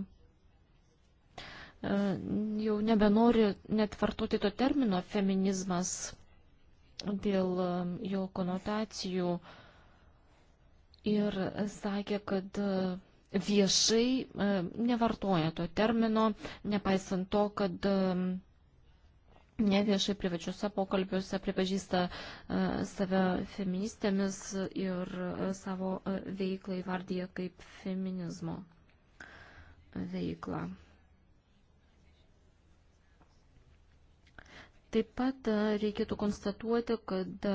jau nebenori net vartoti to termino feminizmas dėl jo konotacijų ir sakė, kad viešai nevartoja to termino, nepaisant to, kad neviešai privačiuose pokalbiuose pripažįsta e, save feministėmis ir e, savo e, veiklą įvardyja kaip feminizmo veiklą. Taip pat reikėtų konstatuoti, kad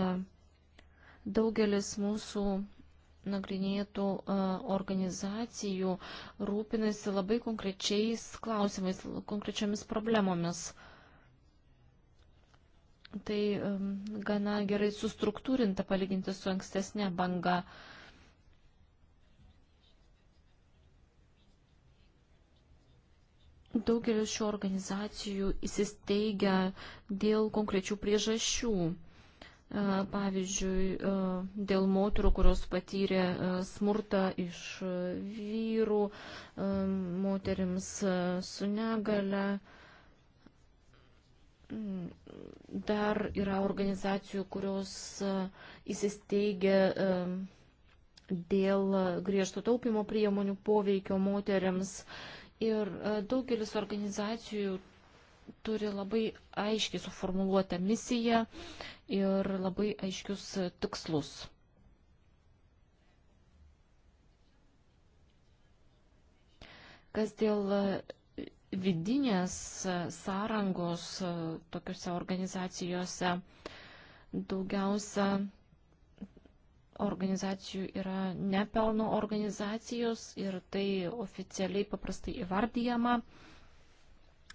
daugelis mūsų nagrinėtų organizacijų rūpinasi labai konkrečiais klausimais, konkrečiomis problemomis tai gana gerai sustruktūrinta palyginti su ankstesnė banga. Daugelis šių organizacijų įsisteigia dėl konkrečių priežasčių. E, pavyzdžiui, e, dėl moterų, kurios patyrė e, smurtą iš vyrų, moterims su negale, Mm, dar yra organizacijų, kurios e, įsisteigia e, dėl griežto taupimo priemonių poveikio moteriams. Ir e, daugelis organizacijų turi labai aiškiai suformuluotą misiją ir labai aiškius tikslus. Kas dėl vidinės sąrangos e, tokiuose organizacijose daugiausia organizacijų yra nepelno organizacijos ir tai oficialiai paprastai įvardyjama.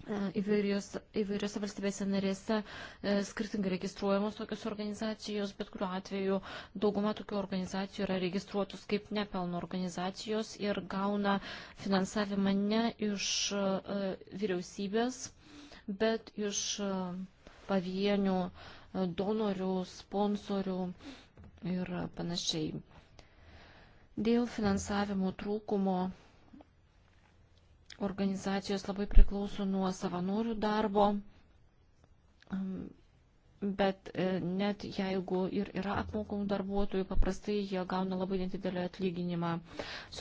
E, įvairiose, įvairiose valstybėse narėse e, skirtingai registruojamos tokios organizacijos, bet kuriuo atveju dauguma tokių organizacijų yra registruotos kaip nepelno organizacijos ir gauna finansavimą ne iš e, vyriausybės, bet iš pavienių donorių, sponsorių ir panašiai. Dėl finansavimo trūkumo organizacijos labai priklauso nuo savanorių darbo, bet e, net jeigu ir yra apmokomų darbuotojų, paprastai jie gauna labai nedidelį atlyginimą.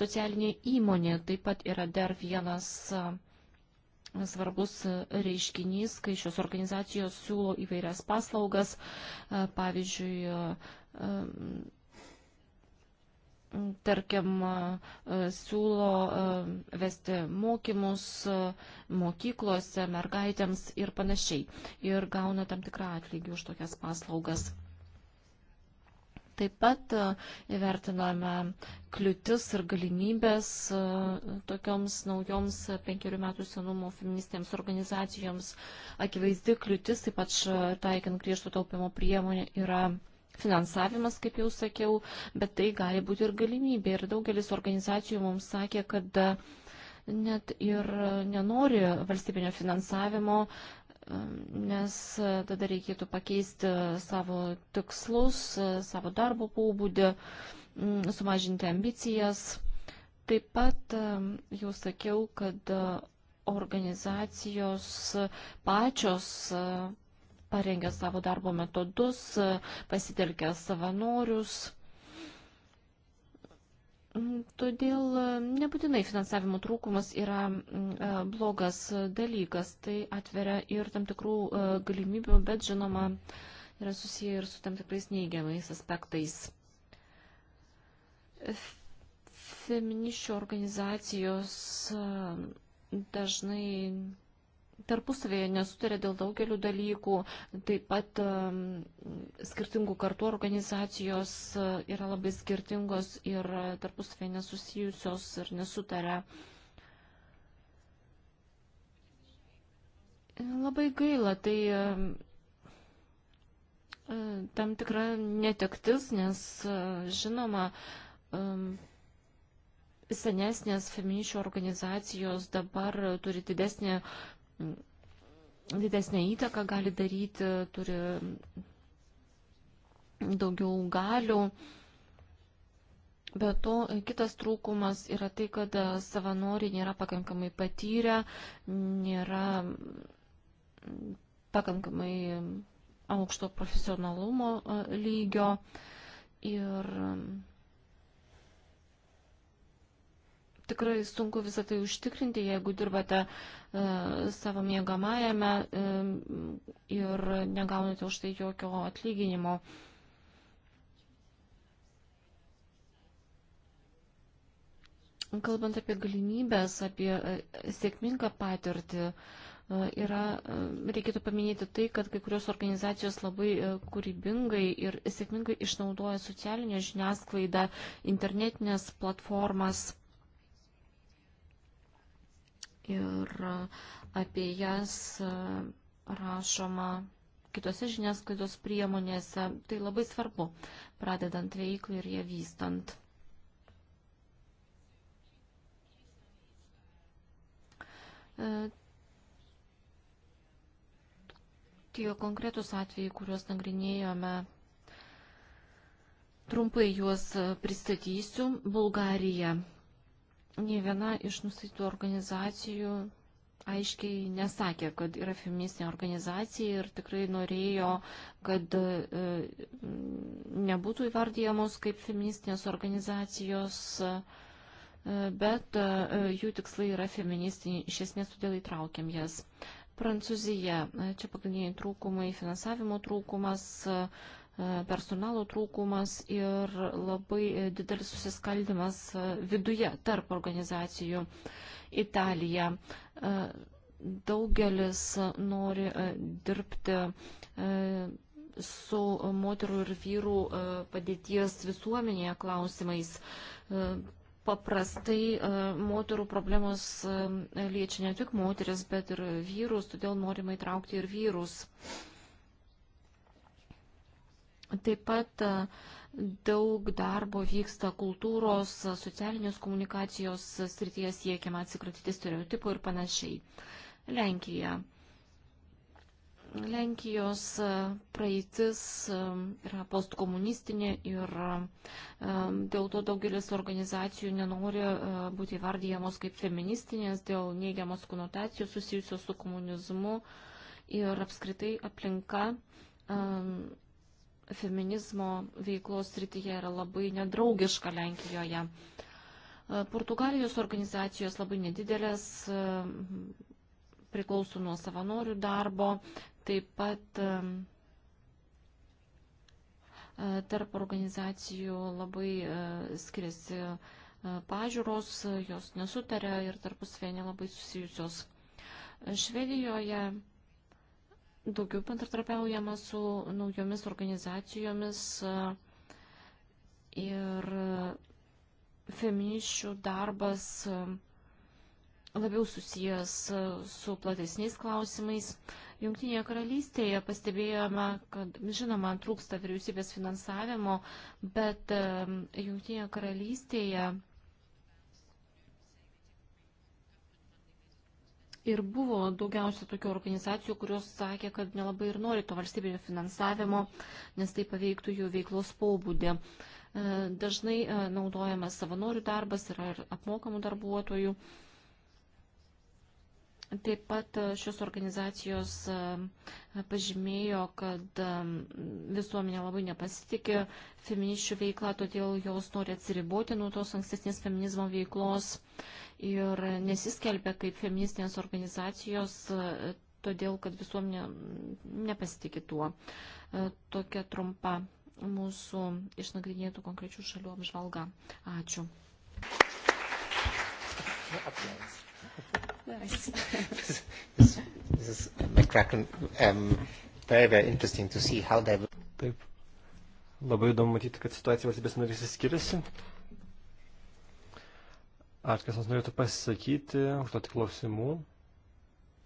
Socialinė įmonė taip pat yra dar vienas e, svarbus reiškinys, kai šios organizacijos siūlo įvairias paslaugas, e, pavyzdžiui, tarkim, e, siūlo e, vesti mokymus e, mokyklose, mergaitėms ir panašiai. Ir gauna tam tikrą atlygį už tokias paslaugas. Taip pat įvertiname kliūtis ir galimybės tokioms naujoms penkerių metų senumo feministėms organizacijoms. Akivaizdi kliūtis, ypač taikant griežto taupimo priemonę, yra finansavimas, kaip jau sakiau, bet tai gali būti ir galimybė. Ir daugelis organizacijų mums sakė, kad e, net ir nenori valstybinio finansavimo, e, nes e, tada reikėtų pakeisti savo tikslus, savo darbo pobūdį, sumažinti ambicijas. Taip pat jau sakiau, kad organizacijos pačios parengė savo darbo metodus, pasitelkė savanorius. Todėl nebūtinai finansavimo trūkumas yra e, blogas dalykas, tai atveria ir tam tikrų e, galimybių, bet žinoma, yra susiję ir su tam tikrais neigiamais aspektais. Feminiščių organizacijos e, dažnai tarpusavėje nesutarė dėl daugelių dalykų, taip pat um, skirtingų kartų organizacijos uh, yra labai skirtingos ir uh, tarpusavėje nesusijusios ir nesutarė. Labai gaila, tai um, uh, tam tikra netektis, nes žinoma, um, senesnės feminišių organizacijos dabar turi didesnį didesnę įtaką gali daryti, turi daugiau galių. Be to, kitas trūkumas yra tai, kad savanoriai nėra pakankamai patyrę, nėra pakankamai aukšto profesionalumo lygio ir tikrai sunku visą tai užtikrinti, jeigu dirbate e, savo miegamajame e, ir negaunate už tai jokio atlyginimo. Kalbant apie galimybės, apie e, sėkmingą patirtį, yra, reikėtų paminėti tai, kad kai kurios organizacijos labai kūrybingai ir sėkmingai išnaudoja socialinę žiniasklaidą, internetinės platformas ir apie jas e, rašoma kitose žiniasklaidos priemonėse. Tai labai svarbu, pradedant veiklą ir ją vystant. E, tie konkretus atvejai, kuriuos nagrinėjome, trumpai juos pristatysiu. Bulgarija Nė viena iš nustatytų organizacijų aiškiai nesakė, kad yra feministinė organizacija ir tikrai norėjo, kad e, nebūtų įvardyjamos kaip feministinės organizacijos, e, bet e, jų tikslai yra feministiniai, iš esmės todėl įtraukiam jas. Prancūzija, čia pagrindiniai trūkumai, finansavimo trūkumas, E, personalo trūkumas ir labai e, didelis susiskaldimas e, viduje tarp organizacijų. Italija. Daugelis nori dirbti su moterų ir vyrų padėties visuomenėje klausimais. Paprastai moterų problemos liečia ne tik moteris, bet ir vyrus, todėl norima įtraukti ir vyrus. Uh, Taip pat e, daug darbo vyksta kultūros, socialinės komunikacijos srityje siekiama atsikratyti stereotipų ir panašiai. Lenkija. Lenkijos e, praeitis e, yra postkomunistinė ir dėl to daugelis organizacijų nenori būti įvardyjamos kaip feministinės dėl neigiamos konotacijos susijusios su komunizmu ir apskritai aplinka feminizmo veiklos srityje yra labai nedraugiška Lenkijoje. E, Portugalijos organizacijos labai nedidelės, e, priklauso nuo savanorių darbo, taip pat e, tarp organizacijų labai skiriasi pažiūros, jos nesutarė ir tarpusvienė labai susijusios. Švedijoje daugiau bendratarpiaujama su naujomis organizacijomis e, ir feminiščių darbas e, labiau susijęs e, su platesniais klausimais. Junktinėje karalystėje pastebėjome, kad žinoma, trūksta vyriausybės finansavimo, bet Junktinėje karalystėje ir buvo daugiausia tokių organizacijų, kurios sakė, kad nelabai ir nori to valstybinio finansavimo, nes tai paveiktų jų veiklos pobūdį. E, dažnai e, naudojamas savanorių darbas, yra ir apmokamų darbuotojų. Taip pat e, šios organizacijos pažymėjo, kad visuomenė labai nepasitikė feminiščių veiklą, todėl jos nori atsiriboti nuo tos ankstesnės feminizmo veiklos ir nesiskelbia kaip feministinės organizacijos, e, todėl kad visuomenė nepasitikė tuo. E, tokia trumpa mūsų išnagrinėtų konkrečių šalių apžvalga. Ačiū. Nice. this, this is McCracken. Um, um, very, very interesting to see how they... Taip. Labai įdomu matyti, kad situacija valstybės narys skiriasi. Ar kas nors norėtų pasisakyti, užduoti klausimų?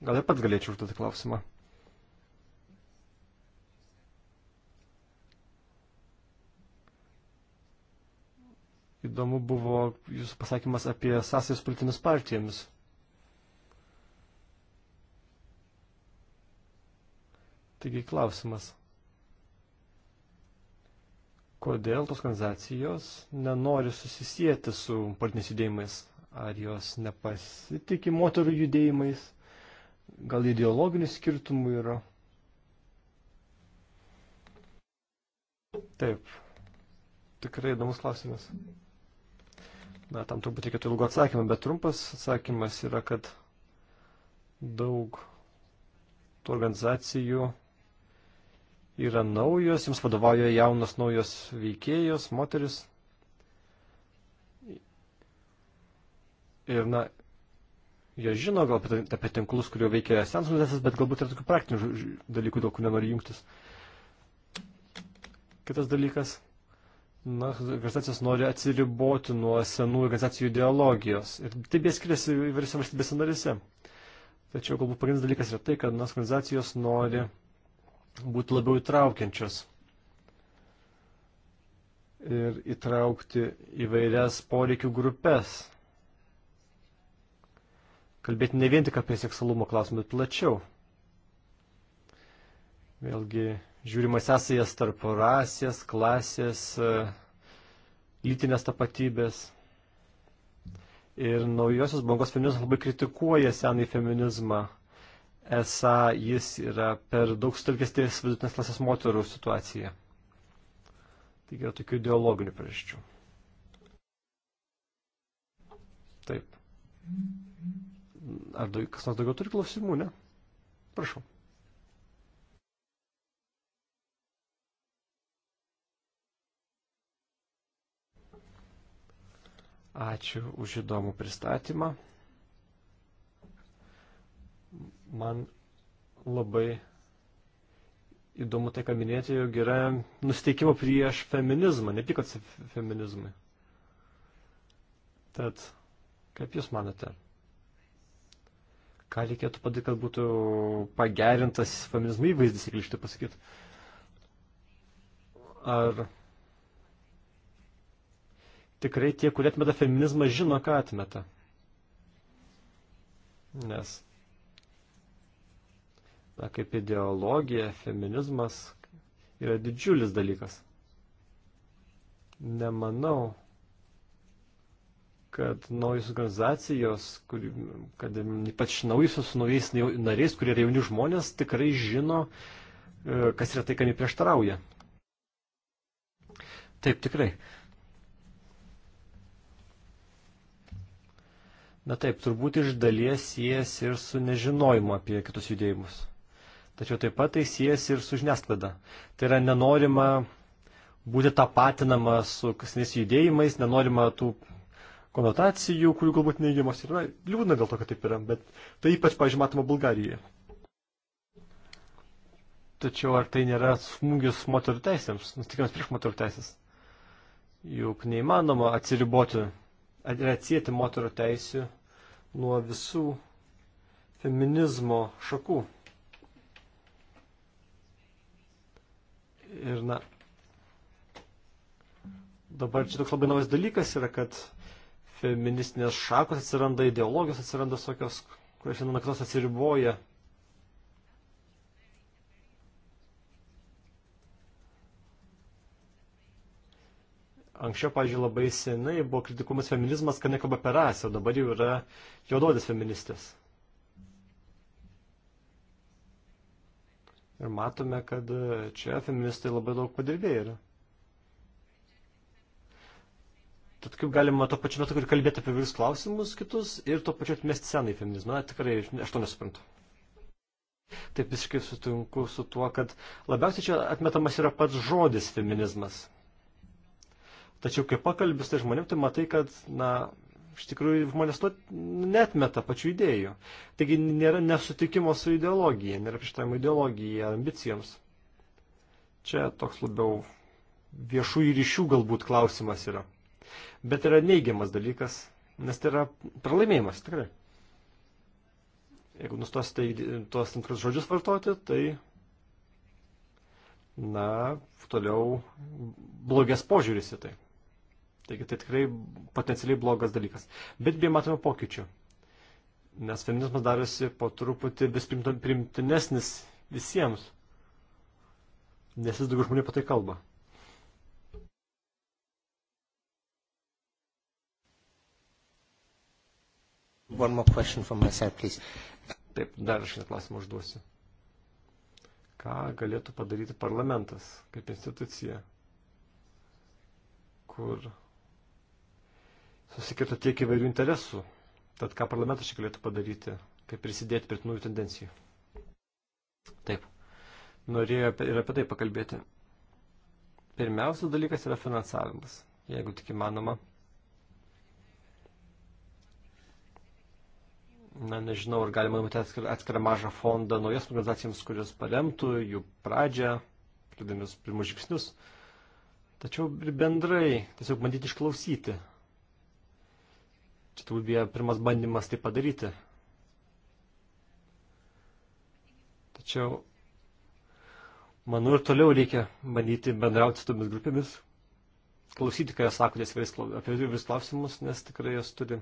Gal ir pats galėčiau užduoti klausimą. Įdomu buvo jūsų pasakymas apie sąsajus politinės partijomis. Taigi klausimas kodėl tos organizacijos nenori susisieti su politiniais judėjimais, ar jos nepasitikė moterų judėjimais, gal ideologinių skirtumų yra. Taip, tikrai įdomus klausimas. Na, tam turbūt reikėtų ilgo atsakymą, bet trumpas atsakymas yra, kad daug tų organizacijų yra naujos, jums vadovauja jaunos naujos veikėjos, moteris. Ir, na, jie žino gal apie tinklus, kurio veikia senas universitetas, bet galbūt yra tokių praktinių dalykų, dėl kurių nenori jungtis. Kitas dalykas, na, organizacijos nori atsiriboti nuo senų organizacijų ideologijos. Ir taip jie skiriasi įvairiose valstybėse narise. Tačiau galbūt pagrindinis dalykas yra tai, kad nas organizacijos nori. Mm būti labiau įtraukiančios ir įtraukti įvairias poreikių grupės. Kalbėti ne vien tik apie seksualumo klausimą, bet plačiau. Vėlgi, žiūrimas esąjas tarp rasės, klasės, lytinės tapatybės. Ir naujosios bangos feminizmas labai kritikuoja senąjį feminizmą esą jis yra per daug sutelkęs ties vidutinės klasės moterų situaciją. Taigi yra tokių ideologinių priežasčių. Taip. Ar daug, kas nors daugiau turi klausimų, ne? Prašau. Ačiū už įdomų pristatymą. Man labai įdomu tai, ką minėti, jog yra nusteikimo prieš feminizmą, nepykot feminizmui. Tad, kaip Jūs manote, ką reikėtų padaryti, kad būtų pagerintas feminizmo įvaizdis, jeigu šitą pasakyti? Ar tikrai tie, kurie atmeta feminizmą, žino, ką atmeta? Nes na, kaip ideologija, feminizmas yra didžiulis dalykas. Nemanau, kad naujos organizacijos, kur, kad ypač naujusios su naujais nariais, kurie yra jauni žmonės, tikrai žino, e, kas yra tai, kam jie prieštarauja. Taip, tikrai. Na taip, turbūt iš dalies jės ir su nežinojimu apie kitus judėjimus tačiau taip pat tai siejasi ir su žiniasklaida. Tai yra nenorima būti tapatinama su kasiniais judėjimais, nenorima tų konotacijų, kurių galbūt neįgymos ir na, liūdna dėl to, kad taip yra, bet tai ypač, pažiūrėjau, matoma Bulgarijoje. Tačiau ar tai nėra smūgis moterų teisėms, nustikimas prieš moterų teisės? Juk neįmanoma atsiriboti ir atsijėti moterų teisių nuo visų feminizmo šakų. Ir, na, dabar čia toks labai naujas dalykas yra, kad feministinės šakos atsiranda, ideologijos atsiranda tokios, kurios šiandien naktos atsiriboja. Anksčiau, pažiūrėjau, labai senai buvo kritikuomas feminizmas, kad nekalba per rasę, o dabar jau yra juododės feministės. Ir matome, kad čia feministai labai daug padirbėjo yra. Tad kaip galima to pačiu metu ir kalbėti apie vis klausimus kitus ir to pačiu atmesti senąjį feminizmą, na, tikrai aš to nesuprantu. Taip visiškai sutinku su tuo, kad labiausiai čia atmetamas yra pats žodis feminizmas. Tačiau kai pakalbis tai žmonėm, tai matai, kad, na, Iš tikrųjų, žmonės nu, netmeta pačių idėjų. Taigi nėra nesutikimo su ideologija, nėra prieštaravimo ideologija, ambicijoms. Čia toks labiau viešųjų ryšių galbūt klausimas yra. Bet yra neigiamas dalykas, nes tai yra pralaimėjimas, tikrai. Jeigu nustosite tuos tam tikrus žodžius vartoti, tai, na, toliau blogės požiūris į tai. Taigi tai tikrai potencialiai blogas dalykas. Bet bei matome pokyčių. Nes feminizmas darosi po truputį vis primtinesnis visiems. Nes vis daugiau žmonių apie tai kalba. One more question from myself, please. Taip, dar šitą klausimą užduosiu. Ką galėtų padaryti parlamentas kaip institucija, kur susikirto tiek įvairių interesų. Tad ką parlamentas čia galėtų padaryti, kaip prisidėti prie naujų tendencijų. Taip. Norėjau ir apie tai pakalbėti. Pirmiausias dalykas yra finansavimas, jeigu tik įmanoma. Na, nežinau, ar galima matyti atskirą, atskirą mažą fondą naujas organizacijoms, kurios paremtų jų pradžią, pridėmius pirmus žingsnius. Tačiau ir bendrai tiesiog bandyti išklausyti Čia turbūt buvo pirmas bandymas tai padaryti. Tačiau, manau, ir toliau reikia bandyti bendrauti su tomis grupėmis, klausyti, ką jūs sakote apie įvairius klausimus, nes tikrai jos turi,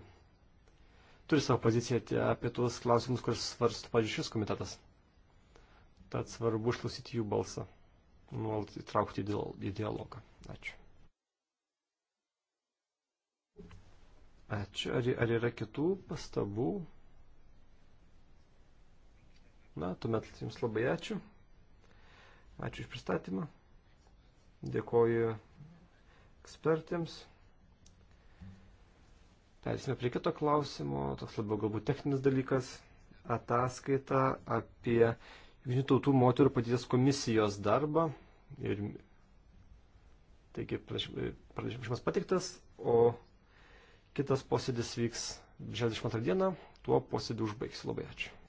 turi savo poziciją tie, apie tuos klausimus, kur svarsto, pavyzdžiui, šis komitetas. Tad svarbu išklausyti jų balsą, nuolat įtraukti į dialogą. Ačiū. Ačiū. Ar, ar yra kitų pastabų? Na, tuomet jums labai ačiū. Ačiū iš pristatymą. Dėkoju ekspertėms. Persime prie kito klausimo, toks labiau galbūt techninis dalykas, ataskaita apie Junktinių tautų moterų padėties komisijos darbą. Ir, taigi, pranešimas pateiktas, o Kitas posėdis vyks 62 dieną, tuo posėdį užbaigsiu. Labai ačiū.